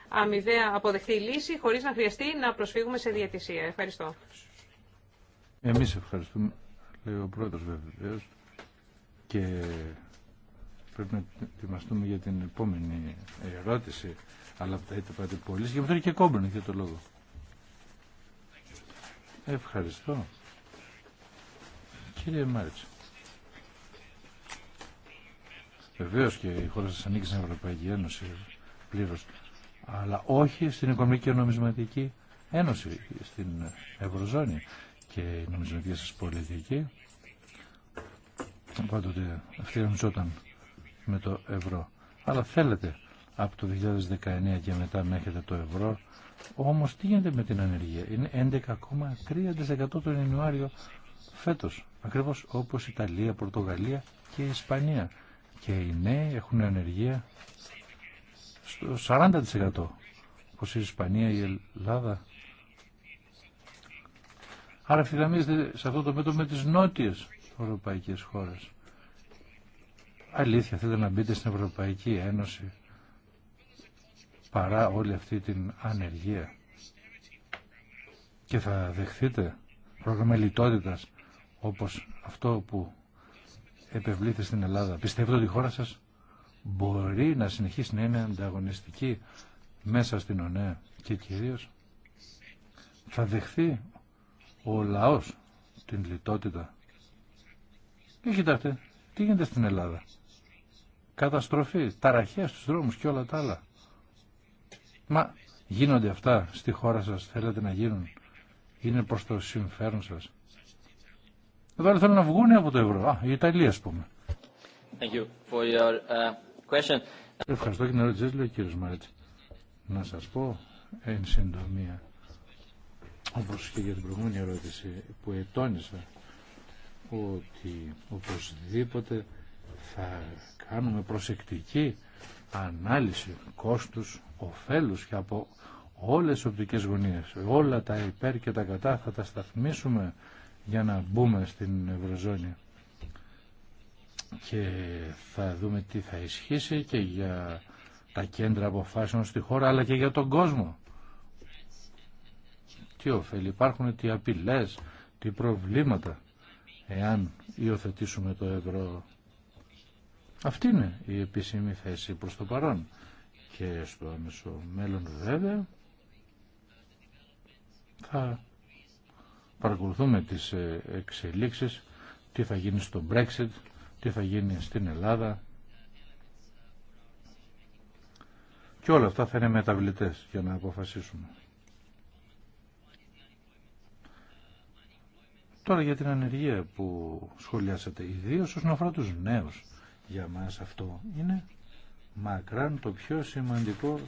αμοιβαία αποδεχτή λύση χωρίς να χρειαστεί να προσφύγουμε σε διατησία. Ευχαριστώ. Εμείς ευχαριστούμε, λέει ο πρόεδρος βέβαια, και πρέπει να ετοιμαστούμε για την επόμενη ερώτηση, αλλά θα είτε πάτε πολύ. Γι' αυτό και κόμπρον, για το λόγο. Ευχαριστώ. Κύριε Μάριτς. Βεβαίω και η χώρα σα ανήκει στην Ευρωπαϊκή Ένωση πλήρω. Αλλά όχι στην Οικονομική και Νομισματική Ένωση, στην Ευρωζώνη και η νομισματική σα πολιτική. Πάντοτε αυτή ενισόταν με το ευρώ. Αλλά θέλετε από το 2019 και μετά μέχρι το ευρώ. Όμως τι γίνεται με την ανεργία. Είναι 11,3% τον Ιανουάριο φέτος. Ακριβώς όπως Ιταλία, Πορτογαλία και Ισπανία. Και οι νέοι έχουν ανεργία στο 40%. Όπως η Ισπανία, η Ελλάδα. Άρα ευθυγραμμίζεται σε αυτό το μέτωπο με τις νότιες ευρωπαϊκές χώρες. Αλήθεια, θέλετε να μπείτε στην Ευρωπαϊκή Ένωση παρά όλη αυτή την ανεργία. Και θα δεχθείτε πρόγραμμα λιτότητας όπως αυτό που επευλήθη στην Ελλάδα. Πιστεύετε ότι η χώρα σας μπορεί να συνεχίσει να είναι ανταγωνιστική μέσα στην ΟΝΕ και κυρίως θα δεχθεί ο λαός την λιτότητα. Και κοιτάξτε, τι γίνεται στην Ελλάδα. Καταστροφή, ταραχές στους δρόμους και όλα τα άλλα. Μα γίνονται αυτά στη χώρα σας, θέλετε να γίνουν. Είναι προς το συμφέρον σας. Εδώ δεν θέλουν να βγουν από το ευρώ. Α, η Ιταλία, ας πούμε. Thank you for your, uh, question. Ευχαριστώ και την ερώτησή λέει ο κύριος Να σας πω, εν συντομία, όπως και για την προηγούμενη ερώτηση που ετώνησα, ότι οπωσδήποτε θα κάνουμε προσεκτική ανάλυση κόστους ωφέλους και από όλες τις οπτικές γωνίες. Όλα τα υπέρ και τα κατά θα τα σταθμίσουμε για να μπούμε στην Ευρωζώνη. Και θα δούμε τι θα ισχύσει και για τα κέντρα αποφάσεων στη χώρα αλλά και για τον κόσμο. Τι ωφέλη υπάρχουν, τι απειλές, τι προβλήματα εάν υιοθετήσουμε το ευρώ. Αυτή είναι η επίσημη θέση προς το παρόν και στο άμεσο μέλλον βέβαια θα παρακολουθούμε τις ε, εξελίξεις τι θα γίνει στο Brexit τι θα γίνει στην Ελλάδα και όλα αυτά θα είναι μεταβλητές για να αποφασίσουμε Τώρα για την ανεργία που σχολιάσατε ιδίως όσον αφορά τους νέους για μας αυτό είναι μακράν το πιο σημαντικό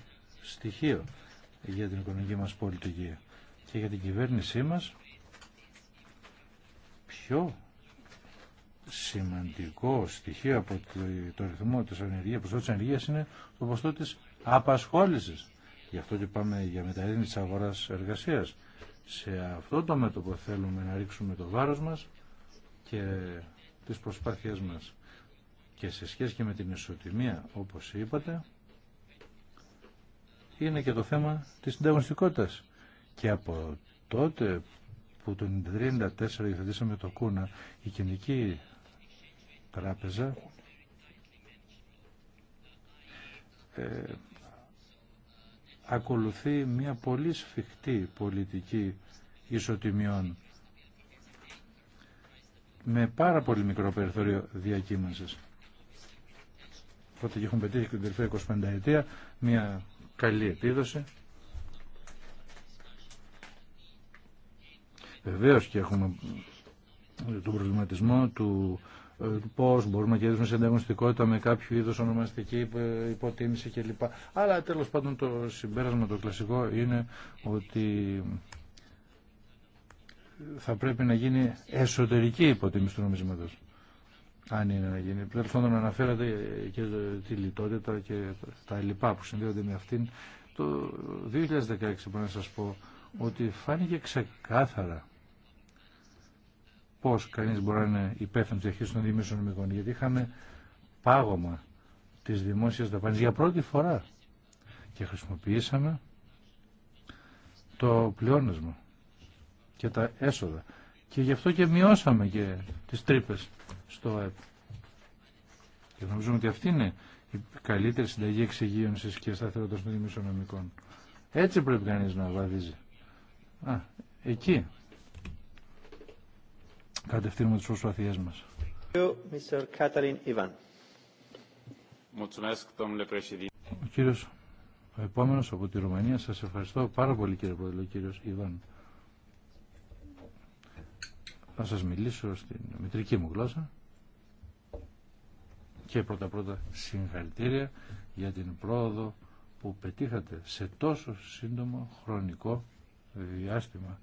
στοιχείο για την οικονομική μας πολιτική και για την κυβέρνησή μας πιο σημαντικό στοιχείο από το, ρυθμό της ανεργίας, ποσό της ανεργίας είναι το ποσό της απασχόλησης. Γι' αυτό και πάμε για μεταρρύθμιση της αγοράς εργασίας. Σε αυτό το μέτωπο θέλουμε να ρίξουμε το βάρος μας και τις προσπάθειές μας και σε σχέση και με την ισοτιμία όπως είπατε είναι και το θέμα της συνταγωνιστικότητας και από τότε που το 1934 υιοθετήσαμε το Κούνα η κοινική Τράπεζα ε, ακολουθεί μια πολύ σφιχτή πολιτική ισοτιμιών με πάρα πολύ μικρό περιθώριο διακύμανσης. Οπότε έχουμε πετύχει την τελευταία 25 ετία μια καλή επίδοση. Βεβαίω και έχουμε τον προβληματισμό του ε, πώ μπορούμε να κερδίσουμε σε ανταγωνιστικότητα με κάποιο είδο ονομαστική υποτίμηση κλπ. Αλλά τέλο πάντων το συμπέρασμα το κλασικό είναι ότι θα πρέπει να γίνει εσωτερική υποτίμηση του νομίσματος. Αν είναι να γίνει. πλέον να αναφέρατε και τη λιτότητα και τα λοιπά που συνδέονται με αυτήν. Το 2016 μπορώ να σας πω ότι φάνηκε ξεκάθαρα πώς κανείς μπορεί να είναι υπεύθυνος διαχείρισης των νομικών Γιατί είχαμε πάγωμα της δημόσιας δαπάνης για πρώτη φορά και χρησιμοποιήσαμε το πλεόνασμα και τα έσοδα και γι' αυτό και μειώσαμε και τις τρύπες στο ΕΠ. Και νομίζουμε ότι αυτή είναι η καλύτερη συνταγή εξυγίανσης και σταθερότητας των δημοσιονομικών. Έτσι πρέπει κανείς να βαδίζει. Α, εκεί κατευθύνουμε τις προσπαθίες μας. Ο κύριος ο επόμενος από τη Ρουμανία, σας ευχαριστώ πάρα πολύ κύριε Πρόεδρε, ο κύριος Ιβάν να σας μιλήσω στην μητρική μου γλώσσα και πρώτα πρώτα συγχαρητήρια για την πρόοδο που πετύχατε σε τόσο σύντομο χρονικό διάστημα.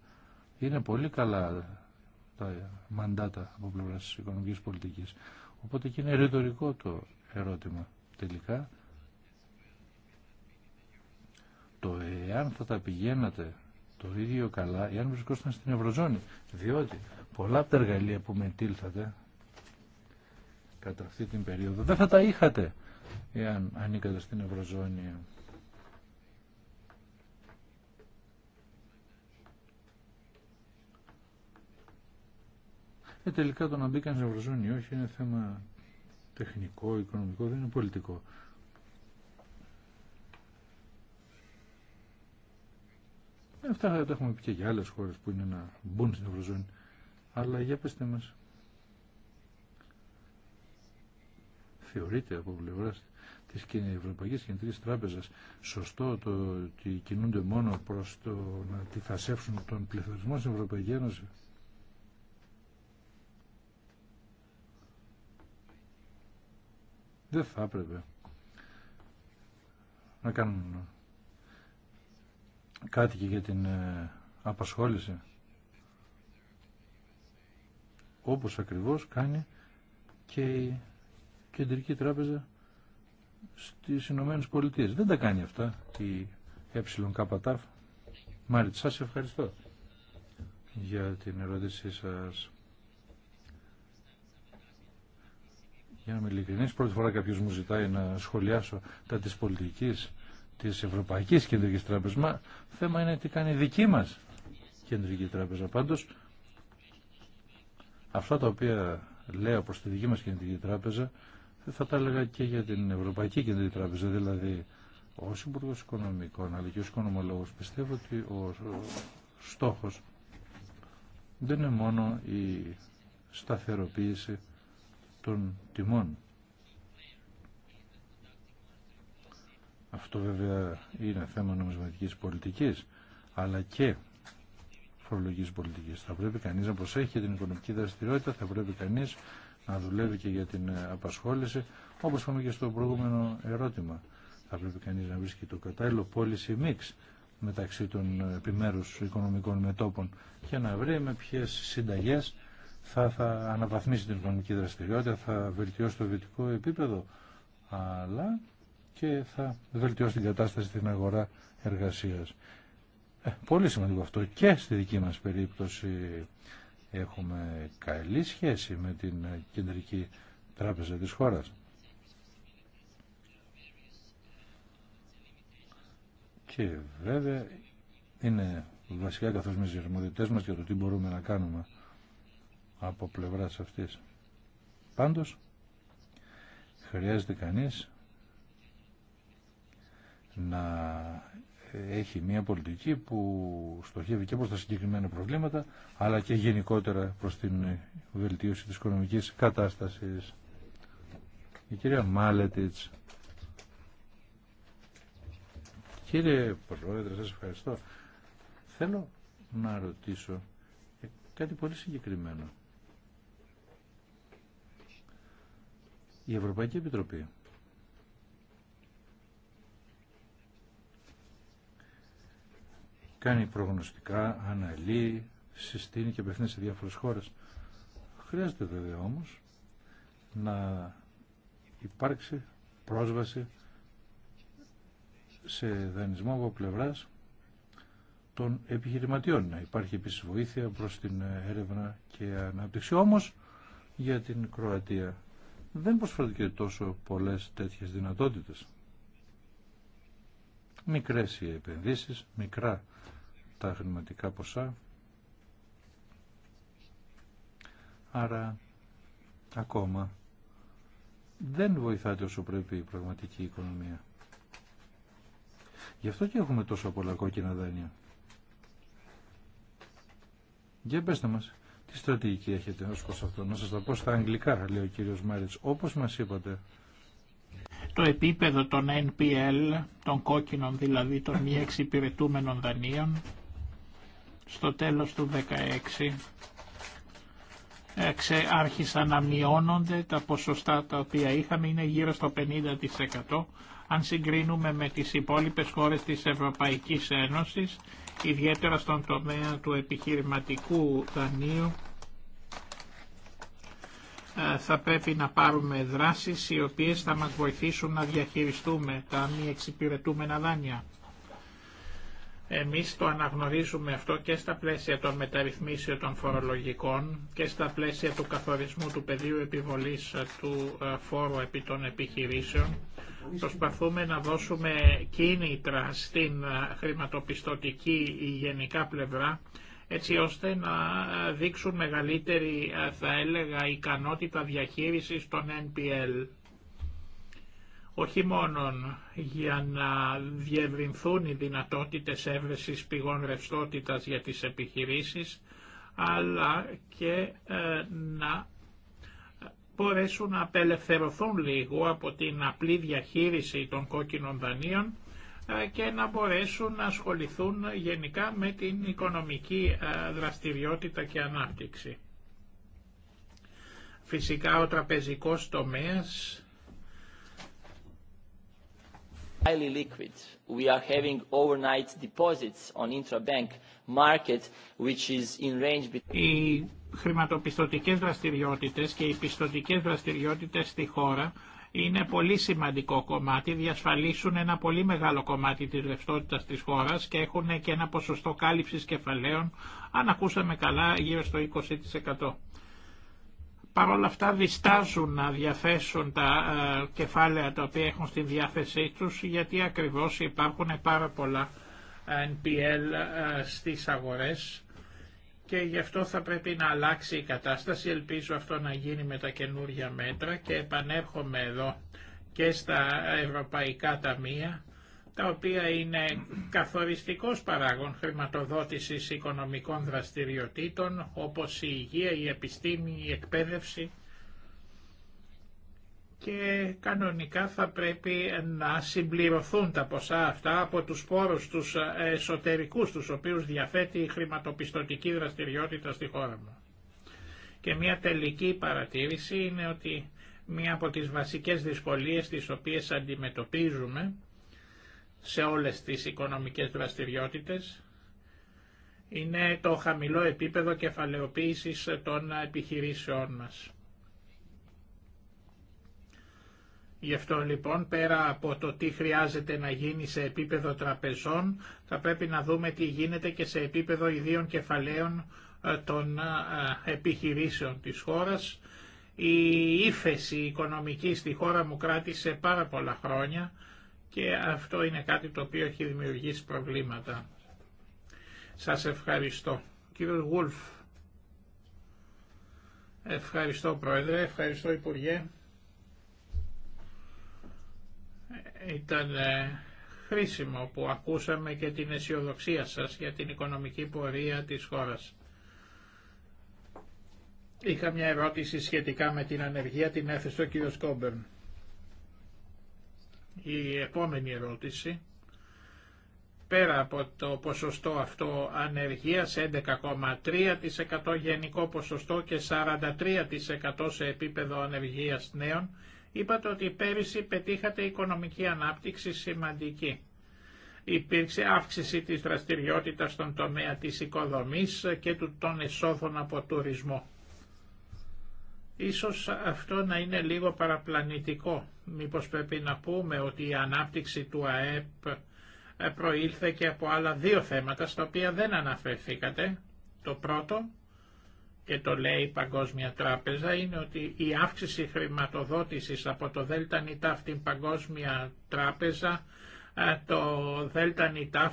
Είναι πολύ καλά τα μαντάτα από πλευρά τη οικονομική πολιτική. Οπότε και είναι ρητορικό το ερώτημα τελικά. Το εάν θα τα πηγαίνατε το ίδιο καλά, εάν βρισκόσασταν στην Ευρωζώνη. Διότι πολλά από τα εργαλεία που μετήλθατε κατά αυτή την περίοδο δεν θα τα είχατε εάν ανήκατε στην Ευρωζώνη. Ε, τελικά το να μπήκαν στην Ευρωζώνη όχι είναι θέμα τεχνικό, οικονομικό, δεν είναι πολιτικό. Ε, αυτά τα έχουμε πει και για άλλες χώρες που είναι να μπουν στην Ευρωζώνη. Αλλά για πετε μας. Θεωρείται από πλευρά τη Ευρωπαϊκή Κεντρική Τράπεζα σωστό το ότι κινούνται μόνο προς το να σέψουν τον πληθωρισμό στην Ευρωπαϊκή Ένωση. Δεν θα έπρεπε να κάνουν κάτι και για την ε, απασχόληση όπως ακριβώς κάνει και η Κεντρική Τράπεζα στις Ηνωμένες Πολιτείες. Δεν τα κάνει αυτά η Καπατάφ. Μάριτ, σας ευχαριστώ για την ερώτησή σας. Για να είμαι ειλικρινής, πρώτη φορά κάποιος μου ζητάει να σχολιάσω τα της πολιτικής της Ευρωπαϊκής Κεντρικής Τράπεζας. Μα θέμα είναι τι κάνει δική μας Κεντρική Τράπεζα. Πάντως, Αυτά τα οποία λέω προς τη δική μας κεντρική τράπεζα θα τα έλεγα και για την Ευρωπαϊκή Κεντρική Τράπεζα, δηλαδή ως Υπουργό Οικονομικών αλλά και ως Οικονομολόγο, πιστεύω ότι ο στόχος δεν είναι μόνο η σταθεροποίηση των τιμών. Αυτό βέβαια είναι θέμα νομισματικής πολιτικής αλλά και φορολογική πολιτική. Θα πρέπει κανεί να προσέχει την οικονομική δραστηριότητα, θα πρέπει κανεί να δουλεύει και για την ε, απασχόληση, όπω είπαμε και στο προηγούμενο ερώτημα. Θα πρέπει κανεί να βρίσκει το κατάλληλο policy mix μεταξύ των ε, επιμέρους οικονομικών μετόπων και να βρει με ποιε συνταγέ θα, θα αναβαθμίσει την οικονομική δραστηριότητα, θα βελτιώσει το βιωτικό επίπεδο, αλλά και θα βελτιώσει την κατάσταση στην αγορά εργασίας. Ε, πολύ σημαντικό αυτό και στη δική μας περίπτωση έχουμε καλή σχέση με την κεντρική τράπεζα της χώρας. Και βέβαια είναι βασικά μες οι αρμοδιότητες μας για το τι μπορούμε να κάνουμε από πλευράς αυτής. Πάντως, χρειάζεται κανείς να έχει μια πολιτική που στοχεύει και προς τα συγκεκριμένα προβλήματα αλλά και γενικότερα προς την βελτίωση της οικονομικής κατάστασης. Η κυρία Μάλετιτς. Κύριε Πρόεδρε, σας ευχαριστώ. Θέλω να ρωτήσω ε, κάτι πολύ συγκεκριμένο. Η Ευρωπαϊκή Επιτροπή κάνει προγνωστικά, αναλύει, συστήνει και απευθύνει σε διάφορες χώρες. Χρειάζεται βέβαια όμως να υπάρξει πρόσβαση σε δανεισμό από πλευράς των επιχειρηματιών. Να υπάρχει επίσης βοήθεια προς την έρευνα και ανάπτυξη. Όμως για την Κροατία δεν προσφέρονται τόσο πολλές τέτοιες δυνατότητες. Μικρές οι επενδύσεις, μικρά τα χρηματικά ποσά. Άρα ακόμα δεν βοηθάται όσο πρέπει η πραγματική οικονομία. Γι' αυτό και έχουμε τόσο πολλά κόκκινα δάνεια. Για πέστε μας, τι στρατηγική έχετε ως προς αυτό. Να σας τα πω στα αγγλικά, λέει ο κύριος Μάριτς, όπως μας είπατε. Το επίπεδο των NPL, των κόκκινων δηλαδή των μη εξυπηρετούμενων δανείων, στο τέλος του 2016 άρχισαν να μειώνονται τα ποσοστά τα οποία είχαμε, είναι γύρω στο 50% αν συγκρίνουμε με τις υπόλοιπες χώρες της Ευρωπαϊκής Ένωσης, ιδιαίτερα στον τομέα του επιχειρηματικού δανείου, ε, θα πρέπει να πάρουμε δράσεις οι οποίες θα μας βοηθήσουν να διαχειριστούμε τα μη εξυπηρετούμενα δάνεια. Εμείς το αναγνωρίζουμε αυτό και στα πλαίσια των μεταρρυθμίσεων των φορολογικών και στα πλαίσια του καθορισμού του πεδίου επιβολής ε, του ε, φόρου επί των επιχειρήσεων. Προσπαθούμε να δώσουμε κίνητρα στην ε, χρηματοπιστωτική ή γενικά πλευρά έτσι ώστε να δείξουν μεγαλύτερη, θα έλεγα, ικανότητα διαχείρισης των NPL όχι μόνο για να διευρυνθούν οι δυνατότητες έβρεσης πηγών ρευστότητα για τις επιχειρήσεις, αλλά και ε, να μπορέσουν να απελευθερωθούν λίγο από την απλή διαχείριση των κόκκινων δανείων ε, και να μπορέσουν να ασχοληθούν γενικά με την οικονομική ε, δραστηριότητα και ανάπτυξη. Φυσικά ο τραπεζικός τομέας highly liquid. We are having overnight deposits on market, which is in range between... Οι χρηματοπιστωτικές δραστηριότητες και οι πιστωτικές δραστηριότητες στη χώρα είναι πολύ σημαντικό κομμάτι, διασφαλίσουν ένα πολύ μεγάλο κομμάτι της ρευστότητας της χώρας και έχουν και ένα ποσοστό κάλυψης κεφαλαίων, αν ακούσαμε καλά, γύρω στο 20% όλα αυτά διστάζουν να διαθέσουν τα ε, κεφάλαια τα οποία έχουν στη διάθεσή τους γιατί ακριβώς υπάρχουν πάρα πολλά NPL ε, ε, στις αγορές και γι' αυτό θα πρέπει να αλλάξει η κατάσταση. Ελπίζω αυτό να γίνει με τα καινούργια μέτρα και επανέρχομαι εδώ και στα ευρωπαϊκά ταμεία τα οποία είναι καθοριστικός παράγων χρηματοδότησης οικονομικών δραστηριοτήτων όπως η υγεία, η επιστήμη, η εκπαίδευση και κανονικά θα πρέπει να συμπληρωθούν τα ποσά αυτά από τους πόρους τους εσωτερικούς τους οποίους διαθέτει η χρηματοπιστωτική δραστηριότητα στη χώρα μου. Και μια τελική παρατήρηση είναι ότι μία από τις βασικές δυσκολίες τις οποίες αντιμετωπίζουμε σε όλες τις οικονομικές δραστηριότητες είναι το χαμηλό επίπεδο κεφαλαιοποίησης των επιχειρήσεών μας. Γι' αυτό λοιπόν πέρα από το τι χρειάζεται να γίνει σε επίπεδο τραπεζών θα πρέπει να δούμε τι γίνεται και σε επίπεδο ιδίων κεφαλαίων ε, των ε, επιχειρήσεων της χώρας. Η ύφεση οικονομική στη χώρα μου κράτησε πάρα πολλά χρόνια και αυτό είναι κάτι το οποίο έχει δημιουργήσει προβλήματα. Σας ευχαριστώ. Κύριε Γουλφ, ευχαριστώ Πρόεδρε, ευχαριστώ Υπουργέ. Ήταν ε, χρήσιμο που ακούσαμε και την αισιοδοξία σας για την οικονομική πορεία της χώρας. Είχα μια ερώτηση σχετικά με την ανεργία, την έθεσε ο κύριος Κόμπερν. Η επόμενη ερώτηση, πέρα από το ποσοστό αυτό ανεργίας 11,3% γενικό ποσοστό και 43% σε επίπεδο ανεργίας νέων, είπατε ότι πέρυσι πετύχατε οικονομική ανάπτυξη σημαντική. Υπήρξε αύξηση της δραστηριότητας στον τομέα της οικοδομής και των εσόδων από τουρισμό. Ίσως αυτό να είναι λίγο παραπλανητικό. Μήπως πρέπει να πούμε ότι η ανάπτυξη του ΑΕΠ ε, προήλθε και από άλλα δύο θέματα στα οποία δεν αναφερθήκατε. Το πρώτο και το λέει η Παγκόσμια Τράπεζα είναι ότι η αύξηση χρηματοδότησης από το ΔΝΤ την Παγκόσμια Τράπεζα ε, το ΔΝΤ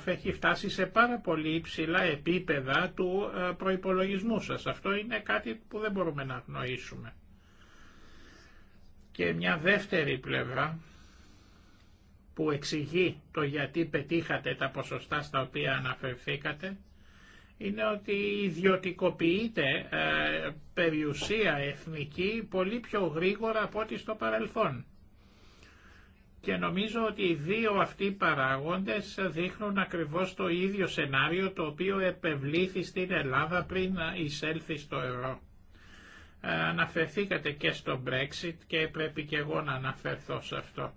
έχει φτάσει σε πάρα πολύ υψηλά επίπεδα του ε, προϋπολογισμού σας. Αυτό είναι κάτι που δεν μπορούμε να αγνοήσουμε και μια δεύτερη πλευρά που εξηγεί το γιατί πετύχατε τα ποσοστά στα οποία αναφερθήκατε είναι ότι ιδιωτικοποιείται ε, περιουσία εθνική πολύ πιο γρήγορα από ό,τι στο παρελθόν. Και νομίζω ότι οι δύο αυτοί παράγοντες δείχνουν ακριβώς το ίδιο σενάριο το οποίο επευλήθη στην Ελλάδα πριν εισέλθει στο ευρώ. Αναφερθήκατε και στο Brexit και πρέπει και εγώ να αναφερθώ σε αυτό.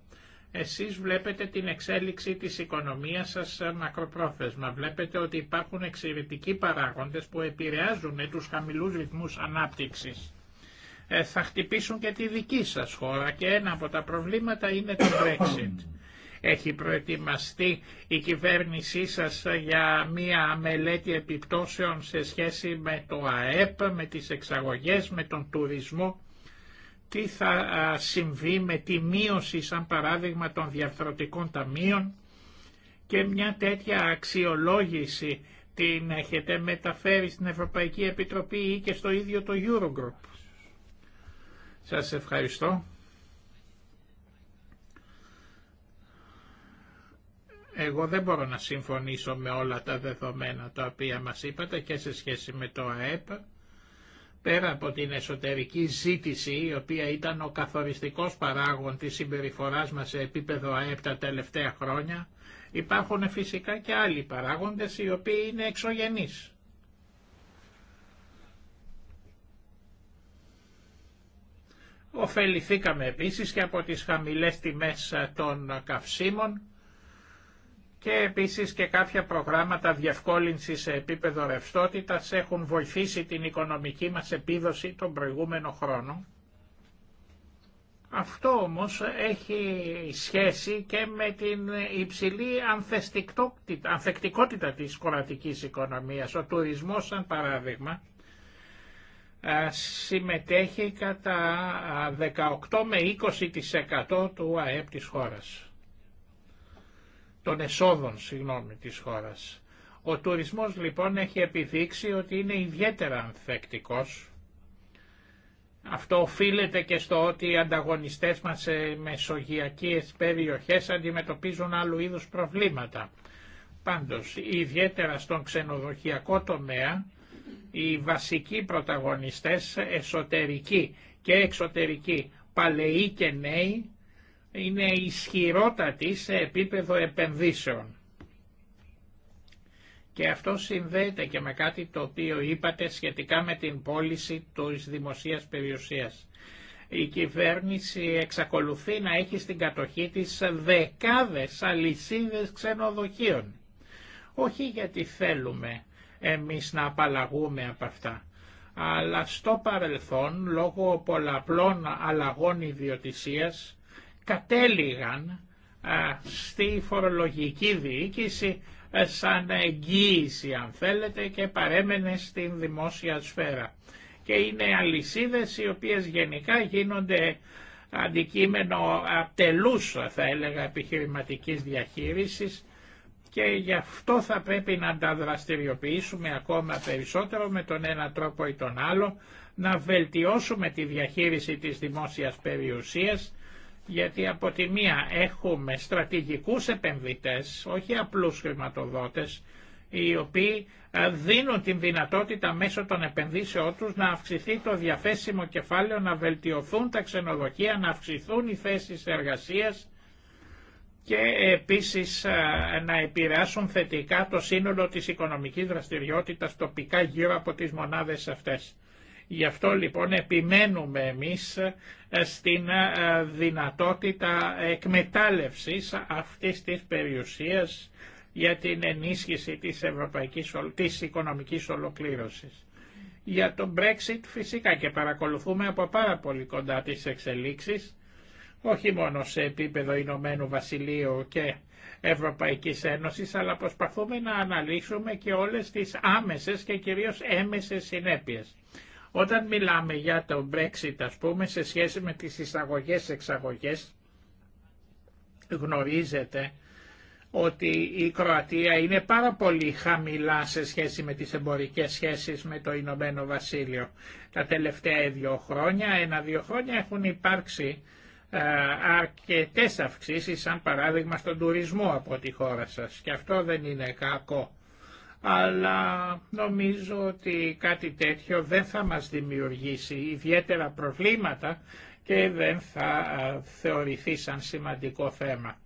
Εσείς βλέπετε την εξέλιξη της οικονομίας σας μακροπρόθεσμα. Βλέπετε ότι υπάρχουν εξαιρετικοί παράγοντες που επηρεάζουν τους χαμηλούς ρυθμούς ανάπτυξης. Ε, θα χτυπήσουν και τη δική σας χώρα και ένα από τα προβλήματα είναι το Brexit. Έχει προετοιμαστεί η κυβέρνησή σας για μία μελέτη επιπτώσεων σε σχέση με το ΑΕΠ, με τις εξαγωγές, με τον τουρισμό. Τι θα συμβεί με τη μείωση σαν παράδειγμα των διαρθρωτικών ταμείων και μια τέτοια αξιολόγηση την έχετε μεταφέρει στην Ευρωπαϊκή Επιτροπή ή και στο ίδιο το Eurogroup. Σας ευχαριστώ. Εγώ δεν μπορώ να συμφωνήσω με όλα τα δεδομένα τα οποία μας είπατε και σε σχέση με το ΑΕΠ, πέρα από την εσωτερική ζήτηση η οποία ήταν ο καθοριστικός παράγων της συμπεριφοράς μας σε επίπεδο ΑΕΠ τα τελευταία χρόνια, υπάρχουν φυσικά και άλλοι παράγοντες οι οποίοι είναι εξωγενείς. Οφεληθήκαμε επίσης και από τις χαμηλές τιμές των καυσίμων, και επίσης και κάποια προγράμματα διευκόλυνσης σε επίπεδο ρευστότητας έχουν βοηθήσει την οικονομική μας επίδοση τον προηγούμενο χρόνο. Αυτό όμως έχει σχέση και με την υψηλή ανθεκτικότητα της κορατικής οικονομίας. Ο τουρισμός, σαν παράδειγμα, συμμετέχει κατά 18 με 20% του ΑΕΠ της χώρας των εσόδων συγγνώμη, της χώρας. Ο τουρισμός λοιπόν έχει επιδείξει ότι είναι ιδιαίτερα ανθεκτικός. Αυτό οφείλεται και στο ότι οι ανταγωνιστές μας σε μεσογειακές περιοχές αντιμετωπίζουν άλλου είδους προβλήματα. Πάντως, ιδιαίτερα στον ξενοδοχειακό τομέα, οι βασικοί πρωταγωνιστές εσωτερικοί και εξωτερικοί, παλαιοί και νέοι, είναι ισχυρότατη σε επίπεδο επενδύσεων. Και αυτό συνδέεται και με κάτι το οποίο είπατε σχετικά με την πώληση της δημοσίας περιουσίας. Η κυβέρνηση εξακολουθεί να έχει στην κατοχή της δεκάδες αλυσίδες ξενοδοχείων. Όχι γιατί θέλουμε εμείς να απαλλαγούμε από αυτά, αλλά στο παρελθόν λόγω πολλαπλών αλλαγών ιδιωτησίας κατέληγαν ε, στη φορολογική διοίκηση ε, σαν εγγύηση αν θέλετε και παρέμενε στην δημόσια σφαίρα. Και είναι αλυσίδες οι οποίες γενικά γίνονται αντικείμενο ε, τελούς θα έλεγα επιχειρηματικής διαχείρισης και γι' αυτό θα πρέπει να τα δραστηριοποιήσουμε ακόμα περισσότερο με τον ένα τρόπο ή τον άλλο, να βελτιώσουμε τη διαχείριση της δημόσιας περιουσίας γιατί από τη μία έχουμε στρατηγικούς επενδυτές, όχι απλούς χρηματοδότες, οι οποίοι ε, δίνουν την δυνατότητα μέσω των επενδύσεών τους να αυξηθεί το διαθέσιμο κεφάλαιο, να βελτιωθούν τα ξενοδοχεία, να αυξηθούν οι θέσεις εργασίας και επίσης ε, να επηρεάσουν θετικά το σύνολο της οικονομικής δραστηριότητας τοπικά γύρω από τις μονάδες αυτές. Γι' αυτό λοιπόν επιμένουμε εμείς ε, στην ε, ε, δυνατότητα εκμετάλλευσης αυτής της περιουσίας για την ενίσχυση της, ευρωπαϊκής, της οικονομικής ολοκλήρωσης. Για το Brexit φυσικά και παρακολουθούμε από πάρα πολύ κοντά τις εξελίξεις, όχι μόνο σε επίπεδο Ηνωμένου Βασιλείου και Ευρωπαϊκής Ένωσης, αλλά προσπαθούμε να αναλύσουμε και όλες τις άμεσες και κυρίως έμεσες συνέπειες. Όταν μιλάμε για το Brexit, ας πούμε, σε σχέση με τις εισαγωγές-εξαγωγές, γνωρίζετε ότι η Κροατία είναι πάρα πολύ χαμηλά σε σχέση με τις εμπορικές σχέσεις με το Ηνωμένο Βασίλειο. Τα τελευταία δύο χρόνια, ένα-δύο χρόνια έχουν υπάρξει ε, αρκετές αυξήσεις, σαν παράδειγμα στον τουρισμό από τη χώρα σας. Και αυτό δεν είναι κακό αλλά νομίζω ότι κάτι τέτοιο δεν θα μας δημιουργήσει ιδιαίτερα προβλήματα και δεν θα θεωρηθεί σαν σημαντικό θέμα.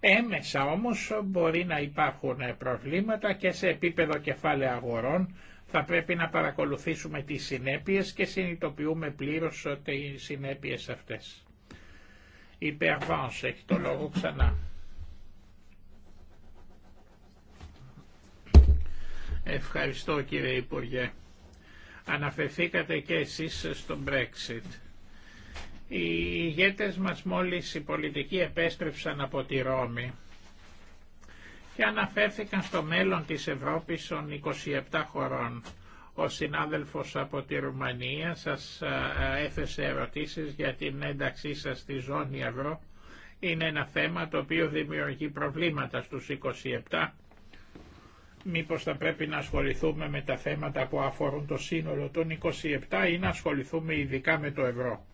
Έμεσα όμως μπορεί να υπάρχουν προβλήματα και σε επίπεδο κεφάλαια αγορών θα πρέπει να παρακολουθήσουμε τις συνέπειες και συνειδητοποιούμε πλήρως ότι οι συνέπειες αυτές. Η Περβάνς έχει το λόγο ξανά. Ευχαριστώ κύριε Υπουργέ. Αναφερθήκατε και εσείς στο Brexit. Οι ηγέτες μας μόλις οι πολιτικοί επέστρεψαν από τη Ρώμη και αναφέρθηκαν στο μέλλον της Ευρώπης των 27 χωρών. Ο συνάδελφος από τη Ρουμανία σας έθεσε ερωτήσεις για την ένταξή σας στη ζώνη ευρώ. Είναι ένα θέμα το οποίο δημιουργεί προβλήματα στους 27 μήπως θα πρέπει να ασχοληθούμε με τα θέματα που αφορούν το σύνολο των 27 ή να ασχοληθούμε ειδικά με το ευρώ.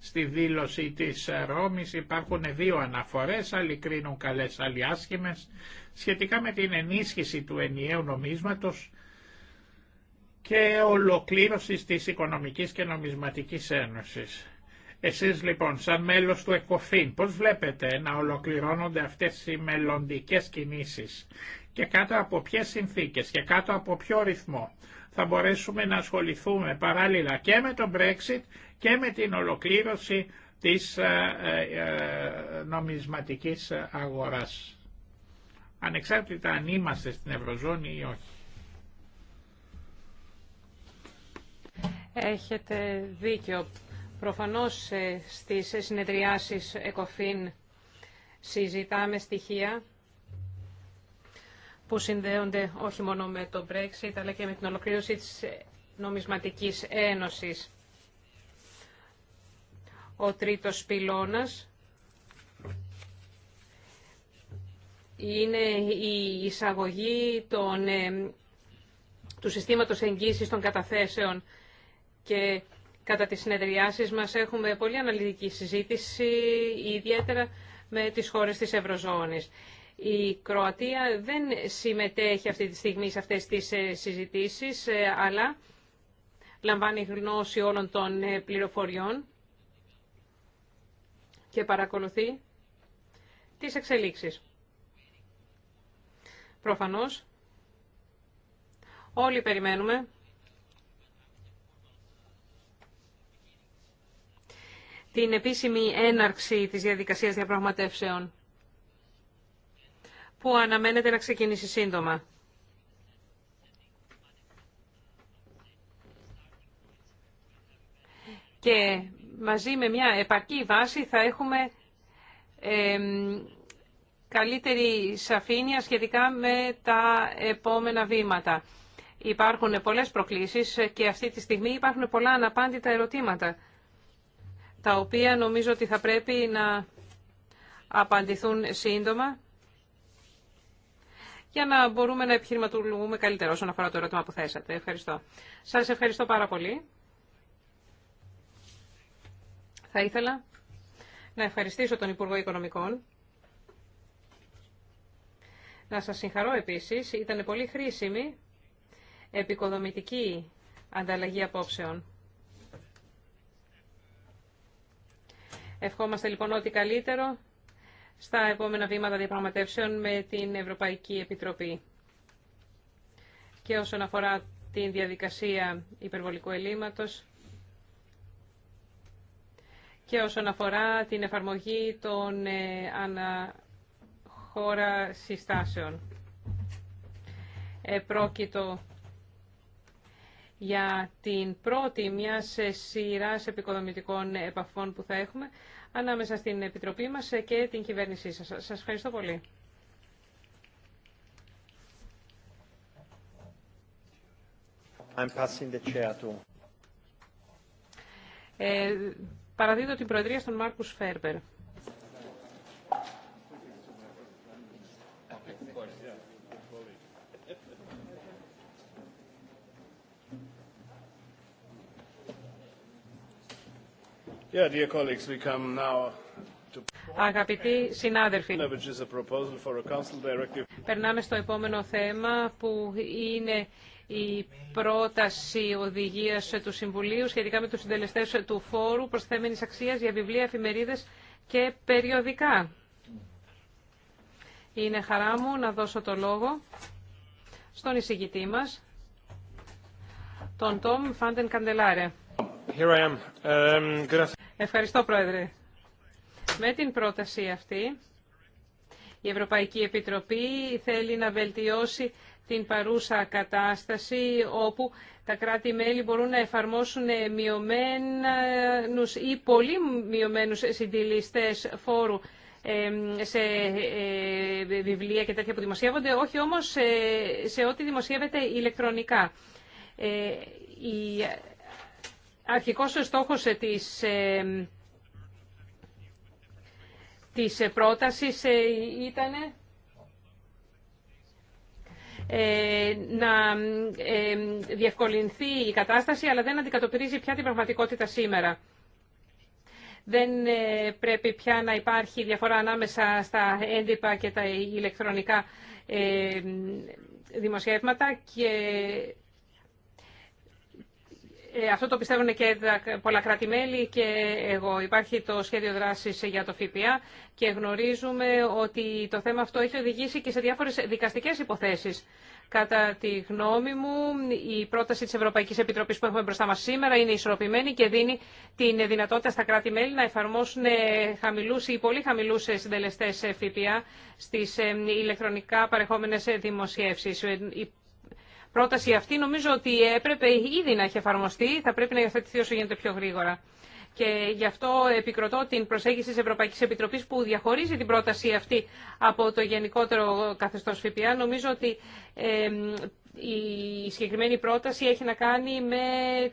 Στη δήλωση της Ρώμης υπάρχουν δύο αναφορές, άλλοι κρίνουν καλές, άλλοι άσχημες, σχετικά με την ενίσχυση του ενιαίου νομίσματος και ολοκλήρωση της Οικονομικής και Νομισματικής Ένωσης. Εσείς λοιπόν σαν μέλος του ΕΚΟΦΗΝ πώς βλέπετε να ολοκληρώνονται αυτές οι μελλοντικέ κινήσεις και κάτω από ποιες συνθήκες και κάτω από ποιο ρυθμό θα μπορέσουμε να ασχοληθούμε παράλληλα και με τον Brexit και με την ολοκλήρωση της ε, ε, ε, νομισματικής αγοράς. Ανεξάρτητα αν είμαστε στην Ευρωζώνη ή όχι. Έχετε δίκιο. Προφανώς ε, στις συνεδριάσεις ΕΚΟΦΗΝ συζητάμε στοιχεία που συνδέονται όχι μόνο με το Brexit αλλά και με την ολοκλήρωση της νομισματικής ένωσης. Ο τρίτος πυλώνας είναι η εισαγωγή των, ε, του συστήματος εγγύησης των καταθέσεων και Κατά τις συνεδριάσεις μας έχουμε πολύ αναλυτική συζήτηση, ιδιαίτερα με τις χώρες της Ευρωζώνης. Η Κροατία δεν συμμετέχει αυτή τη στιγμή σε αυτές τις ε, συζητήσεις, ε, αλλά λαμβάνει γνώση όλων των ε, πληροφοριών και παρακολουθεί τις εξελίξεις. Προφανώς, όλοι περιμένουμε την επίσημη έναρξη της διαδικασίας διαπραγματεύσεων, που αναμένεται να ξεκινήσει σύντομα. Και μαζί με μια επαρκή βάση θα έχουμε καλύτερη σαφήνεια σχετικά με τα επόμενα βήματα. Υπάρχουν πολλές προκλήσεις και αυτή τη στιγμή υπάρχουν πολλά αναπάντητα ερωτήματα τα οποία νομίζω ότι θα πρέπει να απαντηθούν σύντομα για να μπορούμε να επιχειρηματολογούμε καλύτερα όσον αφορά το ερώτημα που θέσατε. Ευχαριστώ. Σας ευχαριστώ πάρα πολύ. Θα ήθελα να ευχαριστήσω τον Υπουργό Οικονομικών. Να σας συγχαρώ επίσης. Ήταν πολύ χρήσιμη επικοδομητική ανταλλαγή απόψεων. Ευχόμαστε λοιπόν ό,τι καλύτερο στα επόμενα βήματα διαπραγματεύσεων με την Ευρωπαϊκή Επιτροπή. Και όσον αφορά την διαδικασία υπερβολικού ελλείμματος και όσον αφορά την εφαρμογή των ε, αναχώρα συστάσεων. Επρόκειτο για την πρώτη μια ε, σειρά επικοδομητικών επαφών που θα έχουμε ανάμεσα στην Επιτροπή μας ε, και την κυβέρνησή σας. Σας ευχαριστώ πολύ. Ε, παραδίδω την Προεδρία στον Μάρκους Φέρμπερ. Αγαπητοί συνάδελφοι, περνάμε στο επόμενο θέμα που είναι η πρόταση οδηγία του Συμβουλίου σχετικά με τους συντελεστέ του φόρου θέμενης αξίας για βιβλία, εφημερίδες και περιοδικά. Είναι χαρά μου να δώσω το λόγο στον εισηγητή μας, τον Τόμ Φάντεν Καντελάρε. Here I am. Um, Ευχαριστώ, Πρόεδρε. Με την πρόταση αυτή, η Ευρωπαϊκή Επιτροπή θέλει να βελτιώσει την παρούσα κατάσταση όπου τα κράτη-μέλη μπορούν να εφαρμόσουν μειωμένους ή πολύ μειωμένους συντηλιστές φόρου σε ε, βιβλία και τέτοια που δημοσιεύονται, όχι όμως ε, σε ό,τι δημοσιεύεται ηλεκτρονικά. Ε, η πολυ μειωμενους συντηλιστες φορου σε βιβλια και τετοια που δημοσιευονται οχι ομως σε οτι δημοσιευεται ηλεκτρονικα αρχικός στόχος ε, της, ε, της ε, πρότασης ήταν να διευκολυνθεί η κατάσταση, αλλά δεν αντικατοπτρίζει πια την πραγματικότητα σήμερα. Δεν πρέπει πια να υπάρχει διαφορά ανάμεσα στα έντυπα και τα ηλεκτρονικά δημοσιεύματα και ε, αυτό το πιστεύουν και τα πολλά κράτη-μέλη και εγώ. Υπάρχει το σχέδιο δράσης για το ΦΠΑ και γνωρίζουμε ότι το θέμα αυτό έχει οδηγήσει και σε διάφορες δικαστικές υποθέσεις. Κατά τη γνώμη μου, η πρόταση της Ευρωπαϊκής Επιτροπής που έχουμε μπροστά μα σήμερα είναι ισορροπημένη και δίνει την δυνατότητα στα κράτη-μέλη να εφαρμόσουν χαμηλού ή πολύ χαμηλούς συντελεστές ΦΠΑ στι ε, ηλεκτρονικά παρεχόμενε δημοσιεύσει. Ε, πρόταση αυτή νομίζω ότι έπρεπε ήδη να έχει εφαρμοστεί, θα πρέπει να υιοθετηθεί όσο γίνεται πιο γρήγορα. Και γι' αυτό επικροτώ την προσέγγιση τη Ευρωπαϊκή Επιτροπή που διαχωρίζει την πρόταση αυτή από το γενικότερο καθεστώ ΦΠΑ. Νομίζω ότι η συγκεκριμένη πρόταση έχει να κάνει με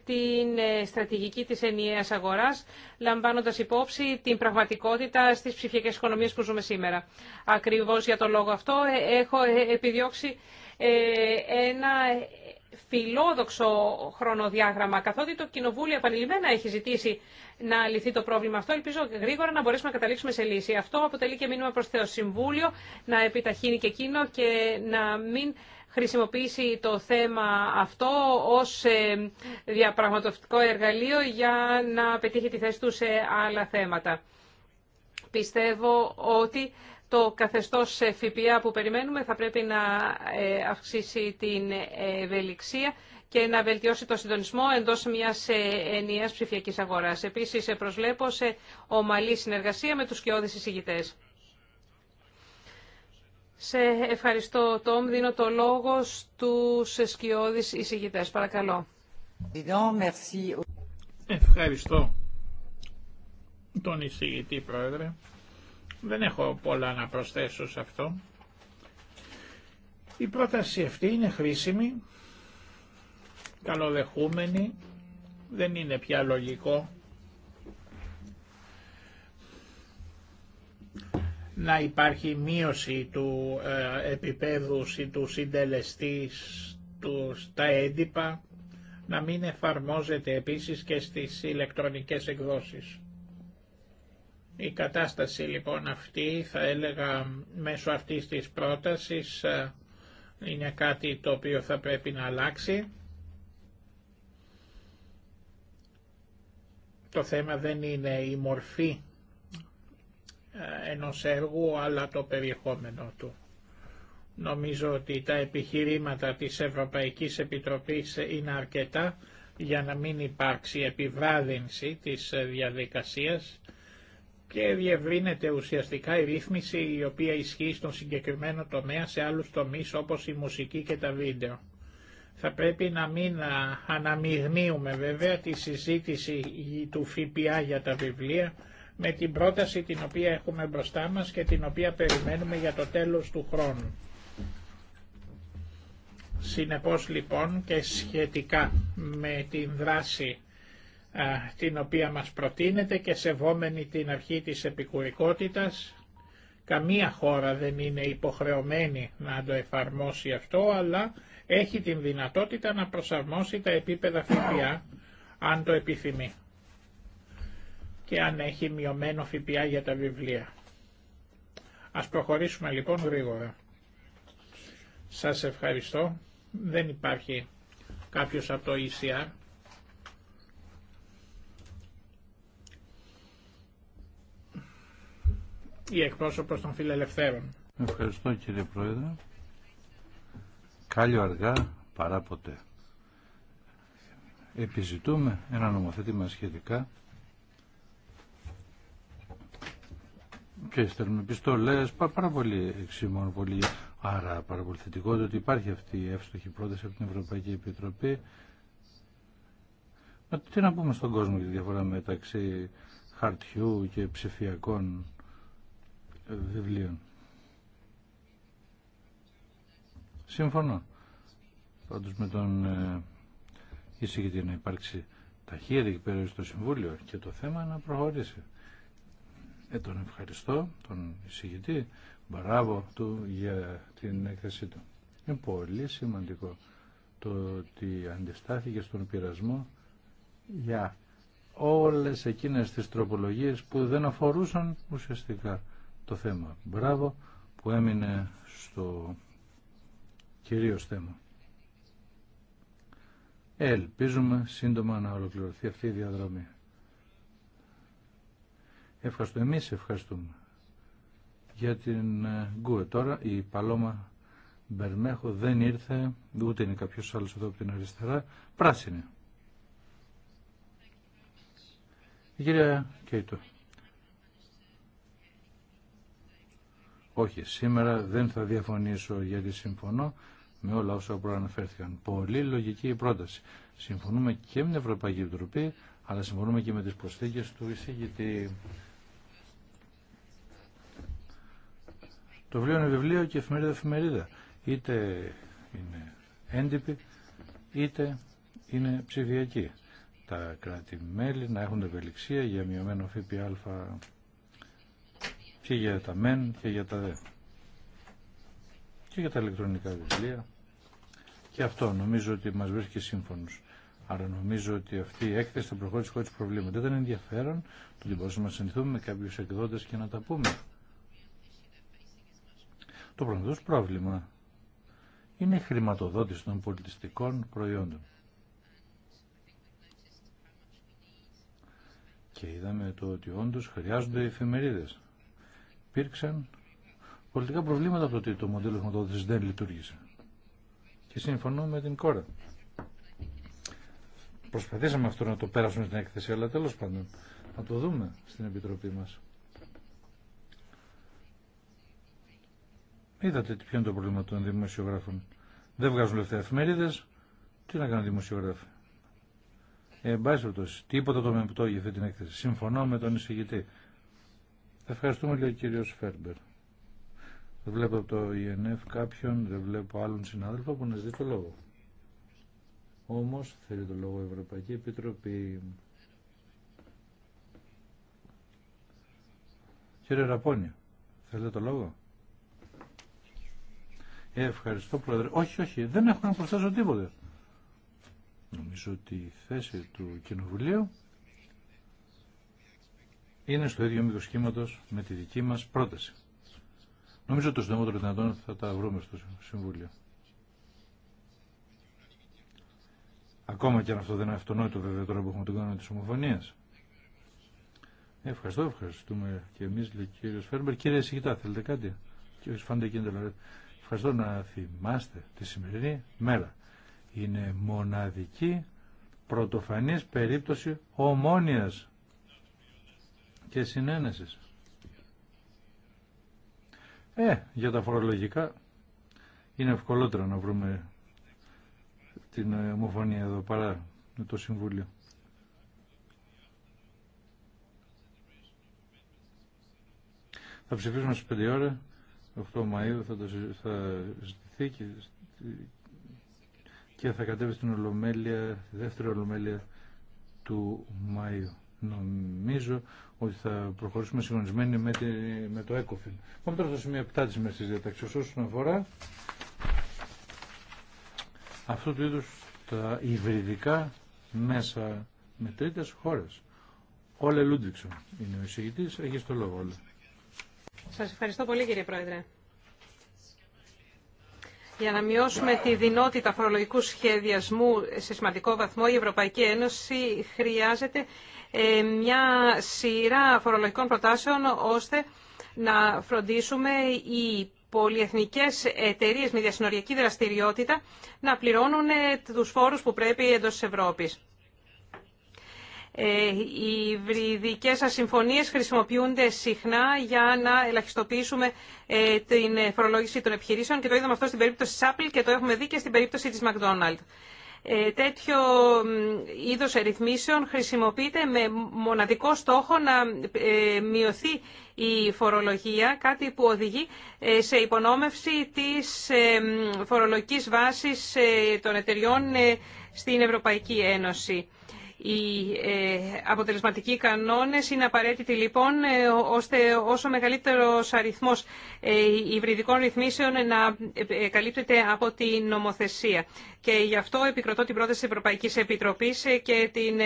την ε, στρατηγική τη ενιαίας αγορά, λαμβάνοντα υπόψη την πραγματικότητα στι ψηφιακές οικονομίες που ζούμε σήμερα. Ακριβώ για τον λόγο αυτό ε, έχω ε, επιδιώξει ε, ένα φιλόδοξο χρονοδιάγραμμα, καθότι το Κοινοβούλιο επανειλημμένα έχει ζητήσει να λυθεί το πρόβλημα αυτό. Ελπίζω γρήγορα να μπορέσουμε να καταλήξουμε σε λύση. Αυτό αποτελεί και μήνυμα προς το Συμβούλιο, να επιταχύνει και εκείνο και να μην χρησιμοποιήσει το θέμα αυτό ως ε, διαπραγματευτικό εργαλείο για να πετύχει τη θέση του σε άλλα θέματα. Πιστεύω ότι το καθεστώς ΦΠΑ που περιμένουμε θα πρέπει να ε, αυξήσει την ευελιξία και να βελτιώσει το συντονισμό εντός μιας ε, ενιαίας ψηφιακής αγοράς. Επίσης, ε, προσβλέπω σε ομαλή συνεργασία με τους σκιώδεις εισηγητές. Σε ευχαριστώ, Τόμ. Δίνω το λόγο στους σκιώδεις εισηγητές. Παρακαλώ. Ευχαριστώ τον εισηγητή, Πρόεδρε. Δεν έχω πολλά να προσθέσω σε αυτό. Η πρόταση αυτή είναι χρήσιμη, καλοδεχούμενη, δεν είναι πια λογικό να υπάρχει μείωση του ε, επίπεδου του συντελεστή του, στα έντυπα, να μην εφαρμόζεται επίσης και στις ηλεκτρονικές εκδόσεις. Η κατάσταση λοιπόν αυτή, θα έλεγα μέσω αυτής της πρότασης, ε, είναι κάτι το οποίο θα πρέπει να αλλάξει. Το θέμα δεν είναι η μορφή ε, ενός έργου, αλλά το περιεχόμενο του. Νομίζω ότι τα επιχειρήματα της Ευρωπαϊκής Επιτροπής είναι αρκετά για να μην υπάρξει επιβράδυνση της ε, διαδικασίας και διευρύνεται ουσιαστικά η ρύθμιση η οποία ισχύει στον συγκεκριμένο τομέα σε άλλους τομείς όπως η μουσική και τα βίντεο. Θα πρέπει να μην αναμειγνύουμε βέβαια τη συζήτηση του ΦΠΑ για τα βιβλία με την πρόταση την οποία έχουμε μπροστά μας και την οποία περιμένουμε για το τέλος του χρόνου. Συνεπώς λοιπόν και σχετικά με την δράση την οποία μας προτείνεται και σεβόμενη την αρχή της επικουρικότητας. Καμία χώρα δεν είναι υποχρεωμένη να το εφαρμόσει αυτό, αλλά έχει την δυνατότητα να προσαρμόσει τα επίπεδα ΦΠΑ αν το επιθυμεί και αν έχει μειωμένο ΦΠΑ για τα βιβλία. Ας προχωρήσουμε λοιπόν γρήγορα. Σας ευχαριστώ. Δεν υπάρχει κάποιος από το ECR. η εκπρόσωπος των φιλελευθέρων. Ευχαριστώ κύριε Πρόεδρε. Κάλιο αργά παρά ποτέ. Επιζητούμε ένα νομοθέτημα σχετικά και στέλνουμε πιστολές, πάρα πολύ εξήμων, πολύ άρα πάρα πολύ θετικό ότι υπάρχει αυτή η εύστοχη πρόταση από την Ευρωπαϊκή Επιτροπή. Μα τι να πούμε στον κόσμο για τη διαφορά μεταξύ χαρτιού και ψηφιακών βιβλίων. Σύμφωνο. Πάντως με τον ε, εισηγητή να υπάρξει ταχεία εκεί πέρα στο Συμβούλιο και το θέμα να προχωρήσει. Ε, τον ευχαριστώ, τον εισηγητή. Μπράβο του για την έκθεσή του. Είναι πολύ σημαντικό το ότι αντιστάθηκε στον πειρασμό για όλες εκείνες τις τροπολογίες που δεν αφορούσαν ουσιαστικά το θέμα. Μπράβο που έμεινε στο κυρίως θέμα. Ελπίζουμε σύντομα να ολοκληρωθεί αυτή η διαδρομή. Ευχαριστούμε. Εμείς ευχαριστούμε για την ε, Γκουε. Τώρα η Παλώμα Μπερμέχο δεν ήρθε, ούτε είναι κάποιος άλλος εδώ από την αριστερά. Πράσινη. Η κυρία Κέιτο. Όχι, σήμερα δεν θα διαφωνήσω γιατί συμφωνώ με όλα όσα προαναφέρθηκαν. Πολύ λογική η πρόταση. Συμφωνούμε και με την Ευρωπαϊκή Επιτροπή, αλλά συμφωνούμε και με τις προσθήκες του εισηγητή. Το βιβλίο είναι βιβλίο και εφημερίδα εφημερίδα. Είτε είναι έντυπη, είτε είναι ψηφιακή. Τα κράτη-μέλη να έχουν ευελιξία για μειωμένο ΦΠΑ και για τα μεν και για τα δε. Και για τα ηλεκτρονικά βιβλία. Και αυτό νομίζω ότι μας βρίσκει σύμφωνος. Άρα νομίζω ότι αυτή η έκθεση θα προχώρησε χωρίς προβλήματα. Ήταν ενδιαφέρον το ότι μπορούσαμε να συνηθούμε με κάποιους εκδότες και να τα πούμε. Το πραγματικό πρόβλημα είναι η χρηματοδότηση των πολιτιστικών προϊόντων. Και είδαμε το ότι όντως χρειάζονται εφημερίδες υπήρξαν πολιτικά προβλήματα από το ότι το μοντέλο χρηματοδότηση δεν λειτουργήσε. Και συμφωνώ με την κόρα. Προσπαθήσαμε αυτό να το πέρασουμε στην έκθεση, αλλά τέλος πάντων να το δούμε στην Επιτροπή μας. Είδατε ποιο είναι το πρόβλημα των δημοσιογράφων. Δεν βγάζουν λεφτά εφημερίδε. Τι να κάνουν δημοσιογράφοι. Ε, εν τίποτα το με πτώγει αυτή την έκθεση. Συμφωνώ με τον εισηγητή. Ευχαριστούμε, λέει ο κύριο Φέρμπερ. Δεν βλέπω από το ΙΕΝΕΦ κάποιον, δεν βλέπω άλλον συνάδελφο που να ζητεί το λόγο. Όμω θέλει το λόγο η Ευρωπαϊκή Επιτροπή. Κύριε Ραπόνια, θέλετε το λόγο. Ε, ευχαριστώ, Πρόεδρε. Όχι, όχι, δεν έχω να προσθέσω τίποτε. Νομίζω ότι η θέση του Κοινοβουλίου είναι στο ίδιο μήκο σχήματο με τη δική μα πρόταση. Νομίζω το συντομότερο δυνατόν θα τα βρούμε στο Συμβούλιο. Ακόμα και αν αυτό δεν είναι αυτονόητο βέβαια τώρα που έχουμε τον κανόνα τη ομοφωνία. Ε, ευχαριστώ, ευχαριστούμε και εμεί, λέει ο κύριο Φέρμπερ. Κύριε Σιγητά, θέλετε κάτι. Κύριε Φάντε Ευχαριστώ να θυμάστε τη σημερινή μέρα. Είναι μοναδική πρωτοφανής περίπτωση ομόνιας και συνένεσης. Ε, για τα φορολογικά είναι ευκολότερο να βρούμε την ε, ομοφωνία εδώ παρά με το Συμβούλιο. Θα ψηφίσουμε στις 5 ώρα, 8 Μαΐου θα, το, θα ζητηθεί και, και θα κατέβει στην Ολομέλεια, δεύτερη Ολομέλεια του Μαΐου. Νομίζω ότι θα προχωρήσουμε συγχρονισμένοι με, με το ECOFIN. Πάμε τώρα στο σημείο 7 της μέσης της όσον αφορά αυτού του είδους τα υβριδικά μέσα με τρίτες χώρες. Όλε Λούντβιξον είναι ο εισηγητής, έχει το λόγο όλα. Σας ευχαριστώ πολύ κύριε Πρόεδρε. Για να μειώσουμε τη δυνότητα φορολογικού σχεδιασμού σε σημαντικό βαθμό, η Ευρωπαϊκή Ένωση χρειάζεται ε, μια σειρά φορολογικών προτάσεων ώστε να φροντίσουμε οι πολυεθνικές εταιρείες με διασυνοριακή δραστηριότητα να πληρώνουν ε, τους φόρους που πρέπει εντός της Ευρώπης. Ε, οι βρυδικές ασυμφωνίες χρησιμοποιούνται συχνά για να ελαχιστοποιήσουμε την φορολόγηση των επιχειρήσεων και το είδαμε αυτό στην περίπτωση της Apple και το έχουμε δει και στην περίπτωση της McDonald's. Ε, τέτοιο είδος ερυθμίσεων χρησιμοποιείται με μοναδικό στόχο να ε, μειωθεί η φορολογία, κάτι που οδηγεί ε, σε υπονόμευση της φορολογικής βάσης των εταιριών στην Ευρωπαϊκή Ένωση. Οι ε, αποτελεσματικοί κανόνες είναι απαραίτητοι λοιπόν ε, ώστε όσο μεγαλύτερος αριθμός ε, υβριδικών ρυθμίσεων να καλύπτεται από την νομοθεσία. Και γι' αυτό επικροτώ την πρόταση της Ευρωπαϊκής Επιτροπής και την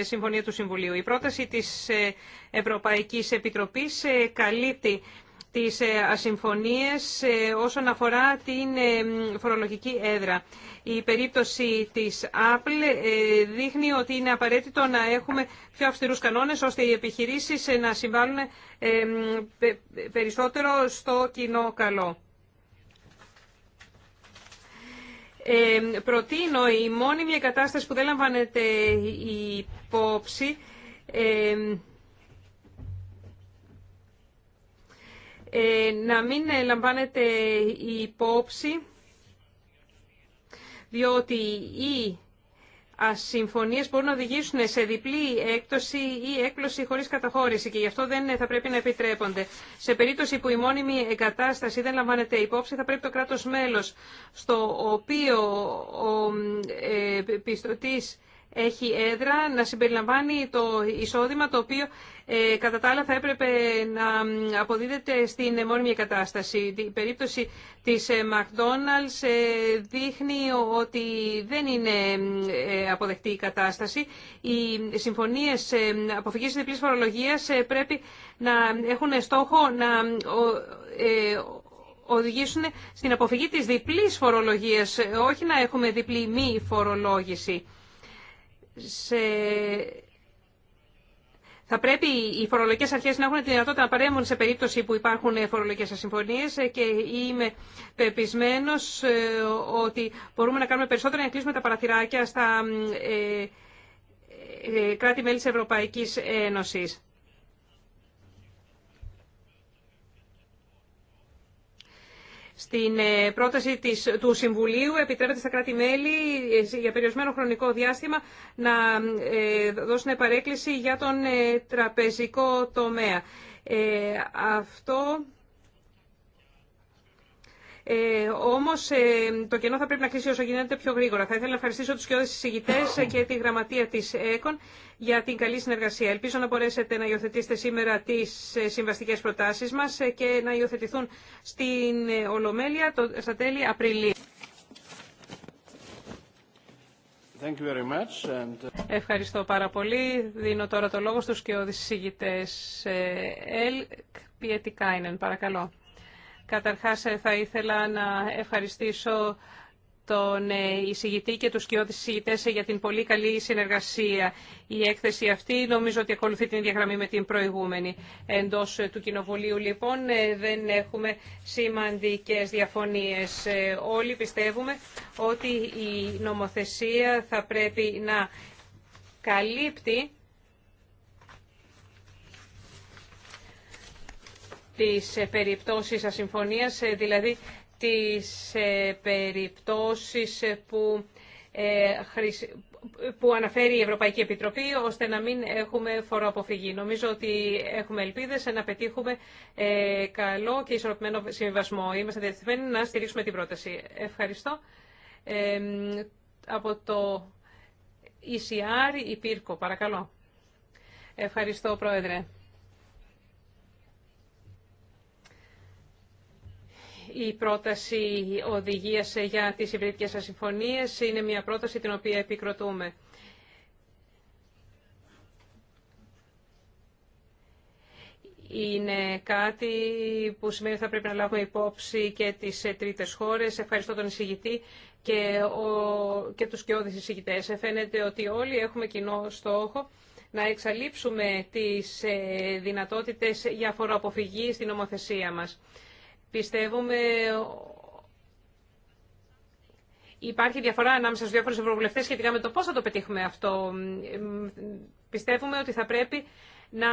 Συμφωνία του Συμβουλίου. Η πρόταση της Ευρωπαϊκής Επιτροπής καλύπτει τις ε, ασυμφωνίες ε, όσον αφορά την ε, φορολογική έδρα. Η περίπτωση της Apple δείχνει ότι είναι απαραίτητο να έχουμε πιο αυστηρούς κανόνες ώστε οι επιχειρήσεις να συμβάλλουν περισσότερο στο κοινό καλό. Ε, προτείνω η μόνιμη εγκατάσταση κατάσταση που δεν λαμβάνεται η υπόψη Ε, να μην λαμβάνεται υπόψη, διότι οι ασυμφωνίες μπορούν να οδηγήσουν σε διπλή έκπτωση ή έκπλωση χωρίς καταχώρηση και γι' αυτό δεν θα πρέπει να επιτρέπονται. Σε περίπτωση που η μόνιμη εγκατάσταση δεν λαμβάνεται υπόψη, θα πρέπει το κράτος μέλος, στο οποίο ο ε, πιστωτής έχει έδρα, να συμπεριλαμβάνει το εισόδημα το οποίο ε, κατά τα άλλα θα έπρεπε να αποδίδεται στην μόνιμη κατάσταση. Η περίπτωση της ε, McDonald's ε, δείχνει ότι δεν είναι αποδεκτή η κατάσταση. Οι συμφωνίες αποφυγής διπλής φορολογίας πρέπει να έχουν στόχο να οδηγήσουν στην αποφυγή της διπλής φορολογίας, όχι να έχουμε διπλή μη φορολόγηση. Σε θα πρέπει οι φορολογικές αρχέ να έχουν τη δυνατότητα να παρέμβουν σε περίπτωση που υπάρχουν φορολογικέ ασυμφωνίε και είμαι πεπισμένο ε, ότι μπορούμε να κάνουμε περισσότερο να κλείσουμε τα παραθυράκια στα ε, ε, κράτη-μέλη της Ευρωπαϊκής Ένωσης. Στην ε, πρόταση της, του Συμβουλίου επιτρέπεται στα κράτη-μέλη ε, για περιορισμένο χρονικό διάστημα να ε, δώσουν παρέκκληση για τον τραπεζικό τομέα. Αυτό ε, Όμω ε, το κενό θα πρέπει να κλείσει όσο γίνεται πιο γρήγορα. Θα ήθελα να ευχαριστήσω του κοιόδε συζητητέ και τη γραμματεία τη ΕΚΟΝ για την καλή συνεργασία. Ελπίζω να μπορέσετε να υιοθετήσετε σήμερα τι ε, συμβαστικέ προτάσει μα ε, και να υιοθετηθούν στην Ολομέλεια το, στα τέλη Απριλίου. Thank you very much and... Uh, Ευχαριστώ πάρα πολύ. Δίνω τώρα το λόγο στους και οδησυγητές. Ελ Πιετικάινεν, παρακαλώ. Καταρχάς ε, θα ήθελα να ευχαριστήσω τον ε, εισηγητή και τους κοιόδης εισηγητές ε, για την πολύ καλή συνεργασία. Η έκθεση αυτή νομίζω ότι ακολουθεί την διαγραμμή με την προηγούμενη. Εντός του Κοινοβουλίου λοιπόν δεν έχουμε σημαντικές διαφωνίες. Όλοι πιστεύουμε ότι η νομοθεσία θα πρέπει να καλύπτει τις ε, περιπτώσεις ασυμφωνίας, ε, δηλαδή τις ε, περιπτώσεις που, που αναφέρει η Ευρωπαϊκή Επιτροπή, ώστε να μην έχουμε φοροαποφυγή. Νομίζω ότι έχουμε ελπίδες να πετύχουμε καλό και ισορροπημένο συμβιβασμό. Είμαστε διατεθειμένοι να στηρίξουμε την πρόταση. Ευχαριστώ. από το ECR, η Πύρκο, παρακαλώ. Ευχαριστώ, Πρόεδρε. Η πρόταση οδηγίας για τις υβριδικές ασυμφωνίες είναι μια πρόταση την οποία επικροτούμε. είναι κάτι που σημαίνει ότι θα πρέπει να λάβουμε υπόψη και τις τρίτες χώρες. Ευχαριστώ τον εισηγητή και, ο, και τους κοιόδης εισηγητές. Φαίνεται ότι όλοι έχουμε κοινό στόχο να εξαλείψουμε τις ε, δυνατότητες για φοροαποφυγή στην νομοθεσία μας. Πιστεύουμε Υπάρχει διαφορά ανάμεσα στους διάφορους ευρωβουλευτές σχετικά με το πώς θα το πετύχουμε αυτό. Πιστεύουμε ότι θα πρέπει να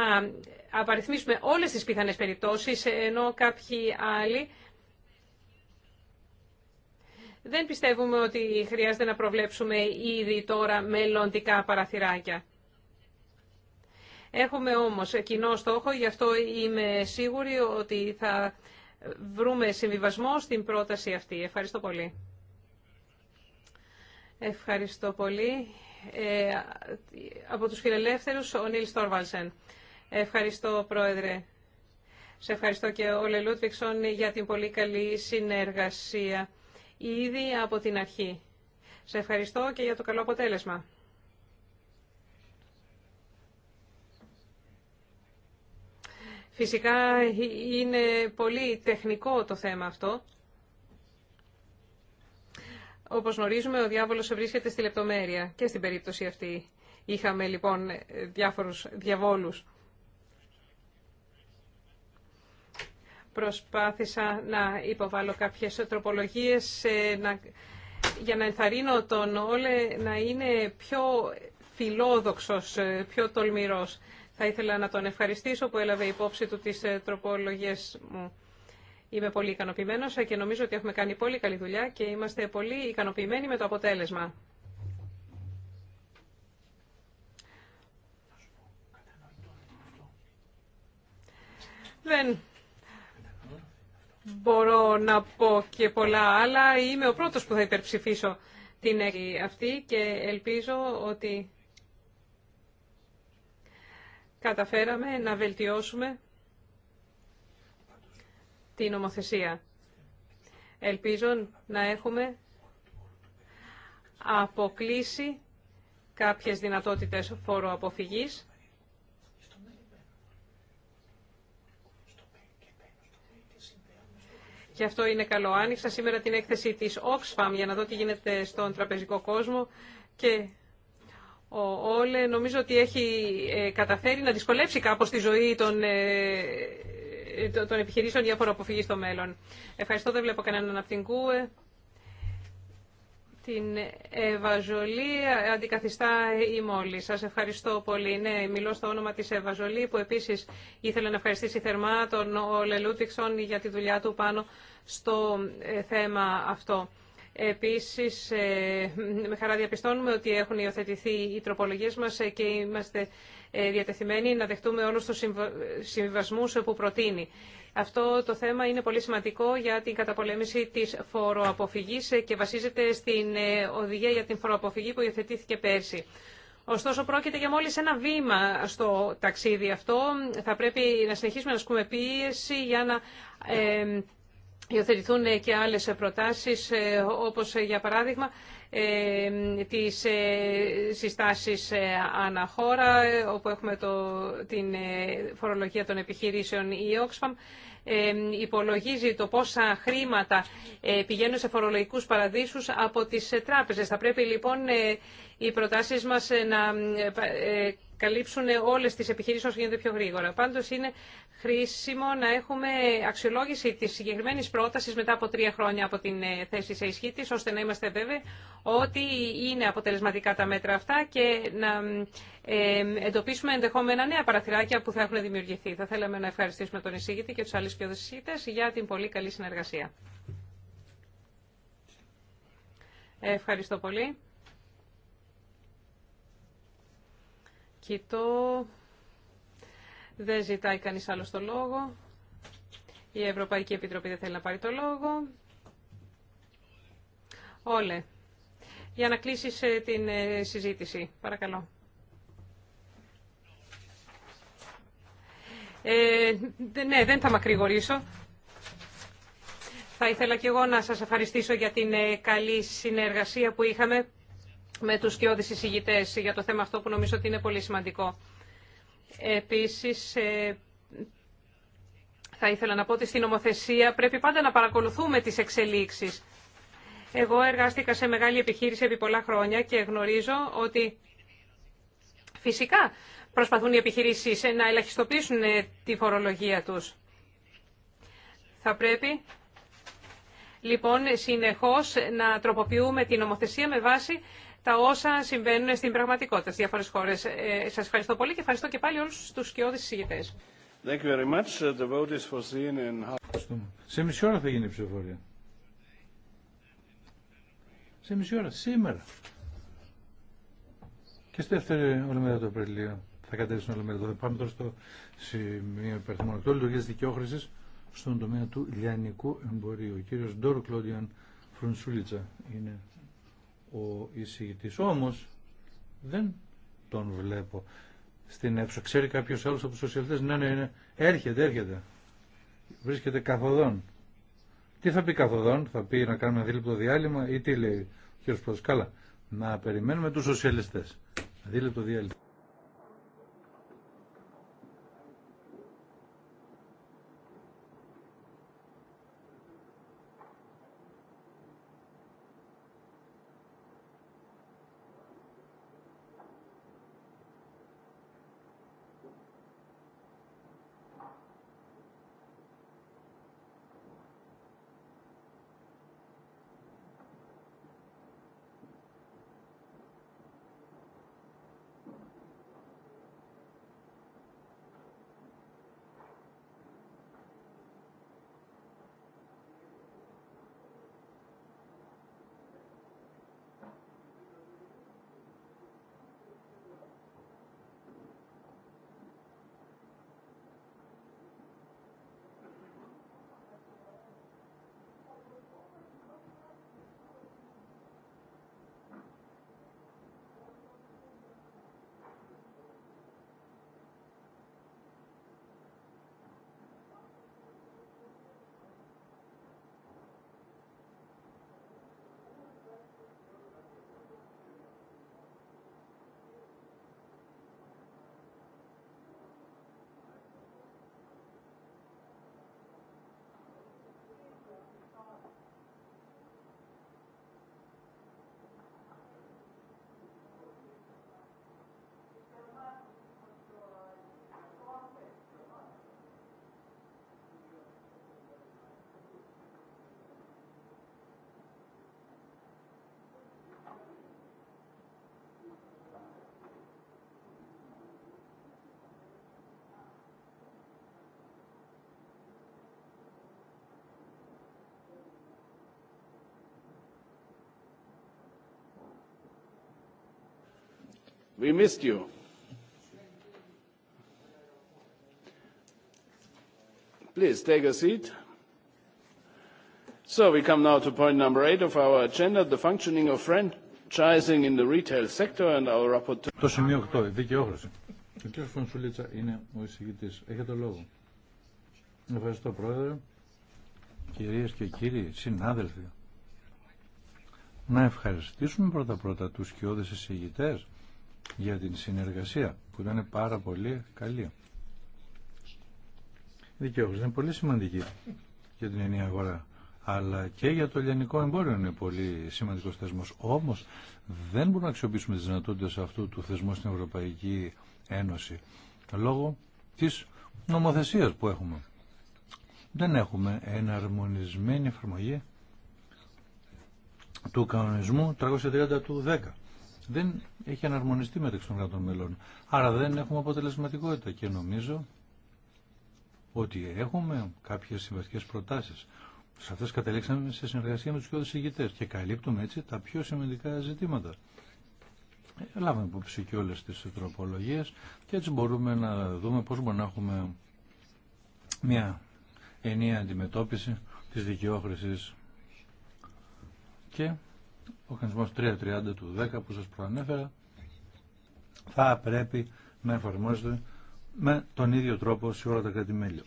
απαριθμίσουμε όλες τις πιθανές περιπτώσεις, ενώ κάποιοι άλλοι δεν πιστεύουμε ότι χρειάζεται να προβλέψουμε ήδη τώρα μελλοντικά παραθυράκια. Έχουμε όμως κοινό στόχο, γι' αυτό είμαι σίγουρη ότι θα βρούμε συμβιβασμό στην πρόταση αυτή. Ευχαριστώ πολύ. Ευχαριστώ πολύ. Ε, από τους φιλελεύθερους, ο Νίλ Στόρβαλσεν. Ευχαριστώ, Πρόεδρε. Σε ευχαριστώ και ο Λελούτβιξον για την πολύ καλή συνεργασία ήδη από την αρχή. Σε ευχαριστώ και για το καλό αποτέλεσμα. Φυσικά είναι πολύ τεχνικό το θέμα αυτό. Όπως γνωρίζουμε, ο διάβολος βρίσκεται στη λεπτομέρεια και στην περίπτωση αυτή. Είχαμε λοιπόν διάφορους διαβόλους. Προσπάθησα να υποβάλω κάποιες τροπολογίες ε, για να ενθαρρύνω τον Όλε να είναι πιο φιλόδοξος, ε, πιο τολμηρός. Θα ήθελα να τον ευχαριστήσω που έλαβε υπόψη του τις ε, τροπολογίες μου. Είμαι πολύ ικανοποιημένος ε, και νομίζω ότι έχουμε κάνει πολύ καλή δουλειά και είμαστε πολύ ικανοποιημένοι με το αποτέλεσμα. Δεν μπορώ να πω και πολλά άλλα. Είμαι ο πρώτος που θα υπερψηφίσω την έκλη αυτή και ελπίζω ότι καταφέραμε να βελτιώσουμε την νομοθεσία. Ελπίζω να έχουμε αποκλείσει κάποιες δυνατότητες φόρου αποφυγής Και αυτό είναι καλό. Άνοιξα σήμερα την έκθεση της Oxfam για να δω τι γίνεται στον τραπεζικό κόσμο και ο Όλε νομίζω ότι έχει ε, καταφέρει να δυσκολέψει κάπως τη ζωή των, ε, των επιχειρήσεων για φοροαποφυγή στο μέλλον. Ευχαριστώ, δεν βλέπω κανέναν από την ΚΟΕ. Την Ευαζολή αντικαθιστά η μόλη. Σας ευχαριστώ πολύ. Ναι, μιλώ στο όνομα της Ευαζολή που επίσης ήθελα να ευχαριστήσει θερμά τον Όλε για τη δουλειά του πάνω στο ε, θέμα αυτό. Επίσης, ε, με χαρά διαπιστώνουμε ότι έχουν υιοθετηθεί οι τροπολογίες μας ε, και είμαστε ε, διατεθειμένοι να δεχτούμε όλους τους συμβιβασμού που προτείνει. Αυτό το θέμα είναι πολύ σημαντικό για την καταπολέμηση της φοροαποφυγής και βασίζεται στην οδηγία για την φοροαποφυγή που υιοθετήθηκε πέρσι. Ωστόσο, πρόκειται για μόλις ένα βήμα στο ταξίδι αυτό. Θα πρέπει να συνεχίσουμε να ασκούμε πίεση για να Υιοθετηθούν ε, και άλλες προτάσεις, ε, όπως ε, για παράδειγμα τις συστάσεις αναχώρα, όπου έχουμε το, την φορολογία των επιχειρήσεων η Oxfam, υπολογίζει το πόσα χρήματα πηγαίνουν σε φορολογικούς παραδείσους από τις τράπεζες. Θα πρέπει λοιπόν οι προτάσεις μας να καλύψουν όλες τις επιχειρήσεις όσο γίνεται πιο γρήγορα. Πάντως είναι χρήσιμο να έχουμε αξιολόγηση τη συγκεκριμένη πρότασης μετά από τρία χρόνια από την ε, θέση σε ισχύ της, ώστε να είμαστε βέβαιοι ότι είναι αποτελεσματικά τα μέτρα αυτά και να ε, εντοπίσουμε ενδεχόμενα νέα παραθυράκια που θα έχουν δημιουργηθεί. Θα θέλαμε να ευχαριστήσουμε τον εισήγητη και τους άλλους πιο για την πολύ καλή συνεργασία. Ευχαριστώ πολύ. Κοιτώ δεν ζητάει κανείς άλλο το λόγο. Η Ευρωπαϊκή Επιτροπή δεν θέλει να πάρει το λόγο. Όλε. Για να κλείσεις ε, την ε, συζήτηση. Παρακαλώ. Ε, ναι, δεν θα μακρηγορήσω. Θα ήθελα και εγώ να σας ευχαριστήσω για την ε, καλή συνεργασία που είχαμε με τους κοιόδης εισηγητές για το θέμα αυτό που νομίζω ότι είναι πολύ σημαντικό. Επίσης, ε, θα ήθελα να πω ότι στην νομοθεσία πρέπει πάντα να παρακολουθούμε τις εξελίξεις. Εγώ εργάστηκα σε μεγάλη επιχείρηση επί πολλά χρόνια και γνωρίζω ότι φυσικά προσπαθούν οι επιχειρήσεις ε, να ελαχιστοποιήσουν ε, τη φορολογία τους. Θα πρέπει λοιπόν συνεχώς να τροποποιούμε την νομοθεσία με βάση τα όσα συμβαίνουν στην πραγματικότητα στι διάφορες χώρες. Ε, Σα ευχαριστώ πολύ και ευχαριστώ και πάλι όλους τους σκιώδεις συζητητές. Uh, Σε μισή ώρα θα γίνει η ψηφοφορία. Σε μισή ώρα, σήμερα. Και στη δεύτερη ολομέλεια του Απριλίου θα κατέβουν όλα Θα πάμε τώρα στο σημείο υπερθυμών. Αυτό λειτουργία δικαιόχρηση στον τομέα του λιανικού εμπορίου. Ο κύριο Ντόρ Κλόντιαν Φρουνσούλητσα είναι ο εισηγητής. Όμως δεν τον βλέπω στην έψο Ξέρει κάποιος άλλος από τους σοσιαλιστές. Ναι, ναι, ναι, Έρχεται, έρχεται. Βρίσκεται καθοδόν. Τι θα πει καθοδόν, θα πει να κάνουμε δίλεπτο διάλειμμα ή τι λέει ο κ. Πρόεδρος. να περιμένουμε τους σοσιαλιστές. Δίλεπτο διάλειμμα. We missed you. Please take a Το σημείο 8, η Ο κ. Φωνσουλίτσα είναι ο εισηγητής. Έχετε λόγο. Ευχαριστώ Πρόεδρε. Κυρίες και κύριοι, συνάδελφοι. Να ευχαριστήσουμε πρώτα-πρώτα τους σκιώδες εισηγητές για την συνεργασία που ήταν πάρα πολύ καλή. δικαιώση είναι πολύ σημαντική για την ενιαία αγορά αλλά και για το λιανικό εμπόριο είναι πολύ σημαντικό θεσμό. Όμω δεν μπορούμε να αξιοποιήσουμε τι δυνατότητε αυτού του θεσμού στην Ευρωπαϊκή Ένωση λόγω τη νομοθεσία που έχουμε. Δεν έχουμε εναρμονισμένη εφαρμογή του κανονισμού 330 του 10 δεν έχει αναρμονιστεί μεταξύ των κρατών μελών. Άρα δεν έχουμε αποτελεσματικότητα και νομίζω ότι έχουμε κάποιες συμβατικές προτάσεις. Σε αυτές καταλήξαμε σε συνεργασία με τους πιο ηγητές και καλύπτουμε έτσι τα πιο σημαντικά ζητήματα. Ε, λάβαμε υπόψη και όλες τις τροπολογίες και έτσι μπορούμε να δούμε πώς μπορούμε να έχουμε μια ενιαία αντιμετώπιση της δικαιόχρησης και ο κανονισμός 330 του 10 που σας προανέφερα θα πρέπει να εφαρμόζεται με τον ίδιο τρόπο σε όλα τα κρατη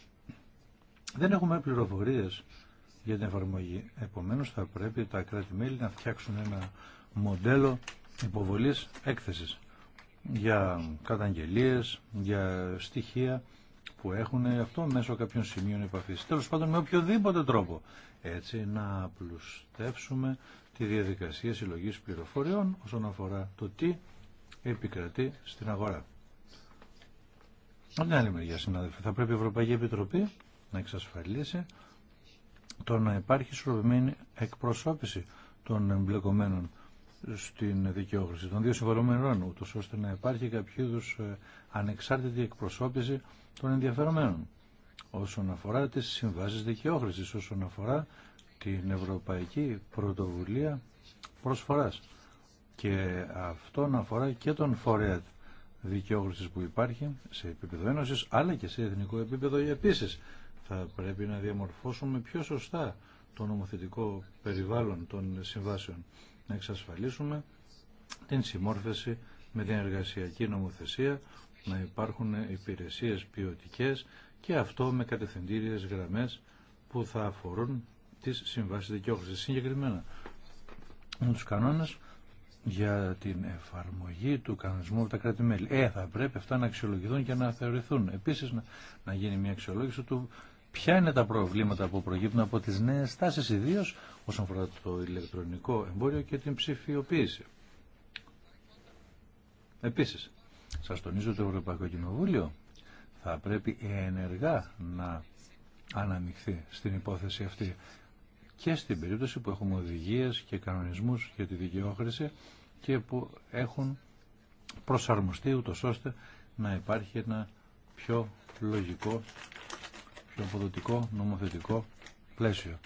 Δεν έχουμε πληροφορίες για την εφαρμογή. Επομένως θα πρέπει τα κράτη-μέλη να φτιάξουν ένα μοντέλο υποβολής έκθεσης για καταγγελίες, για στοιχεία που έχουν αυτό μέσω κάποιων σημείων επαφής. Τέλος πάντων με οποιοδήποτε τρόπο. Έτσι να απλουστεύσουμε τη διαδικασία συλλογή πληροφοριών όσον αφορά το τι επικρατεί στην αγορά. Από την άλλη μεριά, συνάδελφοι, θα πρέπει η Ευρωπαϊκή Επιτροπή να εξασφαλίσει το να υπάρχει ισορροπημένη εκπροσώπηση των εμπλεκομένων στην δικαιόχρηση των δύο συμβολωμένων, ούτως ώστε να υπάρχει κάποιο είδου ε, ανεξάρτητη εκπροσώπηση των ενδιαφερομένων όσον αφορά τις συμβάσεις δικαιόχρησης, όσον αφορά την Ευρωπαϊκή Πρωτοβουλία Προσφοράς. Και αυτό να αφορά και τον φορέα δικαιόγνωσης που υπάρχει σε επίπεδο ένωσης, αλλά και σε εθνικό επίπεδο επίσης. Θα πρέπει να διαμορφώσουμε πιο σωστά το νομοθετικό περιβάλλον των συμβάσεων. Να εξασφαλίσουμε την συμμόρφωση με την εργασιακή νομοθεσία, να υπάρχουν υπηρεσίες ποιοτικέ και αυτό με κατευθυντήριες γραμμές που θα αφορούν Τη Συμβάση Δικαιώσεω. συγκεκριμένα με του κανόνες για την εφαρμογή του κανονισμού από τα κράτη-μέλη. Ε, θα πρέπει αυτά να αξιολογηθούν και να θεωρηθούν. Επίση, να, γίνει μια αξιολόγηση του ποια είναι τα προβλήματα που προκύπτουν από τι νέε τάσει ιδίω όσον αφορά το ηλεκτρονικό εμπόριο και την ψηφιοποίηση. Επίση, σα τονίζω ότι το Ευρωπαϊκό Κοινοβούλιο θα πρέπει ενεργά να αναμειχθεί στην υπόθεση αυτή και στην περίπτωση που έχουμε οδηγίες και κανονισμούς για τη δικαιόχρηση και που έχουν προσαρμοστεί ούτως ώστε να υπάρχει ένα πιο λογικό, πιο αποδοτικό νομοθετικό πλαίσιο.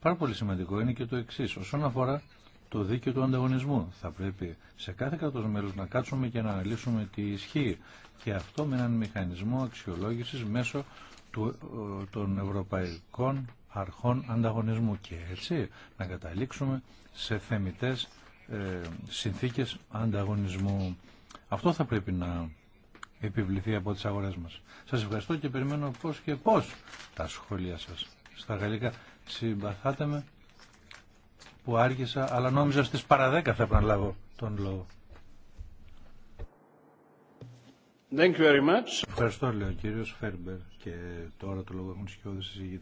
Πάρα πολύ σημαντικό είναι και το εξής. Όσον αφορά το δίκαιο του ανταγωνισμού, θα πρέπει σε κάθε κράτο μέλο να κάτσουμε και να αναλύσουμε τι ισχύει. Και αυτό με έναν μηχανισμό αξιολόγησης μέσω των ευρωπαϊκών αρχών ανταγωνισμού και έτσι να καταλήξουμε σε θεμητές ε, συνθήκες ανταγωνισμού. Αυτό θα πρέπει να επιβληθεί από τις αγορές μας. Σας ευχαριστώ και περιμένω πώς και πώς τα σχόλια σας. Στα γαλλικά συμπαθάτε με που άργησα, αλλά νόμιζα στις παραδέκα θα λάβω τον λόγο. Thank you very much. Ευχαριστώ, λέει ο κύριος Φέρμπερ και τώρα το λόγο έχουν οι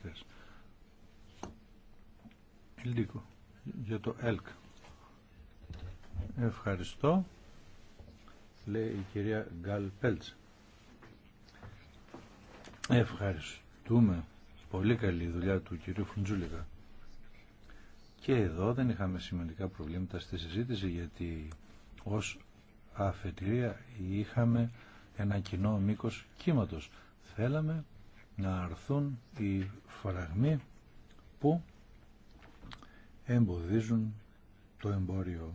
για το ΕΛΚ. Ευχαριστώ. Λέει η κυρία Γκάλ Πέλτς. Ευχαριστούμε. Πολύ καλή δουλειά του κυρίου Φουντζούλικα. Και εδώ δεν είχαμε σημαντικά προβλήματα στη συζήτηση γιατί ως αφετηρία είχαμε ένα κοινό μήκος κύματος. Θέλαμε να αρθούν οι φραγμοί που εμποδίζουν το εμπόριο.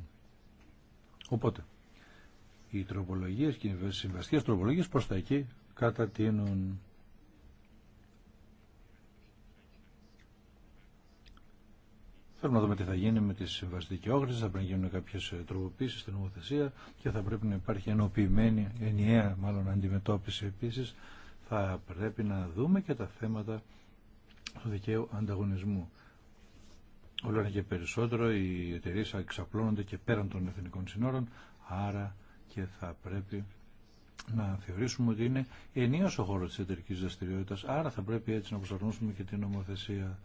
Οπότε, οι τροπολογίες και οι συμβαστικές τροπολογίες προς τα εκεί κατατείνουν. Θέλουμε να δούμε τι θα γίνει με τις συμβαστικές όχλησες, θα πρέπει να γίνουν κάποιες ε, τροποποίησεις στην νομοθεσία και θα πρέπει να υπάρχει ενοποιημένη, ενιαία μάλλον αντιμετώπιση επίσης. Θα πρέπει να δούμε και τα θέματα του δικαίου ανταγωνισμού όλο και περισσότερο οι εταιρείε εξαπλώνονται και πέραν των εθνικών συνόρων, άρα και θα πρέπει να θεωρήσουμε ότι είναι ενίος ο χώρος της εταιρικής δραστηριότητας, άρα θα πρέπει έτσι να προσαρμόσουμε και την νομοθεσία.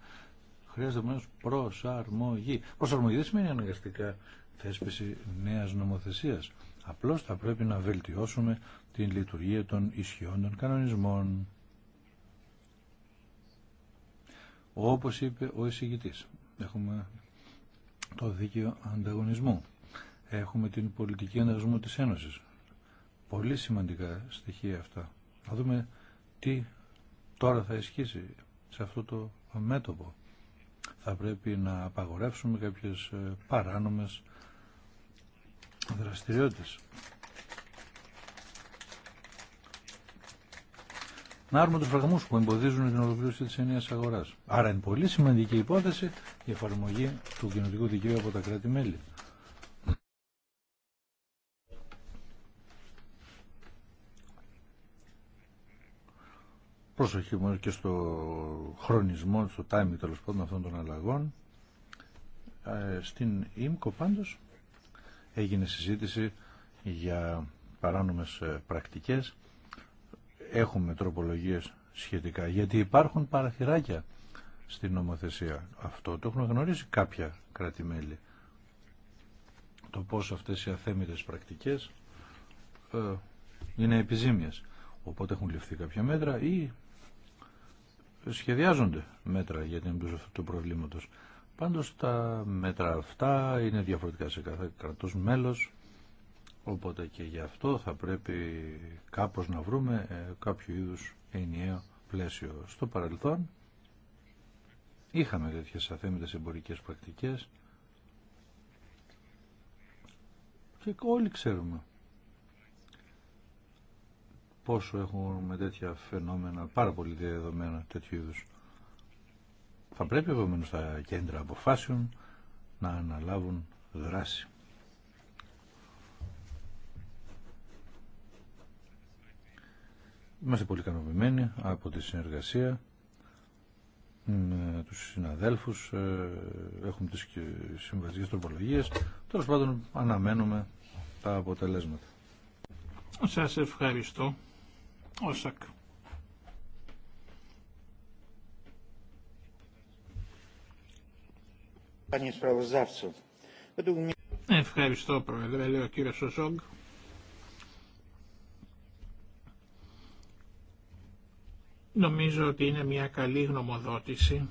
Χρειάζεται μόνο προσαρμογή. Προσαρμογή δεν σημαίνει αναγκαστικά θέσπιση νέας νομοθεσίας. Απλώς θα πρέπει να βελτιώσουμε την λειτουργία των ισχυών των κανονισμών. Όπως είπε ο εισηγητής. Έχουμε το δίκαιο ανταγωνισμού. Έχουμε την πολιτική ανταγωνισμού της Ένωσης. Πολύ σημαντικά στοιχεία αυτά. Να δούμε τι τώρα θα ισχύσει σε αυτό το μέτωπο. Θα πρέπει να απαγορεύσουμε κάποιες ε, παράνομες δραστηριότητες. Να άρουμε τους φραγμούς που εμποδίζουν την ολοκλήρωση της ενιαίας αγοράς. Άρα είναι πολύ σημαντική υπόθεση η εφαρμογή του κοινωτικού δικαίου από τα κράτη-μέλη. Προσοχή μόνο και στο χρονισμό, στο timing τέλο πάντων αυτών των αλλαγών. Ε, στην ΙΜΚΟ πάντως έγινε συζήτηση για παράνομες ε, πρακτικές. Έχουμε τροπολογίες σχετικά γιατί υπάρχουν παραθυράκια στην νομοθεσία. Αυτό το έχουν γνωρίσει κάποια κράτη-μέλη. Το πώς αυτές οι αθέμητες πρακτικές ε, είναι επιζήμιες. Οπότε έχουν ληφθεί κάποια μέτρα ή σχεδιάζονται μέτρα για την εμπλούση αυτού του προβλήματος. Πάντως τα μέτρα αυτά είναι διαφορετικά σε κάθε κρατός μέλος, οπότε και γι' αυτό θα πρέπει κάπως να βρούμε ε, κάποιο είδους ενιαίο πλαίσιο. Στο παρελθόν Είχαμε τέτοιε αθέμητες εμπορικές πρακτικές και όλοι ξέρουμε πόσο έχουμε τέτοια φαινόμενα πάρα πολύ διαδεδομένα τέτοιου είδους. Θα πρέπει επομένως τα κέντρα αποφάσεων να αναλάβουν δράση. Είμαστε πολύ ικανοποιημένοι από τη συνεργασία ναι, τους συναδέλφους, ε, έχουμε τις συμβατικές τροπολογίες. Τέλος πάντων αναμένουμε τα αποτελέσματα. Σας ευχαριστώ. Όσακ. Ευχαριστώ, Πρόεδρε, λέει ο κύριος Οζόγκ. Νομίζω ότι είναι μια καλή γνωμοδότηση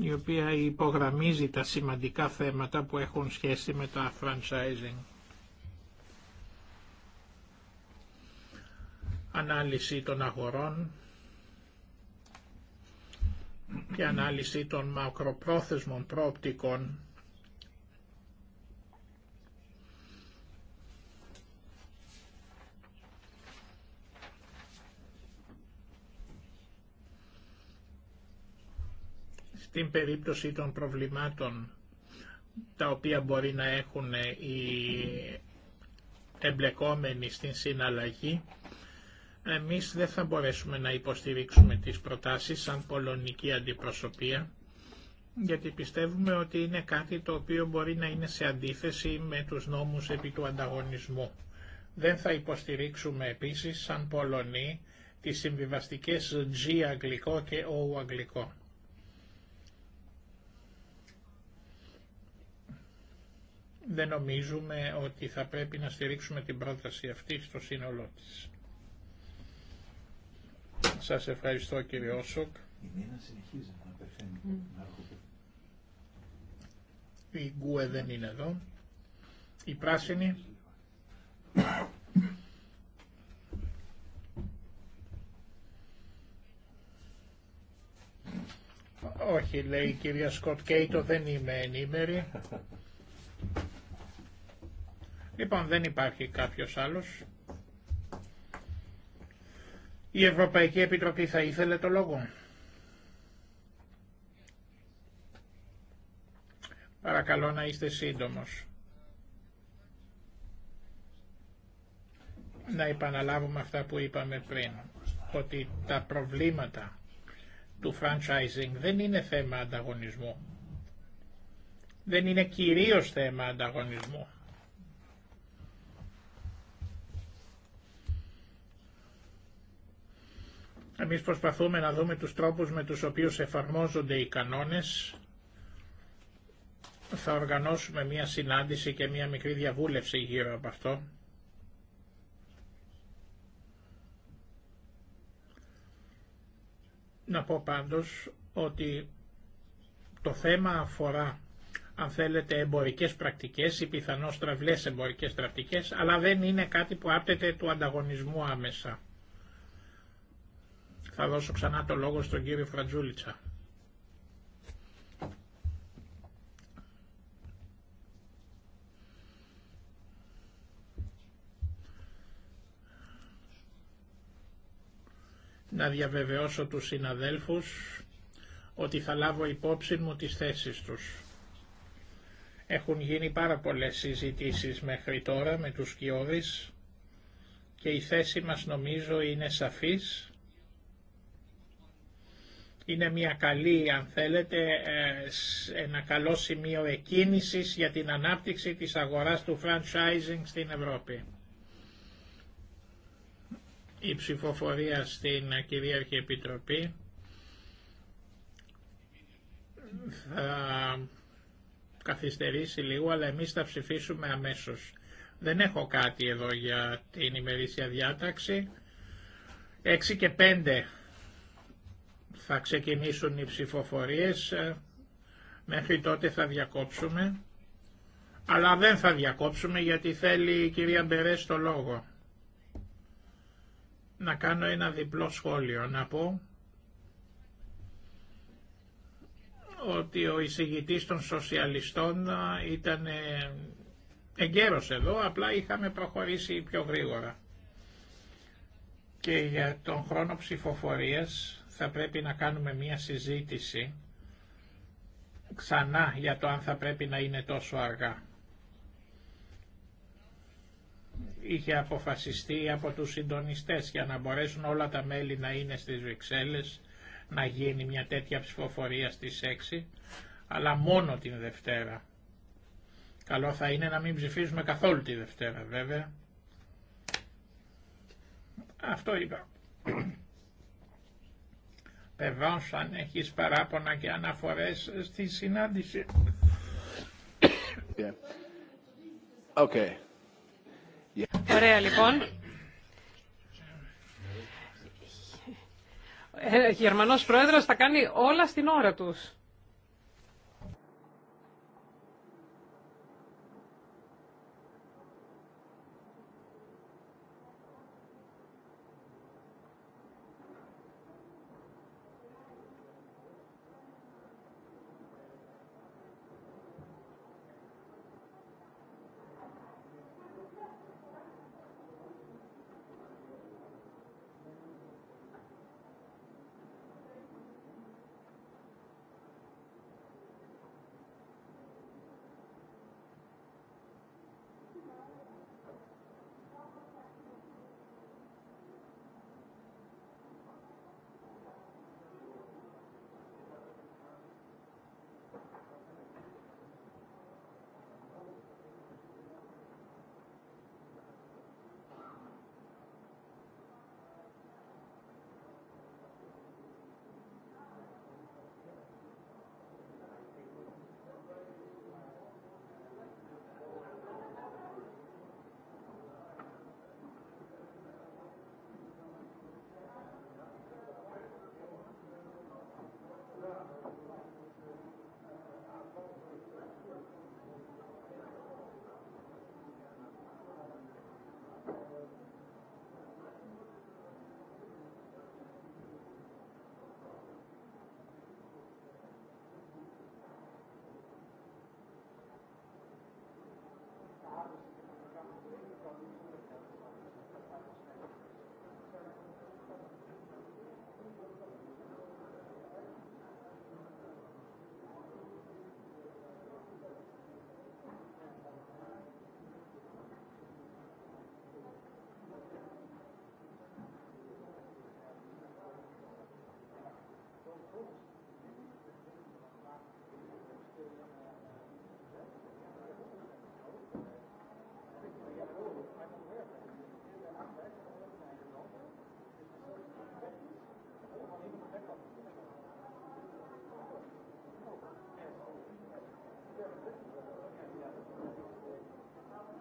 η οποία υπογραμμίζει τα σημαντικά θέματα που έχουν σχέση με τα franchising. Ανάλυση των αγορών και ανάλυση των μακροπρόθεσμων πρόπτικων στην περίπτωση των προβλημάτων τα οποία μπορεί να έχουν οι εμπλεκόμενοι στην συναλλαγή, εμείς δεν θα μπορέσουμε να υποστηρίξουμε τις προτάσεις σαν πολωνική αντιπροσωπεία, γιατί πιστεύουμε ότι είναι κάτι το οποίο μπορεί να είναι σε αντίθεση με τους νόμους επί του ανταγωνισμού. Δεν θα υποστηρίξουμε επίσης σαν Πολωνοί τις συμβιβαστικές G αγγλικό και O αγγλικό. δεν νομίζουμε ότι θα πρέπει να στηρίξουμε την πρόταση αυτή στο σύνολό της. Σας ευχαριστώ κύριε Όσοκ. Η Γκουε δεν είναι εδώ. Η πράσινη. Όχι, λέει η κυρία Σκοτ Κέιτο, δεν είμαι ενήμερη. Λοιπόν, δεν υπάρχει κάποιος άλλος. Η Ευρωπαϊκή Επιτροπή θα ήθελε το λόγο. Παρακαλώ να είστε σύντομος. Να επαναλάβουμε αυτά που είπαμε πριν, ότι τα προβλήματα του franchising δεν είναι θέμα ανταγωνισμού. Δεν είναι κυρίως θέμα ανταγωνισμού. Εμείς προσπαθούμε να δούμε τους τρόπους με τους οποίους εφαρμόζονται οι κανόνες. Θα οργανώσουμε μία συνάντηση και μία μικρή διαβούλευση γύρω από αυτό. Να πω πάντως ότι το θέμα αφορά αν θέλετε εμπορικές πρακτικές ή πιθανώς τραυλές εμπορικές πρακτικές, αλλά δεν είναι κάτι που άπτεται του ανταγωνισμού άμεσα θα δώσω ξανά το λόγο στον κύριο Φραντζούλητσα. Να διαβεβαιώσω τους συναδέλφους ότι θα λάβω υπόψη μου τις θέσεις τους. Έχουν γίνει πάρα πολλές συζητήσεις μέχρι τώρα με τους κοιόδης και η θέση μας νομίζω είναι σαφής είναι μια καλή, αν θέλετε, ε, ένα καλό σημείο εκκίνησης για την ανάπτυξη της αγοράς του franchising στην Ευρώπη. Η ψηφοφορία στην ε, Κυρίαρχη Επιτροπή θα καθυστερήσει λίγο, αλλά εμείς θα ψηφίσουμε αμέσως. Δεν έχω κάτι εδώ για την ημερήσια διάταξη. 6 και 5 θα ξεκινήσουν οι ψηφοφορίες, ε, μέχρι τότε θα διακόψουμε, αλλά δεν θα διακόψουμε γιατί θέλει η κυρία Μπερές το λόγο. Να κάνω ένα διπλό σχόλιο, να πω ότι ο εισηγητής των σοσιαλιστών ε, ήταν εγκαίρος εδώ, απλά είχαμε προχωρήσει πιο γρήγορα. Και για τον χρόνο ψηφοφορίας θα πρέπει να κάνουμε μία συζήτηση ξανά για το αν θα πρέπει να είναι τόσο αργά. Είχε αποφασιστεί από τους συντονιστές για να μπορέσουν όλα τα μέλη να είναι στις Βρυξέλλες, να γίνει μια τέτοια ψηφοφορία στις 6, αλλά μόνο την Δευτέρα. Καλό θα είναι να μην ψηφίζουμε καθόλου τη Δευτέρα βέβαια. Αυτό είπα. Βεβαίως αν έχεις παράπονα και αναφορές στη συνάντηση. Yeah. Okay. Ωραία λοιπόν. Ο ε, Γερμανός Πρόεδρος θα κάνει όλα στην ώρα τους.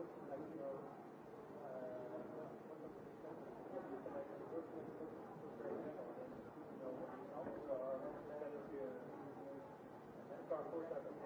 Υπότιτλοι AUTHORWAVE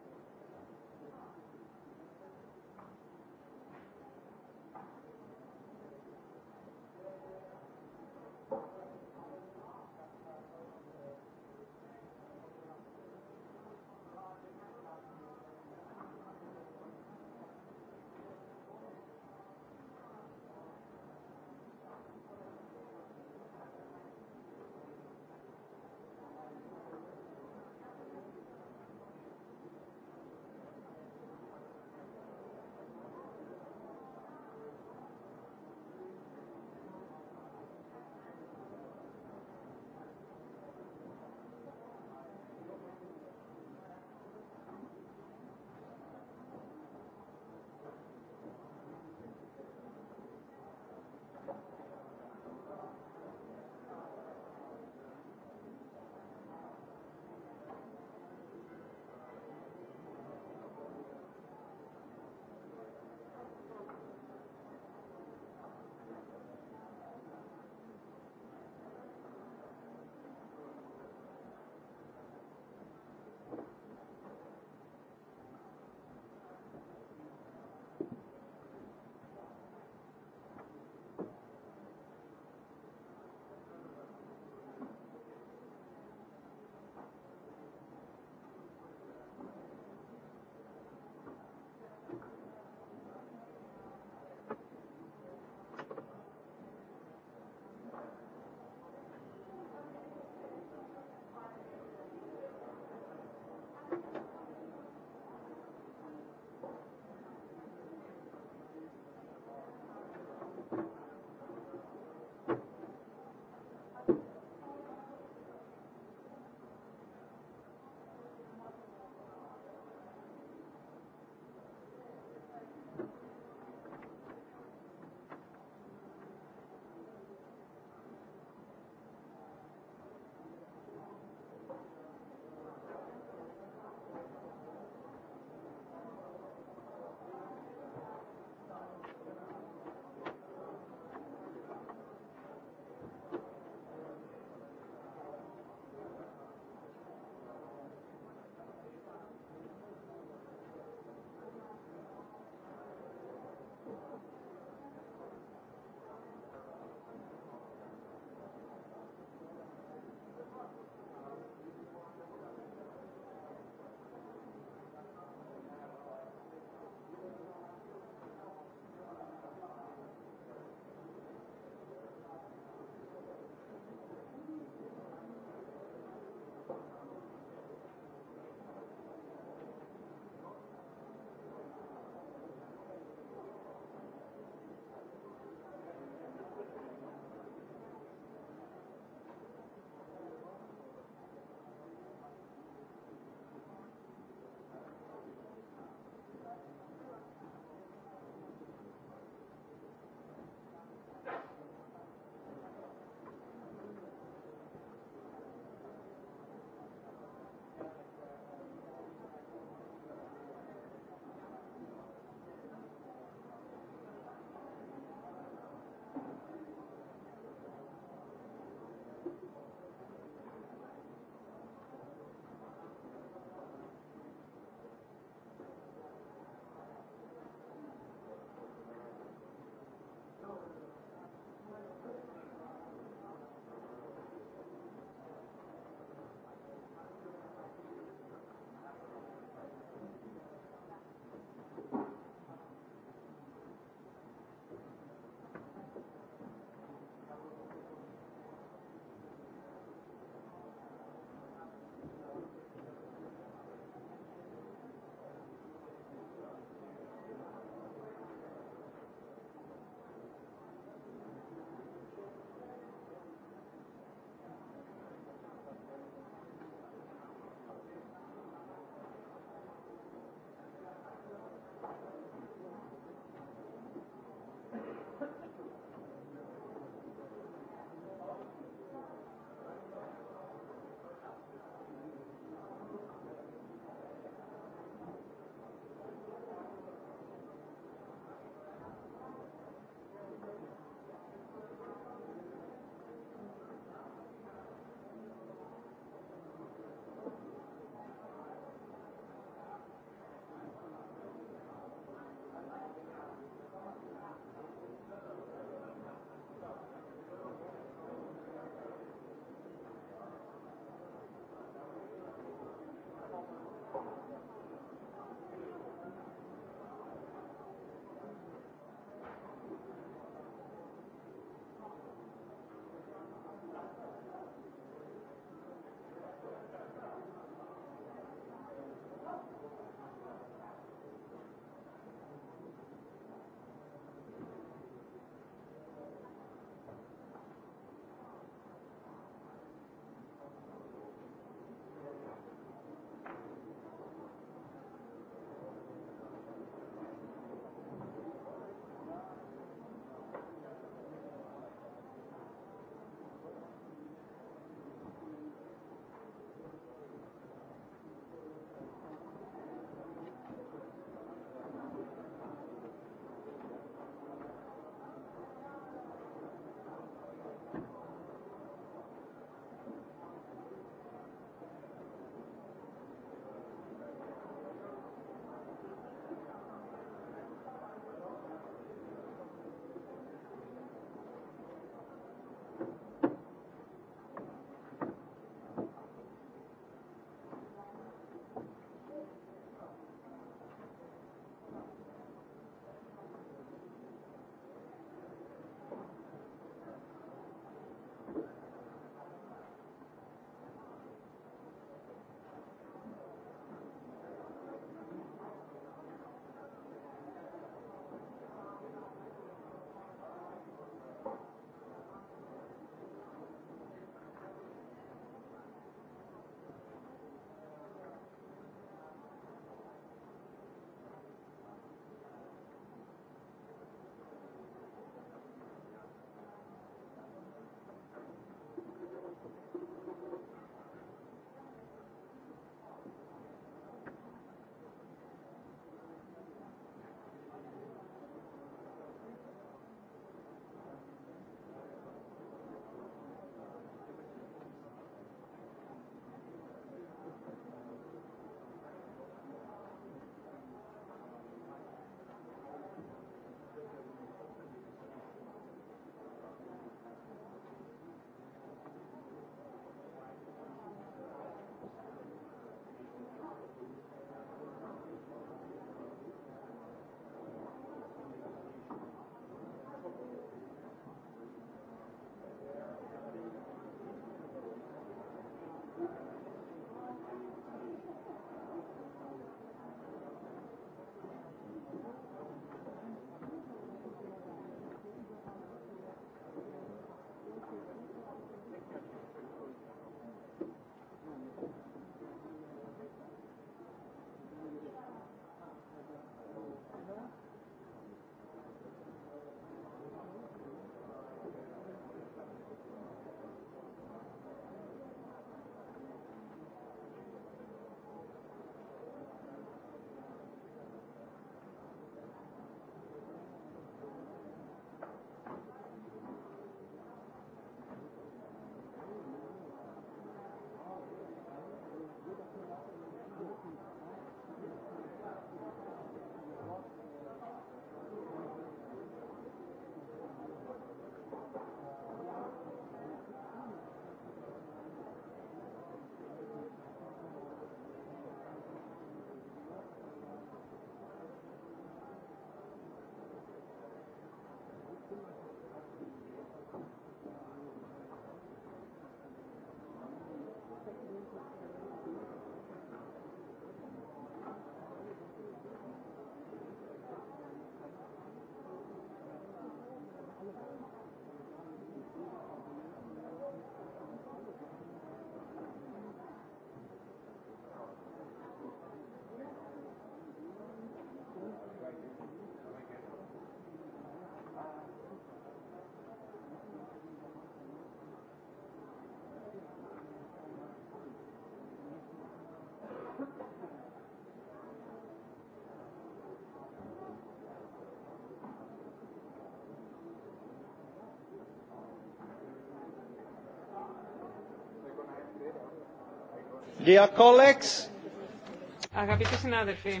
Αγαπητοί συνάδελφοι,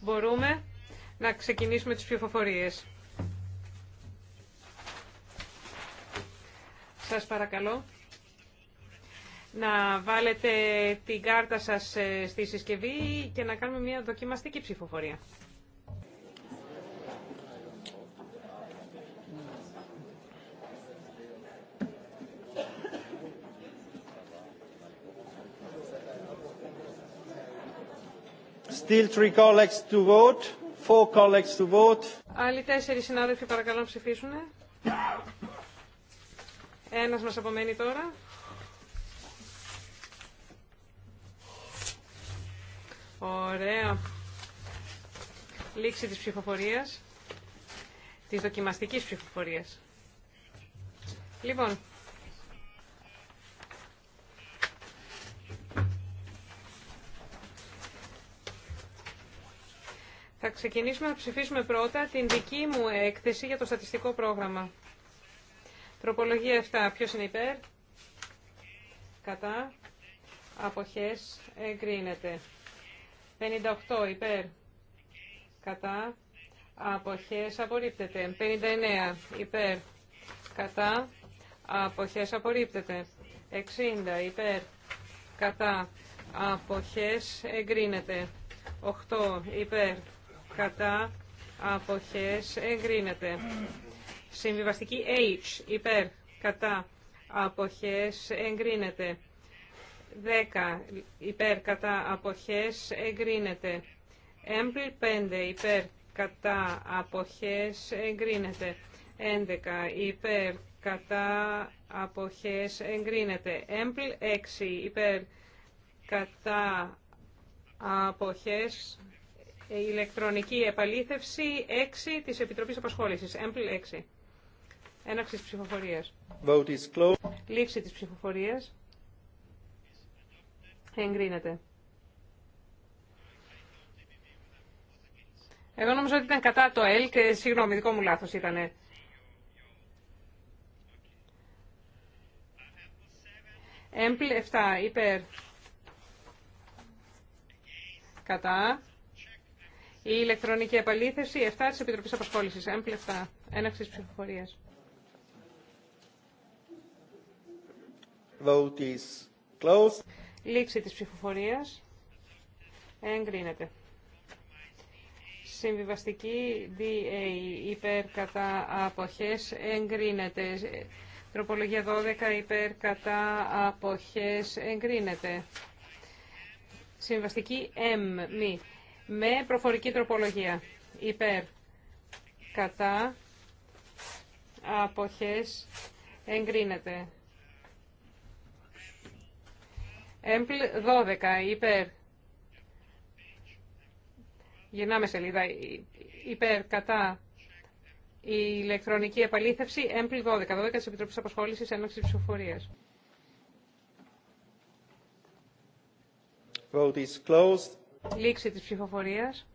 μπορούμε να ξεκινήσουμε τις ψηφοφορίες. Σας παρακαλώ να βάλετε την κάρτα σας ε, στη συσκευή και να κάνουμε μια δοκιμαστική ψηφοφορία. Still three colleagues to vote. Four colleagues to vote. Άλλοι τέσσερις συνάδελφοι παρακαλώ να ψηφίσουν. Ένας μας απομένει τώρα. Ωραία. Λήξη της ψηφοφορίας. Της δοκιμαστικής ψηφοφορίας. Λοιπόν, Θα ξεκινήσουμε να ψηφίσουμε πρώτα την δική μου έκθεση για το στατιστικό πρόγραμμα. Τροπολογία 7. Ποιος είναι υπέρ? Κατά. Αποχές. Εγκρίνεται. 58. Υπέρ. Κατά. Αποχές. Απορρίπτεται. 59. Υπέρ. Κατά. Αποχές. Απορρίπτεται. 60. Υπέρ. Κατά. Αποχές. Εγκρίνεται. 8. Υπέρ κατά αποχές εγκρίνεται. Συμβιβαστική H υπέρ κατά αποχές εγκρίνεται. 10 υπέρ κατά αποχές εγκρίνεται. Έμπλ 5 υπέρ κατά αποχές εγκρίνεται. 11 υπέρ κατά αποχές εγκρίνεται. Έμπλ 6 υπέρ κατά αποχές η ηλεκτρονική επαλήθευση 6 της Επιτροπής Απασχόλησης, ΕΜΠΛ 6. Έναρξη ψηφοφορίας. Vote is closed. Λήξη της ψηφοφορίας. Εγκρίνεται. Εγώ νομίζω ότι ήταν κατά το ΕΛ και συγγνώμη, δικό μου λάθος ήτανε. ΕΜΠΛ 7, υπέρ. Κατά. Η ηλεκτρονική επαλήθευση 7 τη επιτροπή Απασχοληση Έμπλεκτα έναξη ψηφοφορίας. Vote is closed. Λήξη της ψηφοφορίας. Εγκρίνεται. Συμβιβαστική DA υπέρ κατά αποχές εγκρίνεται. Τροπολογία 12 υπέρ κατά αποχές εγκρίνεται. Συμβαστική M μη με προφορική τροπολογία. Υπέρ. Κατά. Αποχές. Εγκρίνεται. Έμπλ 12. Υπέρ. Γυρνάμε σελίδα. Υπέρ. Κατά. Η ηλεκτρονική επαλήθευση. Έμπλ 12. 12 τη επιτροπή Απασχόλησης Έναξης ψηφοφορία. Vote is closed. Λήξη της ψηφοφορίας.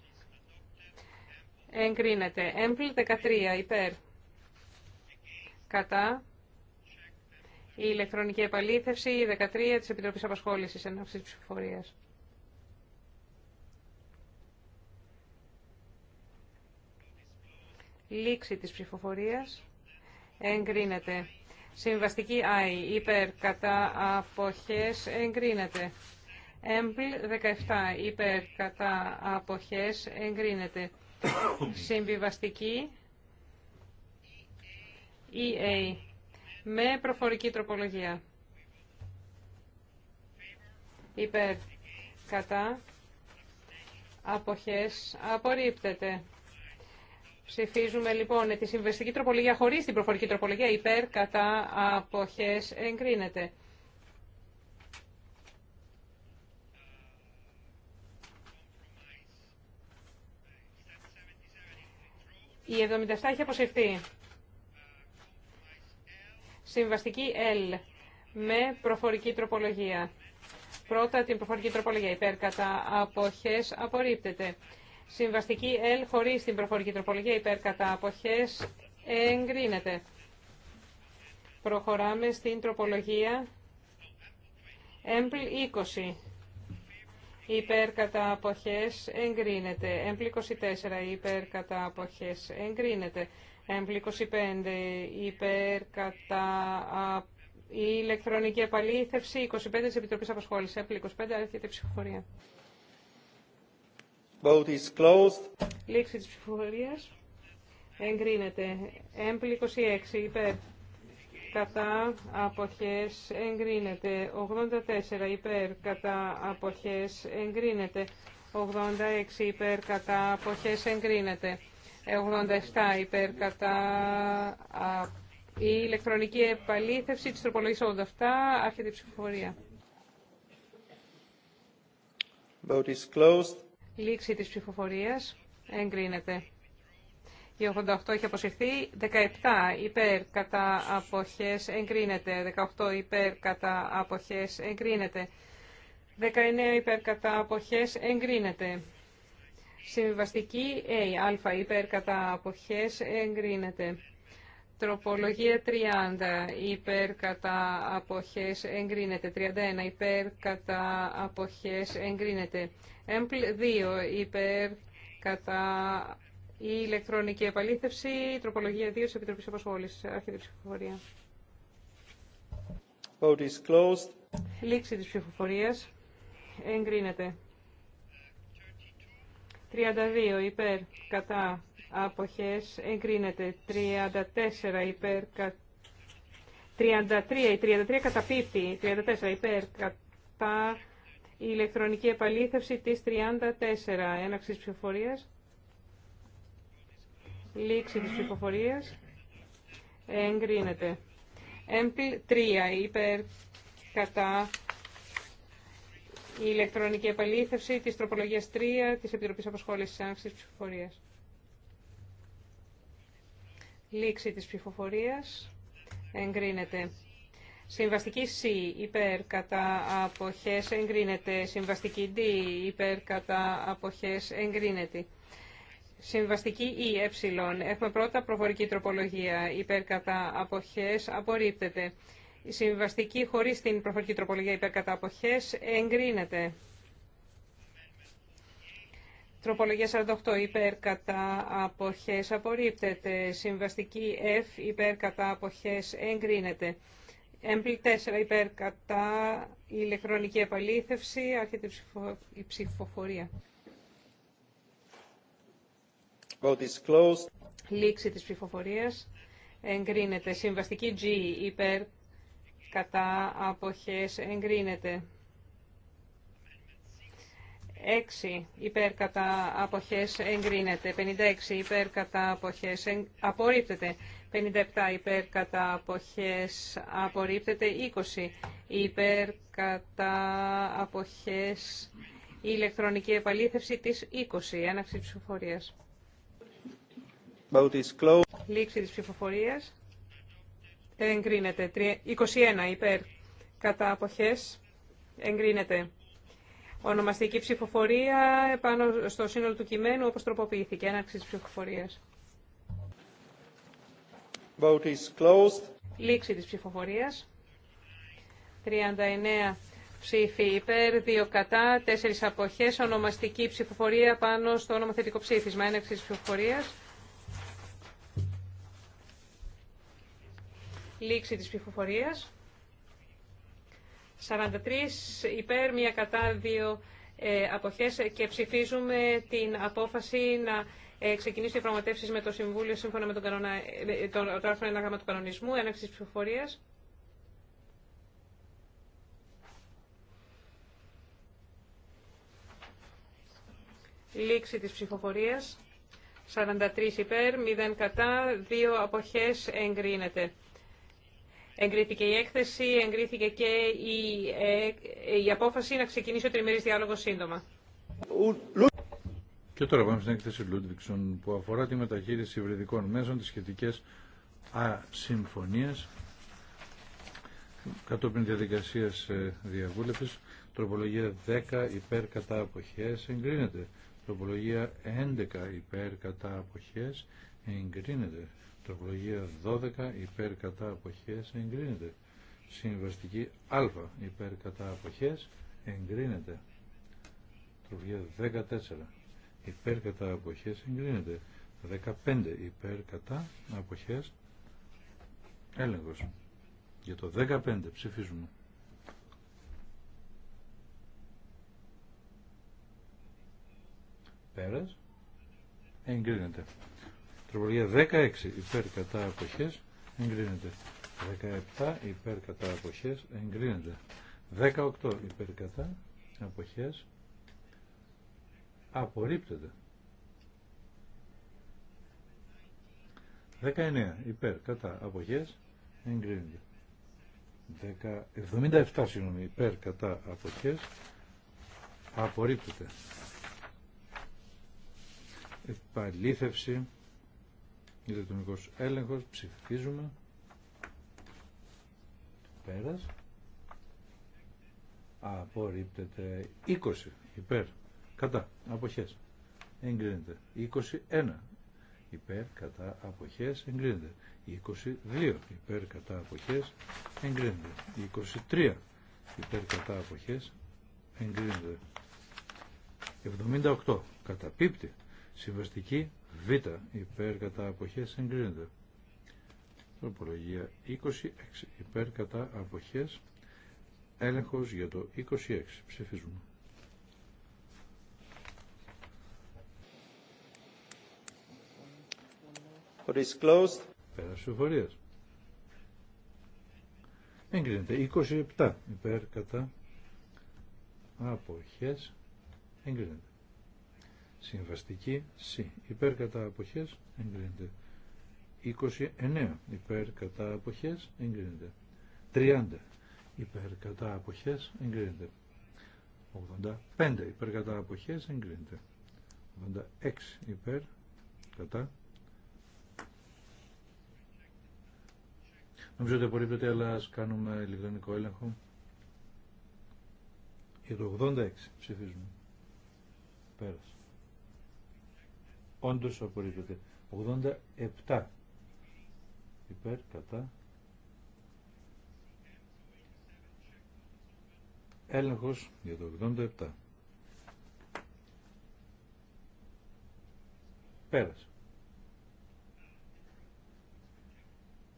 Εγκρίνεται. Έμπλ 13 υπέρ. Κατά. Η ηλεκτρονική επαλήθευση 13 της Επιτροπής Απασχόλησης ενόψης της ψηφοφορίας. Λήξη της ψηφοφορίας. Εγκρίνεται. Συμβαστική ΑΗ υπέρ κατά αποχές εγκρίνεται. Έμπλ 17 υπέρ κατά αποχές εγκρίνεται. Συμβιβαστική EA με προφορική τροπολογία. Υπέρ κατά αποχές απορρίπτεται. Ψηφίζουμε λοιπόν τη συμβιβαστική τροπολογία χωρίς την προφορική τροπολογία υπέρ κατά αποχές εγκρίνεται. Η 77 έχει αποσυρθεί. Συμβαστική L με προφορική τροπολογία. Πρώτα την προφορική τροπολογία υπέρ κατά αποχές απορρίπτεται. Συμβαστική L χωρίς την προφορική τροπολογία υπέρ κατά αποχές εγκρίνεται. Προχωράμε στην τροπολογία Έμπλ υπέρ κατά αποχές εγκρίνεται. Έμπλη 24 υπέρ κατά αποχές εγκρίνεται. Έμπλη 25 υπέρ κατά η ηλεκτρονική επαλήθευση 25 της Επιτροπής Απασχόλησης. Έμπλη 25 έρχεται ψηφοφορία. Vote is closed. Λήξη της ψηφοφορίας. Εγκρίνεται. Έμπλη 26 υπέρ κατά αποχές εγκρίνεται. 84 υπέρ κατά αποχές εγκρίνεται. 86 υπέρ κατά αποχές εγκρίνεται. 87 υπέρ κατά η ηλεκτρονική επαλήθευση της τροπολογής 87 άρχεται η ψηφοφορία. Vote is Λήξη της ψηφοφορίας εγκρίνεται. Η 88 έχει αποσυρθεί. 17 υπέρ κατά αποχές εγκρίνεται. 18 υπέρ κατά αποχές εγκρίνεται. 19 υπέρ κατά αποχές εγκρίνεται. Συμβιβαστική A, α υπέρ κατά αποχές εγκρίνεται. Τροπολογία 30 υπέρ κατά αποχές εγκρίνεται. 31 υπέρ κατά αποχές εγκρίνεται. Έμπλ 2 υπέρ κατά η ηλεκτρονική επαλήθευση, η τροπολογία 2 της Επιτροπής Απασχόλησης. Άρχεται η ψηφοφορία. Vote is closed. Λήξη της ψηφοφορίας. Εγκρίνεται. 32 υπέρ κατά αποχές. Εγκρίνεται. 34 υπέρ κατά 33, η 33 καταπίπτει, 34 υπέρ κατά η ηλεκτρονική επαλήθευση της 34 έναξης ψηφοφορίας. Λήξη της ψηφοφορίας. Εγκρίνεται. Έμπλ 3 υπέρ κατά η ηλεκτρονική επαλήθευση της τροπολογίας 3 της Επιτροπής Αποσχόλησης Άνξης Ψηφοφορίας. Λήξη της ψηφοφορίας. Εγκρίνεται. Συμβαστική C υπέρ κατά αποχές εγκρίνεται. Συμβαστική D υπέρ κατά αποχές εγκρίνεται. Συμβαστική ή ε. Έχουμε πρώτα προφορική τροπολογία. Υπέρ κατά αποχές απορρίπτεται. Η συμβαστική χωρίς την προφορική τροπολογία υπέρ κατά αποχές εγκρίνεται. Τροπολογία 48 υπέρ κατά αποχές απορρίπτεται. Συμβαστική F υπέρ κατά αποχές εγκρίνεται. Έμπλη 4 υπέρ κατά ηλεκτρονική επαλήθευση. Άρχεται η ψηφοφορία is closed. Λήξη της ψηφοφορίας. Εγκρίνεται. Συμβαστική G υπέρ κατά αποχές. Εγκρίνεται. 6 υπέρ κατά αποχές εγκρίνεται, 56 υπέρ κατά αποχές απορρίπτεται, 57 υπέρ κατά αποχές απορρίπτεται, 20 υπέρ κατά αποχές ηλεκτρονική επαλήθευση της 20, έναξη ψηφοφορίας. Λήξη της ψηφοφορίας. Εγκρίνεται. 21 υπέρ. Κατά αποχές. Εγκρίνεται. Ονομαστική ψηφοφορία επάνω στο σύνολο του κειμένου όπως τροποποιήθηκε. Έναρξη της ψηφοφορίας. Vote is closed. Λήξη της ψηφοφορίας. 39 ψήφοι υπέρ, 2 κατά, 4 αποχές. Ονομαστική ψηφοφορία πάνω στο νομοθετικό ψήφισμα. Έναρξη της ψηφοφορίας. Λήξη της ψηφοφορίας. 43 υπέρ, μία κατά, δύο ε, αποχές και ψηφίζουμε την απόφαση να ε, ξεκινήσει διαπραγματεύσει με το Συμβούλιο σύμφωνα με τον κανονα, ε, το, το άρθρο 1 γάμα του κανονισμού, έναρξη της ψηφοφορίας. Λήξη της ψηφοφορίας. 43 υπέρ, 0 κατά, 2 αποχές εγκρίνεται. Εγκρίθηκε η έκθεση, εγκρίθηκε και η, ε, η απόφαση να ξεκινήσει ο τριμερής διάλογος σύντομα. Και τώρα πάμε στην έκθεση Λούντβιξον που αφορά τη μεταχείριση υβριδικών μέσων, της σχετικές ασυμφωνίες κατόπιν διαδικασίας ε, διαβούλευσης. Τροπολογία 10 υπέρ κατά αποχές εγκρίνεται. Τροπολογία 11 υπέρ κατά αποχές εγκρίνεται. Τροπολογία 12 υπέρ κατά αποχές εγκρίνεται. Συμβαστική α υπέρ κατά αποχές εγκρίνεται. Τροπολογία 14 υπέρ κατά αποχές εγκρίνεται. 15 υπέρ κατά αποχές έλεγχος. Για το 15 ψηφίζουμε. Πέρας εγκρίνεται. Τροπολογία 16 υπέρ κατά αποχές εγκρίνεται. 17 υπέρ κατά αποχές εγκρίνεται. 18 υπέρ κατά αποχές απορρίπτεται. 19 υπέρ κατά αποχές εγκρίνεται. 10, 77 συγγνώμη υπέρ κατά αποχές απορρίπτεται. Επαλήθευση ηλεκτρονικός έλεγχος, ψηφίζουμε. Πέρας. Απορρίπτεται 20 υπέρ, κατά, αποχές. Εγκρίνεται 21 υπέρ, κατά, αποχές. Εγκρίνεται 22 υπέρ, κατά, αποχές. Εγκρίνεται 23 υπέρ, κατά, αποχές. Εγκρίνεται 78 καταπίπτει συμβαστική Β υπέρ κατά αποχές εγκρίνεται. Τροπολογία 26 υπέρ κατά αποχές έλεγχος για το 26. Ψηφίζουμε. Πέρασε φορείας. Εγκρίνεται. 27 υπέρ κατά αποχές εγκρίνεται. Συμβαστική C. Υπέρ κατά αποχές εγκρίνεται. 29 υπέρ κατά αποχές εγκρίνεται. 30 υπέρ κατά αποχές εγκρίνεται. 85 υπέρ κατά αποχές εγκρίνεται. 86 υπέρ κατά. Νομίζω ότι απορρίπτεται, αλλά ας κάνουμε ηλεκτρονικό έλεγχο. Για το 86 ψηφίζουμε. Πέρασε. Όντω απορρίπτεται. 87 υπέρ, κατά. Έλεγχος για το 87. Πέρασε.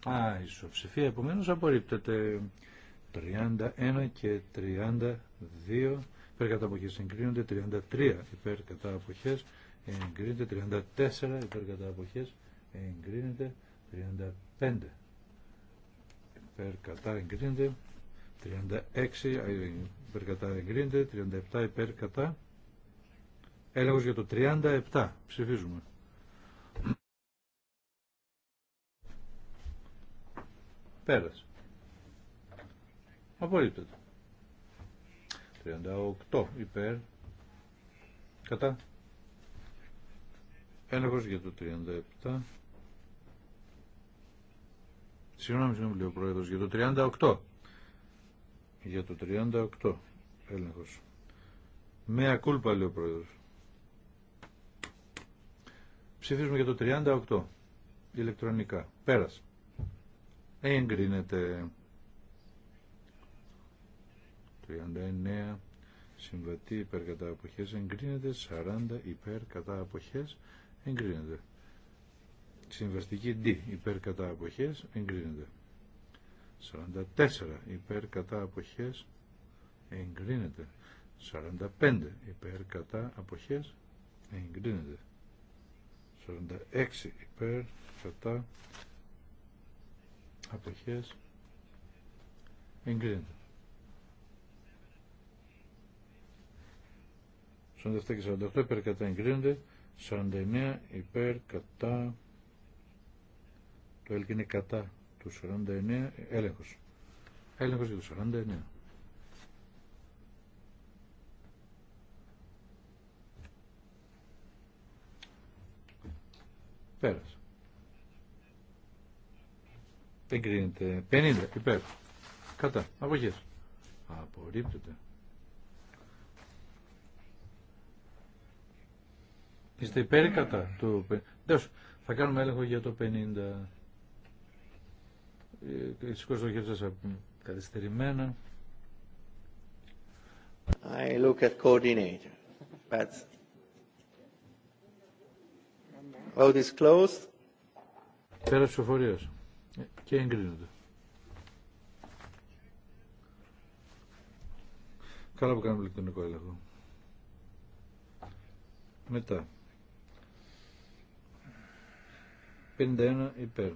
Α, ισοψηφία Επομένω απορρίπτεται 31 και 32 υπέρ κατά αποχές συγκρίνονται, 33 υπέρ κατά αποχές εγκρίνεται 34 υπέρ κατά αποχές εγκρίνεται 35 υπέρ κατά εγκρίνεται 36 υπέρ κατά εγκρίνεται 37 υπέρ κατά έλεγχος για το 37 ψηφίζουμε πέρασε απορρίπτεται 38 υπέρ κατά Έλεγχος για το 37. Συγγνώμη, συγγνώμη, λέει ο Πρόεδρος, για το 38. Για το 38. Έλεγχος. Με ακούλπα, λέει ο Πρόεδρος. Ψηφίζουμε για το 38. Ηλεκτρονικά. Πέρασε. Εγκρίνεται. 39 συμβατή υπέρ κατά αποχές εγκρίνεται 40 υπέρ κατά αποχές εγκρίνεται. Συμβαστική D υπέρ κατά αποχές εγκρίνεται. 44 υπέρ κατά αποχές εγκρίνεται. 45 υπέρ κατά αποχές εγκρίνεται. 46 υπέρ κατά αποχές εγκρίνεται. 47 και 48 υπέρ κατά 49 υπέρ κατά το ΕΛΚ είναι κατά του 49 έλεγχος έλεγχος για το 49 πέρασε δεν 50 υπέρ κατά αποχές απορρίπτεται Είστε υπέρ κατά του... Τέλος, θα κάνουμε έλεγχο για το 50. Σηκώστε το χέρι σας καθυστερημένα. I look at coordinator, but vote is closed. Πέρα ψηφοφορίας ε, και εγκρίνονται. Καλά που κάνουμε ηλεκτρονικό έλεγχο. Μετά. 51 υπέρ.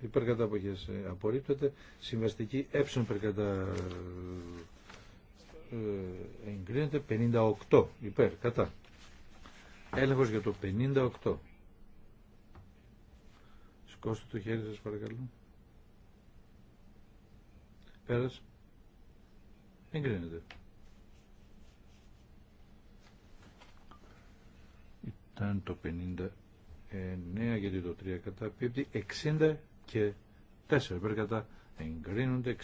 Υπέρ κατά αποχές ε, απορρίπτεται. Συμβαστική ε υπέρ κατά ε, εγκρίνεται. 58 υπέρ κατά. Έλεγχος για το 58. Σκώστε το χέρι σας παρακαλώ. Πέρας. Εγκρίνεται. Ήταν το 9 γιατί το 3 καταπίπτει 60 και 4 υπέρ κατά εγκρίνονται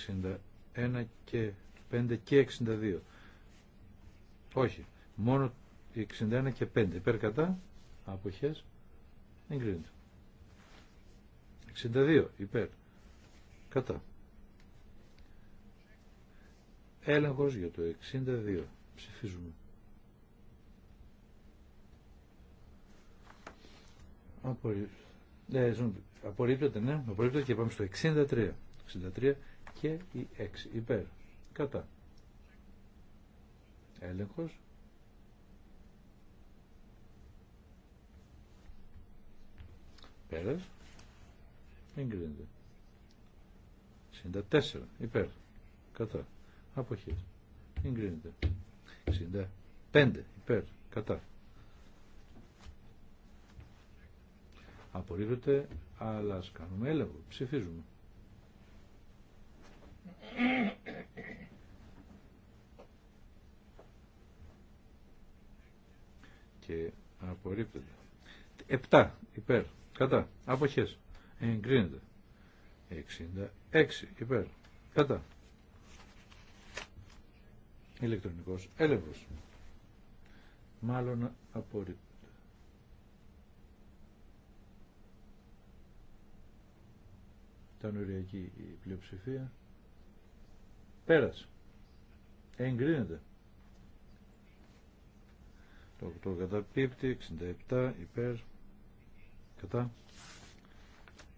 61 και 5 και 62 όχι μόνο 61 και 5 υπέρ κατά αποχές εγκρίνονται 62 υπέρ κατά έλεγχος για το 62 ψηφίζουμε Ε, απορρίπτεται, ναι. Απορρίπτεται και πάμε στο 63. 63 και η 6. Υπέρ. Κατά. Έλεγχος. Πέρα Εγκρίνεται. 64. Υπέρ. Κατά. Αποχές. Εγκρίνεται. 65. Υπέρ. Κατά. Απορρίπτεται, αλλά ας κάνουμε έλεγχο. Ψηφίζουμε. Και απορρίπτεται. Επτά υπέρ. Κατά. Αποχές. Εγκρίνεται. 66 υπέρ. Κατά. Ηλεκτρονικός έλεγχος. Μάλλον απορρίπτεται. Ήταν οριακή η πλειοψηφία. Πέρασε. Εγκρίνεται. Το 8 κατά 67 υπέρ, κατά,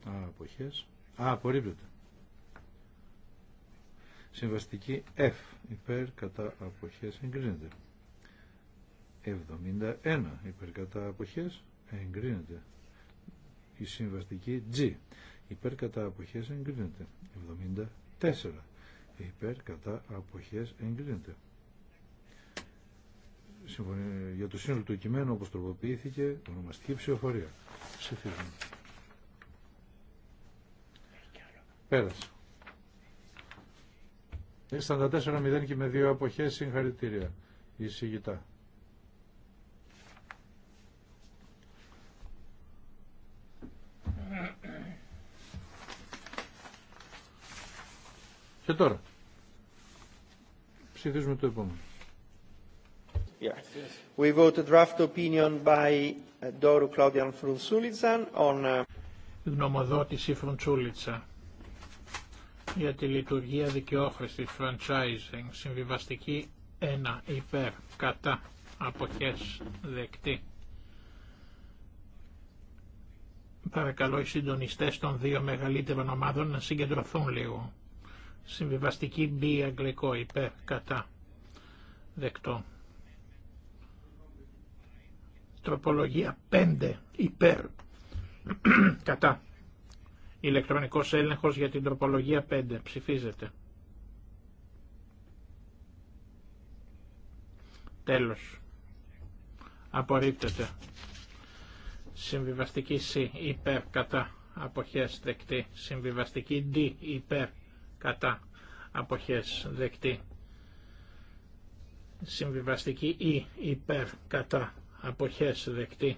α, αποχές, α, απορρίπτεται. Συμβαστική F υπέρ, κατά, αποχές, εγκρίνεται. 71 υπέρ, κατά, αποχές, εγκρίνεται. Η συμβαστική G υπέρ κατά αποχές εγκρίνεται 74 υπέρ κατά αποχές εγκρίνεται Συμφωνή, για το σύνολο του κειμένου όπως τροποποιήθηκε ονομαστική ψηφοφορία ψηφίζουμε πέρασε 44-0 και με δύο αποχές συγχαρητήρια εισηγητά Και τώρα. Ψηφίζουμε το επόμενο. Yeah. We vote draft opinion by uh, Doru Claudian Frunzulitsan uh, Γνωμοδότηση Φρουντσούλητσα για τη λειτουργία δικαιόχρηστη franchising συμβιβαστική 1 υπέρ κατά αποχές δεκτή. Παρακαλώ οι συντονιστές των δύο μεγαλύτερων ομάδων να συγκεντρωθούν λίγο. Συμβιβαστική B αγγλικό υπέρ κατά δεκτό. Τροπολογία 5 υπέρ κατά. Ηλεκτρονικός έλεγχος για την τροπολογία 5 ψηφίζεται. Τέλος. Απορρίπτεται. Συμβιβαστική C υπέρ κατά αποχές δεκτή. Συμβιβαστική D υπέρ κατά αποχές δεκτή. Συμβιβαστική ή υπέρ κατά αποχές δεκτή.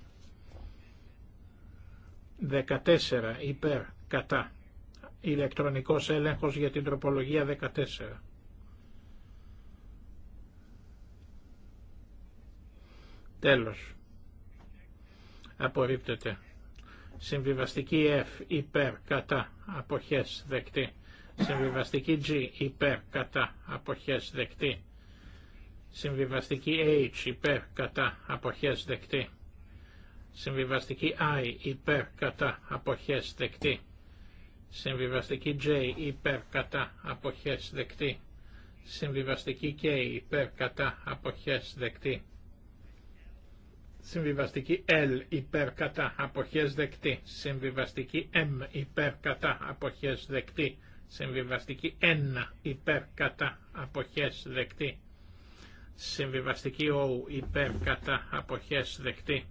14 υπέρ κατά ηλεκτρονικός έλεγχος για την τροπολογία 14. Τέλος. Απορρίπτεται. Συμβιβαστική F υπέρ κατά αποχές δεκτή. Συμβιβαστική G υπέρ κατά αποχές δεκτή. Συμβιβαστική H υπέρ κατά αποχές δεκτή. Συμβιβαστική I υπέρ κατά αποχές δεκτή. Συμβιβαστική J υπέρ κατά αποχές δεκτή. Συμβιβαστική K υπέρ κατά αποχές δεκτή. Συμβιβαστική L υπέρ κατά αποχές δεκτή. Συμβιβαστική M υπέρ κατά αποχές δεκτή. Συμβιβαστική 1 υπέρ κατά αποχές δεκτή. Συμβιβαστική O υπέρ κατά αποχές δεκτή.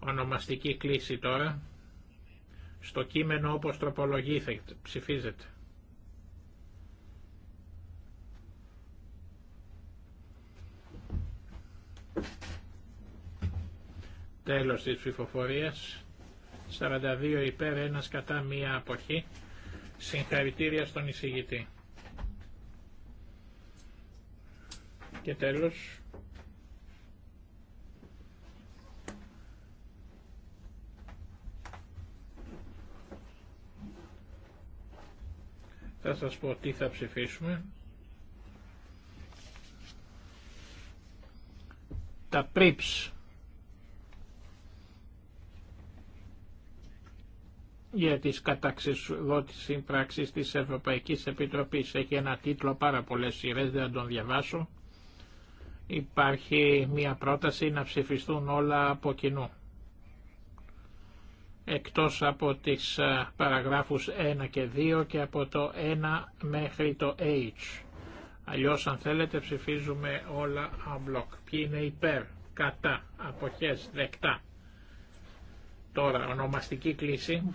Ονομαστική κλίση τώρα. Στο κείμενο όπως τροπολογήθηκε ψηφίζεται. Τέλος της ψηφοφορίας. 42 υπέρ, ένας κατά, μία αποχή. Συγχαρητήρια στον εισηγητή. Και τέλος, θα σας πω τι θα ψηφίσουμε. Τα πρίψ. για τις καταξιδότηση συμπράξης της Ευρωπαϊκής Επιτροπής. Έχει ένα τίτλο πάρα πολλές σειρές, δεν θα τον διαβάσω. Υπάρχει μια πρόταση να ψηφιστούν όλα από κοινού. Εκτός από τις παραγράφους 1 και 2 και από το 1 μέχρι το H. Αλλιώς αν θέλετε ψηφίζουμε όλα αμπλοκ. Ποιοι είναι υπέρ, κατά, αποχές, δεκτά. Τώρα ονομαστική κλίση.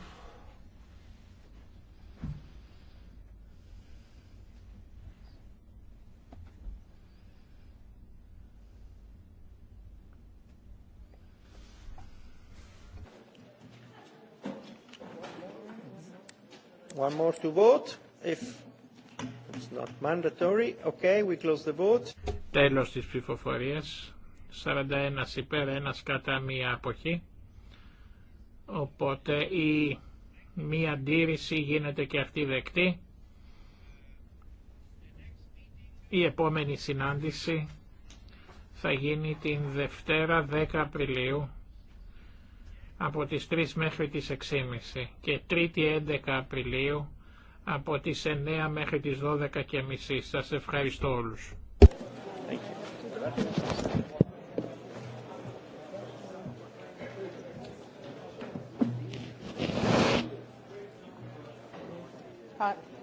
One more to vote. If it's not mandatory. Okay, we close the vote. Τέλος της ψηφοφορίας. 41 υπέρ, 1 κατά μία αποχή. Οπότε η μία αντίρρηση γίνεται και αυτή δεκτή. Η επόμενη συνάντηση θα γίνει την Δευτέρα 10 Απριλίου από τις 3 μέχρι τις 6.30 και 3η 11 Απριλίου από τις 9 μέχρι τις 12 και μισή. Σας ευχαριστώ όλους. Uh,